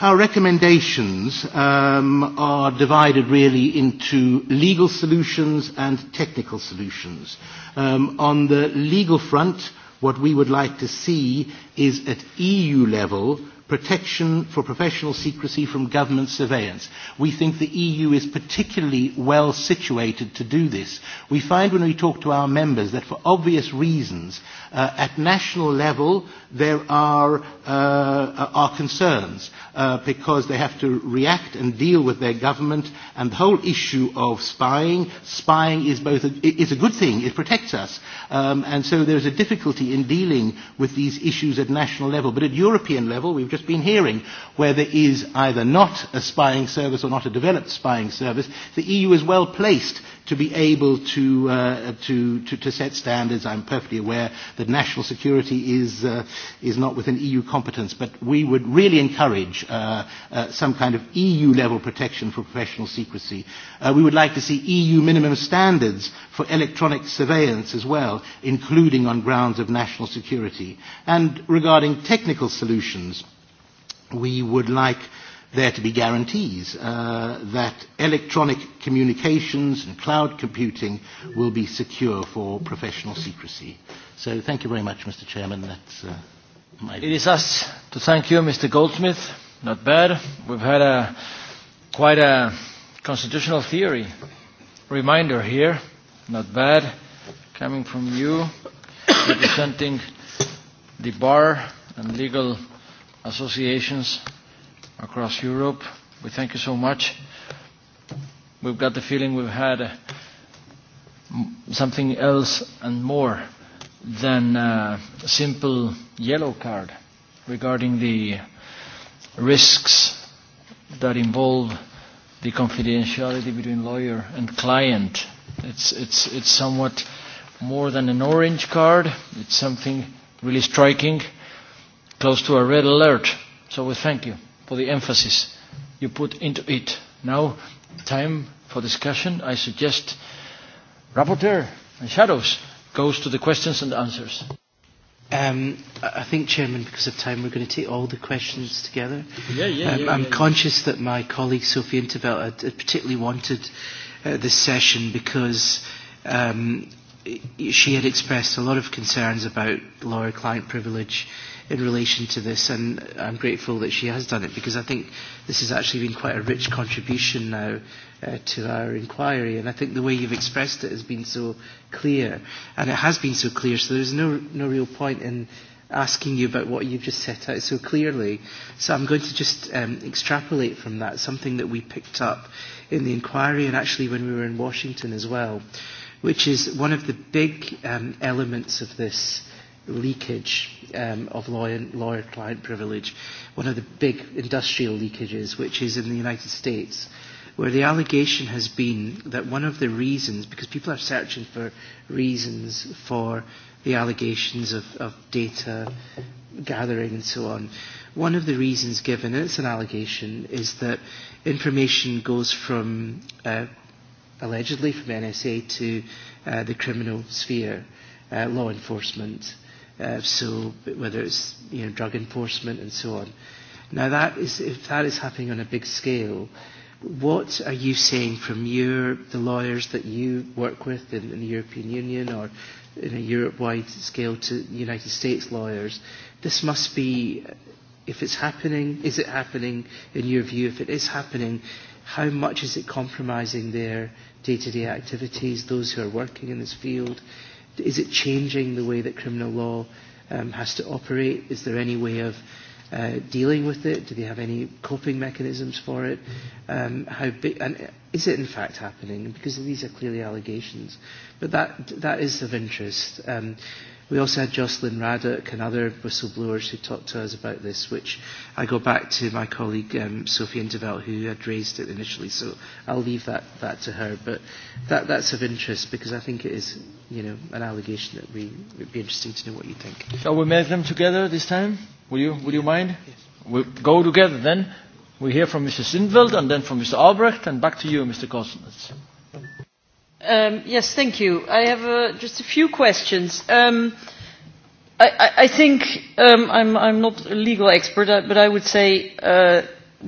Our recommendations um, are divided really into legal solutions and technical solutions. Um, on the legal front, what we would like to see is at EU level protection for professional secrecy from government surveillance. We think the EU is particularly well situated to do this. We find when we talk to our members that for obvious reasons, uh, at national level, there are, uh, are concerns uh, because they have to react and deal with their government and the whole issue of spying. Spying is both a, is a good thing, it protects us. Um, and so there's a difficulty in dealing with these issues at national level. But at European level, we've just been hearing where there is either not a spying service or not a developed spying service, the EU is well placed to be able to, uh, to, to, to set standards. I'm perfectly aware that national security is, uh, is not within EU competence, but we would really encourage uh, uh, some kind of EU-level protection for professional secrecy. Uh, we would like to see EU minimum standards for electronic surveillance as well, including on grounds of national security. And regarding technical solutions, we would like uh, there to be guarantees uh, that electronic communications and cloud computing will be secure for professional secrecy. So thank you very much, Mr. Chairman. That's uh, my it is us to thank you, Mr. Goldsmith. Not bad. We've had a, quite a constitutional theory reminder here. Not bad. Coming from you, representing the bar and legal associations across Europe. We thank you so much. We've got the feeling we've had uh, something else and more than uh, a simple yellow card regarding the risks that involve the confidentiality between lawyer and client. It's, it's, it's somewhat more than an orange card. It's something really striking, close to a red alert. So we thank you for the emphasis you put into it. Now, time for discussion. I suggest rapporteur and shadows goes to the questions and answers. Um, I think, Chairman, because of time, we're going to take all the questions together. Yeah, yeah, um, yeah, I'm yeah, conscious yeah. that my colleague Sophie Intervelt had, had particularly wanted uh, this session because um, she had expressed a lot of concerns about lawyer-client privilege uh, in relation to this, and I'm grateful that she has done it because I think this has actually been quite a rich contribution now uh, to our inquiry, and I think the way you've expressed it has been so clear, and it has been so clear, so there's no, no real point in asking you about what you've just set out so clearly. So I'm going to just um, extrapolate from that something that we picked up in the inquiry and actually when we were in Washington as well, which is one of the big um, elements of this leakage um, of lawyer-client lawyer privilege, one of the big industrial leakages, which is in the United States, where the allegation has been that one of the reasons, because people are searching for reasons for the allegations of, of data gathering and so on, one of the reasons given, and it's an allegation, is that information goes from, uh, allegedly from NSA to uh, the criminal sphere, uh, law enforcement Uh, so whether it's you know, drug enforcement and so on. Now that is, if that is happening on a big scale, what are you saying from your, the lawyers that you work with in, in the European Union or in a Europe-wide scale to United States lawyers? This must be, if it's happening, is it happening in your view? If it is happening, how much is it compromising their day-to-day -day activities, those who are working in this field? Uh, Is it changing the way that criminal law um, has to operate? Is there any way of uh, dealing with it? Do they have any coping mechanisms for it? Um, how big, and is it in fact happening? Because these are clearly allegations, but that that is of interest. Um, We also had Jocelyn Raddock and other whistleblowers who talked to us about this, which I go back to my colleague um, Sophie Indevelt, who had raised it initially. So I'll leave that, that to her. But that, that's of interest because I think it is, you know, an allegation that we it would be interesting to know what you think. Shall we make them together this time? Will you? Will you mind? Yes. We'll go together then. We hear from Mrs. Sindveld and then from Mr. Albrecht and back to you, Mr. Kosnitz. Um, yes, thank you. I have uh, just a few questions. Um, I, I, I think um, I'm, I'm not a legal expert, uh, but I would say uh,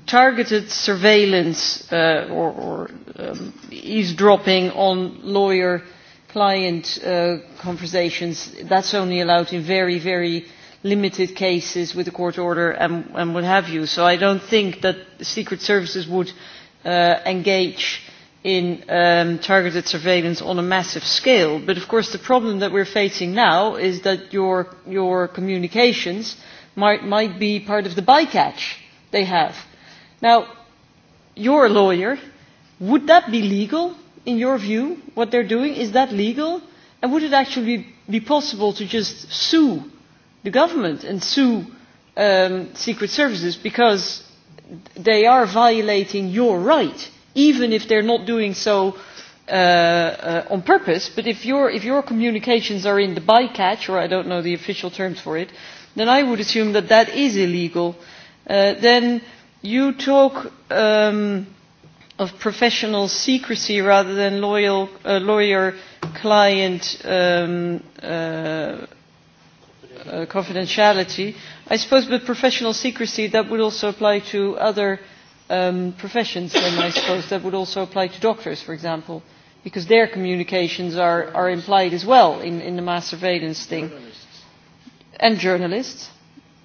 targeted surveillance uh, or, or um, eavesdropping on lawyer client uh, conversations, that's only allowed in very, very limited cases with a court order and, and what have you. So I don't think that the Secret Services would uh, engage in um, targeted surveillance on a massive scale. But of course the problem that we're facing now is that your, your communications might, might be part of the bycatch they have. Now, you're a lawyer. Would that be legal, in your view, what they're doing? Is that legal? And would it actually be possible to just sue the government and sue um, secret services because they are violating your right even if they are not doing so uh, uh, on purpose. But if your, if your communications are in the bycatch, or I don't know the official terms for it, then I would assume that that is illegal. Uh, then you talk um, of professional secrecy rather than loyal, uh, lawyer client um, uh, uh, confidentiality. I suppose with professional secrecy that would also apply to other uh, um, professions, then I suppose that would also apply to doctors, for example, because their communications are, are implied as well in, in the mass surveillance thing. Journalists. And journalists.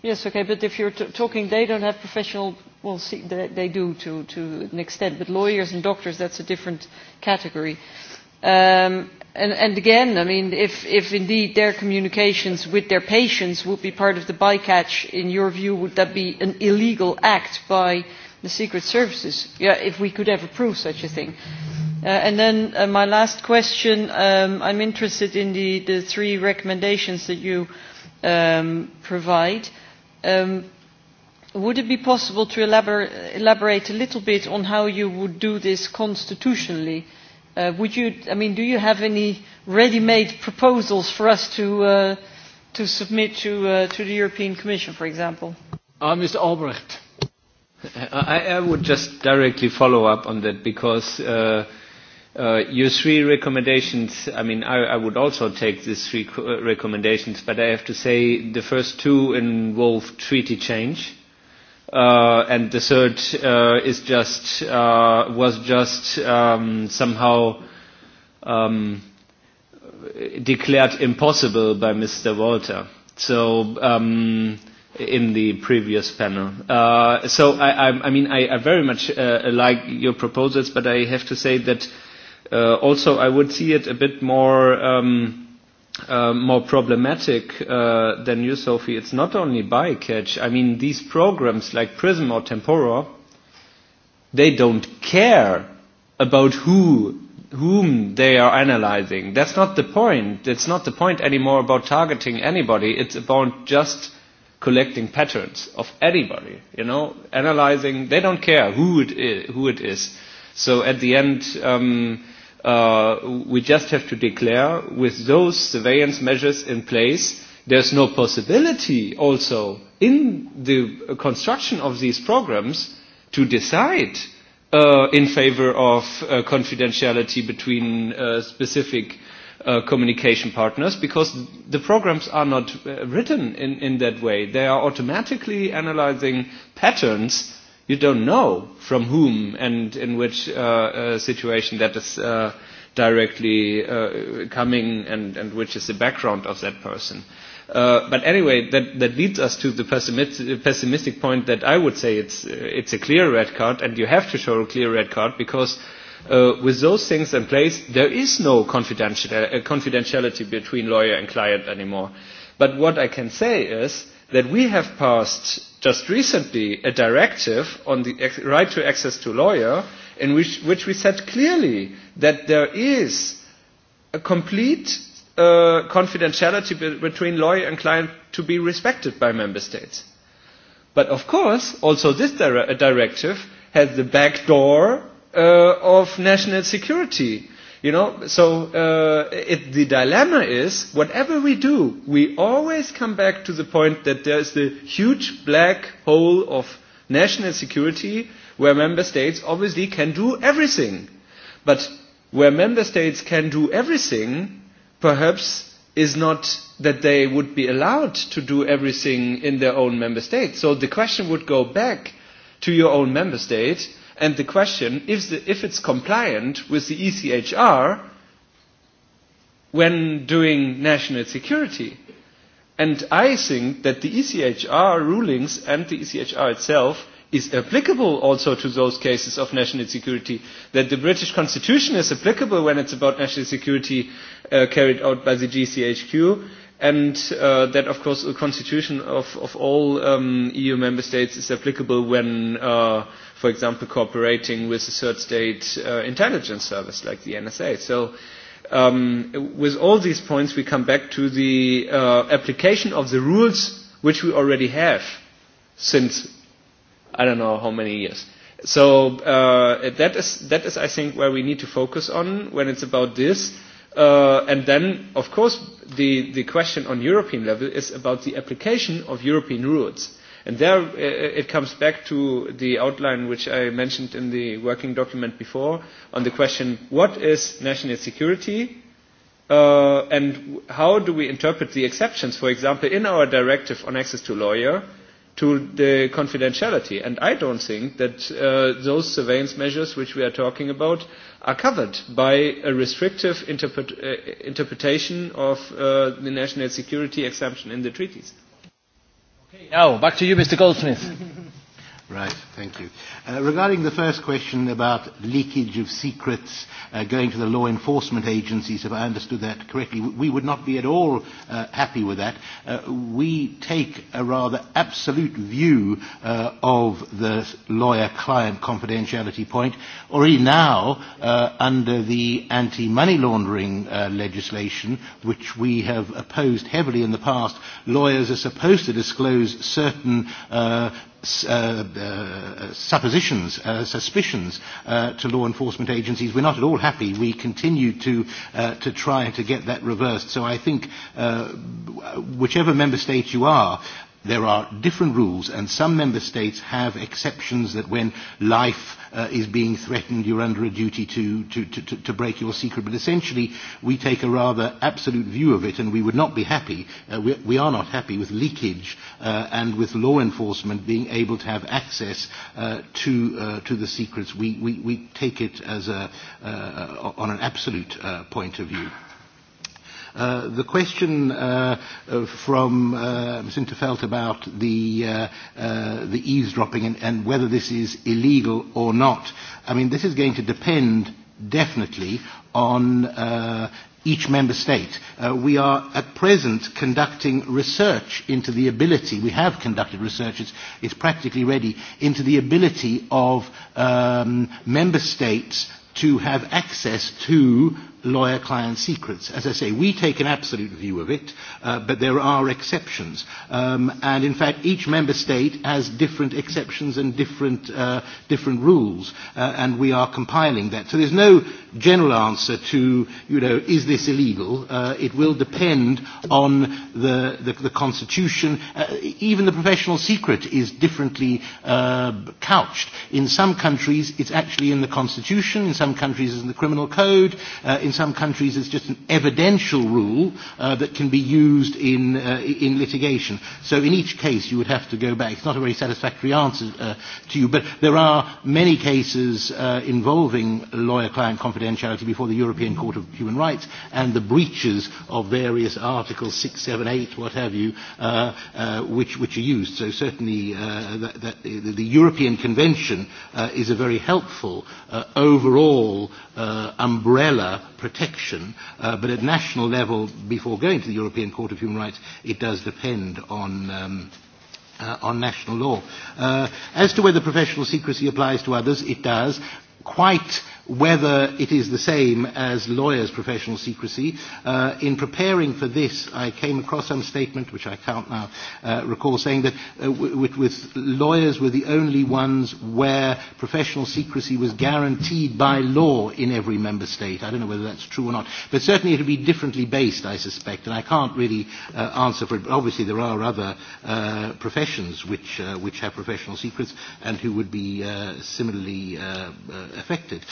Yes, okay, but if you're t- talking, they don't have professional, well, see, they, they do to, to an extent, but lawyers and doctors, that's a different category. Um, and, and again, I mean, if, if indeed their communications with their patients would be part of the bycatch, in your view, would that be an illegal act by uh, the secret services yeah, if we could ever prove such a thing. Uh, and then uh, my last question um, i'm interested in the, the three recommendations that you um, provide. Um, would it be possible to elabor elaborate a little bit on how you would do this constitutionally? Uh, would you, I mean, do you have any ready-made proposals for us to, uh, to submit to, uh, to the European Commission, for example? Uh, Mr. Albrecht. I, I would just directly follow up on that because uh, uh, your three recommendations, I mean, I, I would also take these three uh, recommendations, but I have to say the first two involve treaty change. Uh, and the third uh, is just uh, was just um, somehow um, declared impossible by Mr. Walter. So um, uh, in the previous panel. Uh, so I, I, I mean, I, I very much uh, like your proposals, but I have to say that uh, also I would see it a bit more um, uh, more problematic uh, than you, Sophie. It's not only bycatch. I mean, these programs like Prism or Tempora, they don't care about who whom they are analyzing. That's not the point. It's not the point anymore about targeting anybody. It's about just collecting patterns of anybody, you know, analyzing. They don't care who it is. Who it is. So at the end, um, uh, we just have to declare with those surveillance measures in place, there's no possibility also in the construction of these programs to decide uh, in favor of uh, confidentiality between uh, specific uh, uh, communication partners because the programs are not uh, written in, in that way. They are automatically analyzing patterns you don't know from whom and in which uh, uh, situation that is uh, directly uh, coming and, and which is the background of that person. Uh, but anyway, that, that leads us to the pessimist, pessimistic point that I would say it's, uh, it's a clear red card and you have to show a clear red card because uh, uh, with those things in place, there is no confidential, uh, confidentiality between lawyer and client anymore. But what I can say is that we have passed just recently a directive on the ex- right to access to lawyer in which, which we said clearly that there is a complete uh, confidentiality be- between lawyer and client to be respected by member states. But of course, also this dire- directive has the back door uh, of national security. You know, so uh, it, the dilemma is whatever we do, we always come back to the point that there is the huge black hole of national security where member states obviously can do everything. But where member states can do everything, perhaps is not that they would be allowed to do everything in their own member state. So the question would go back to your own member state And the question, if, the, if it's compliant with the ECHR when doing national security, and I think that the ECHR rulings and the ECHR itself is applicable also to those cases of national security, that the British Constitution is applicable when it's about national security uh, carried out by the GCHQ, and uh, that, of course, the constitution of, of all um, EU member states is applicable when, uh, for example, cooperating with a third state uh, intelligence service like the NSA. So, um, with all these points, we come back to the uh, application of the rules which we already have since I don't know how many years. So uh, that is that is I think where we need to focus on when it's about this, uh, and then of course the, the question on European level is about the application of European rules. And there uh, it comes back to the outline which I mentioned in the working document before on the question what is national security uh, and how do we interpret the exceptions, for example, in our directive on access to lawyer, uh, to the confidentiality. And I don't think that uh, those surveillance measures which we are talking about are covered by a restrictive interpret, uh, interpretation of uh, the national security exemption in the treaties. Okay, now back to you, Mr. Goldsmith. *laughs* Right. Thank you. Uh, regarding the first question about leakage of secrets uh, going to the law enforcement agencies, if I understood that correctly, we would not be at all uh, happy with that. Uh, we take a rather absolute view uh, of the lawyer-client confidentiality point. Already now, uh, under the anti-money laundering legislation, which we have opposed heavily in the past, lawyers are supposed to disclose certain uh, uh, suppositions, uh, suspicions uh, to law enforcement agencies. We're not at all happy. We continue to, uh, to try to get that reversed. So I think uh, whichever member state you are, there are different rules, and some member states have exceptions that when life uh, is being threatened, you're under a duty to, to, to, to break your secret. But essentially, we take a rather absolute view of it, and we would not be happy. Uh, we, we are not happy with leakage uh, and with law enforcement being able to have access uh, to, uh, to the secrets. We, we, we take it as a, uh, on an absolute uh, point of view. Uh, Uh, the question uh, uh, from uh, Ms. Interfelt about the, uh, uh, the eavesdropping and, and whether this is illegal or not, I mean, this is going to depend definitely on uh, each member state. Uh, we are at present conducting research into the ability, we have conducted research, it's, it's practically ready, into the ability of um, member states to have access to lawyer-client secrets. As I say, we take an absolute view of it, uh, but there are exceptions. Um, and in fact, each member state has different exceptions and different, uh, different rules, uh, and we are compiling that. So there's no general answer to, you know, is this illegal? Uh, it will depend on the, the, the constitution. Uh, even the professional secret is differently uh, couched. In some countries, it's actually in the constitution. In some countries, it's in the criminal code. Uh, in in some countries it's just an evidential rule uh, that can be used in, uh, in litigation. So in each case you would have to go back. It's not a very satisfactory answer uh, to you, but there are many cases uh, involving lawyer-client confidentiality before the European Court of Human Rights and the breaches of various articles, 6, 7, 8, what have you, uh, uh, which, which are used. So certainly uh, that, that the, the European Convention uh, is a very helpful uh, overall uh, umbrella protection, uh, but at national level, before going to the European Court of Human Rights, it does depend on. Um, uh, on national law. Uh, as to whether professional secrecy applies to others, it does. Quite whether it is the same as lawyers' professional secrecy. Uh, in preparing for this, I came across some statement, which I can't now uh, recall, saying that uh, w- with, with lawyers were the only ones where professional secrecy was guaranteed by law in every member state. I don't know whether that's true or not, but certainly it would be differently based, I suspect, and I can't really uh, answer for it. But obviously, there are other uh, professions which, uh, which have professional secrets and who would be uh, similarly uh, uh, affected. Uh,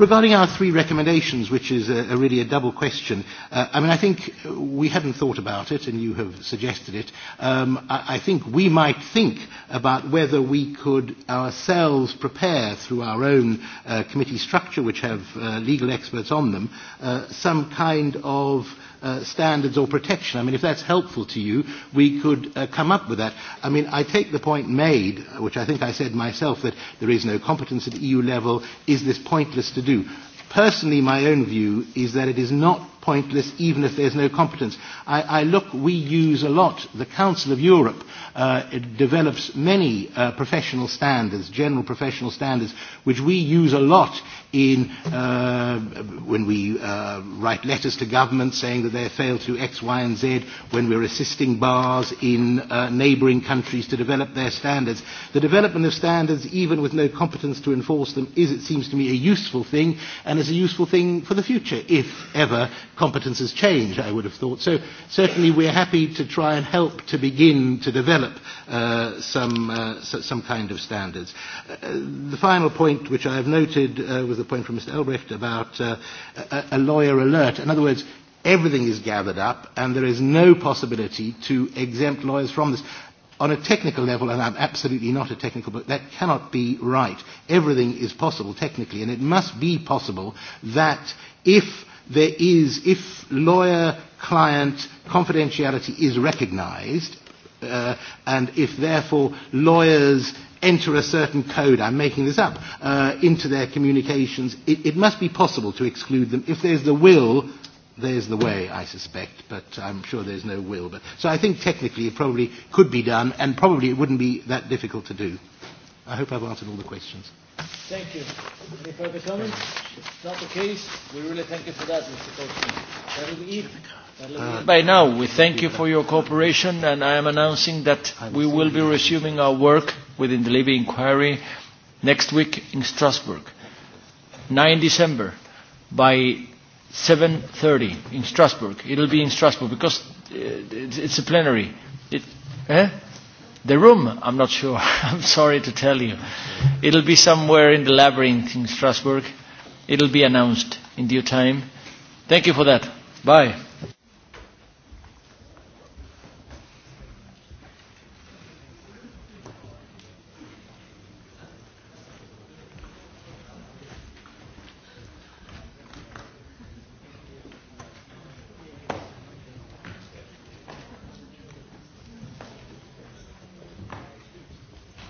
Regarding our three recommendations, which is a, a really a double question, uh, I mean, I think we hadn't thought about it, and you have suggested it. Um, I, I think we might think about whether we could ourselves prepare through our own uh, committee structure, which have uh, legal experts on them, uh, some kind of uh, uh, standards or protection. I mean, if that's helpful to you, we could uh, come up with that. I mean, I take the point made, which I think I said myself, that there is no competence at EU level. Is this pointless to do? Personally, my own view is that it is not pointless even if there's no competence. I, I look, we use a lot, the Council of Europe uh, it develops many uh, professional standards, general professional standards, which we use a lot in uh, when we uh, write letters to government saying that they failed to X, Y, and Z, when we're assisting bars in uh, neighbouring countries to develop their standards. The development of standards, even with no competence to enforce them, is, it seems to me, a useful thing, and is a useful thing for the future, if ever competences change, I would have thought. So certainly we're happy to try and help to begin to develop uh, some, uh, some kind of standards. Uh, uh, the final point which I have noted uh, was the point from Mr. Elbrecht about uh, a, a lawyer alert. In other words, everything is gathered up and there is no possibility to exempt lawyers from this on a technical level, and I'm absolutely not a technical, but that cannot be right. Everything is possible technically, and it must be possible that if there is, if lawyer-client confidentiality is recognized, uh, and if therefore lawyers enter a certain code, I'm making this up, uh, into their communications, it, it must be possible to exclude them. If there's the will, there's the way, I suspect, but I'm sure there's no will. But, so I think technically it probably could be done, and probably it wouldn't be that difficult to do. I hope I've answered all the questions. Thank you. Any further comments? It's not the case. We really thank you for that, Mr. Coachman. That will be it. Uh, By now, we thank you for your cooperation, and I am announcing that we will be resuming our work within the Libya inquiry next week in Strasbourg, 9 December, by 7.30 in Strasbourg. It'll be in Strasbourg because uh, it's a plenary. It, eh? The room, I'm not sure. *laughs* I'm sorry to tell you. It'll be somewhere in the labyrinth in Strasbourg. It'll be announced in due time. Thank you for that. Bye.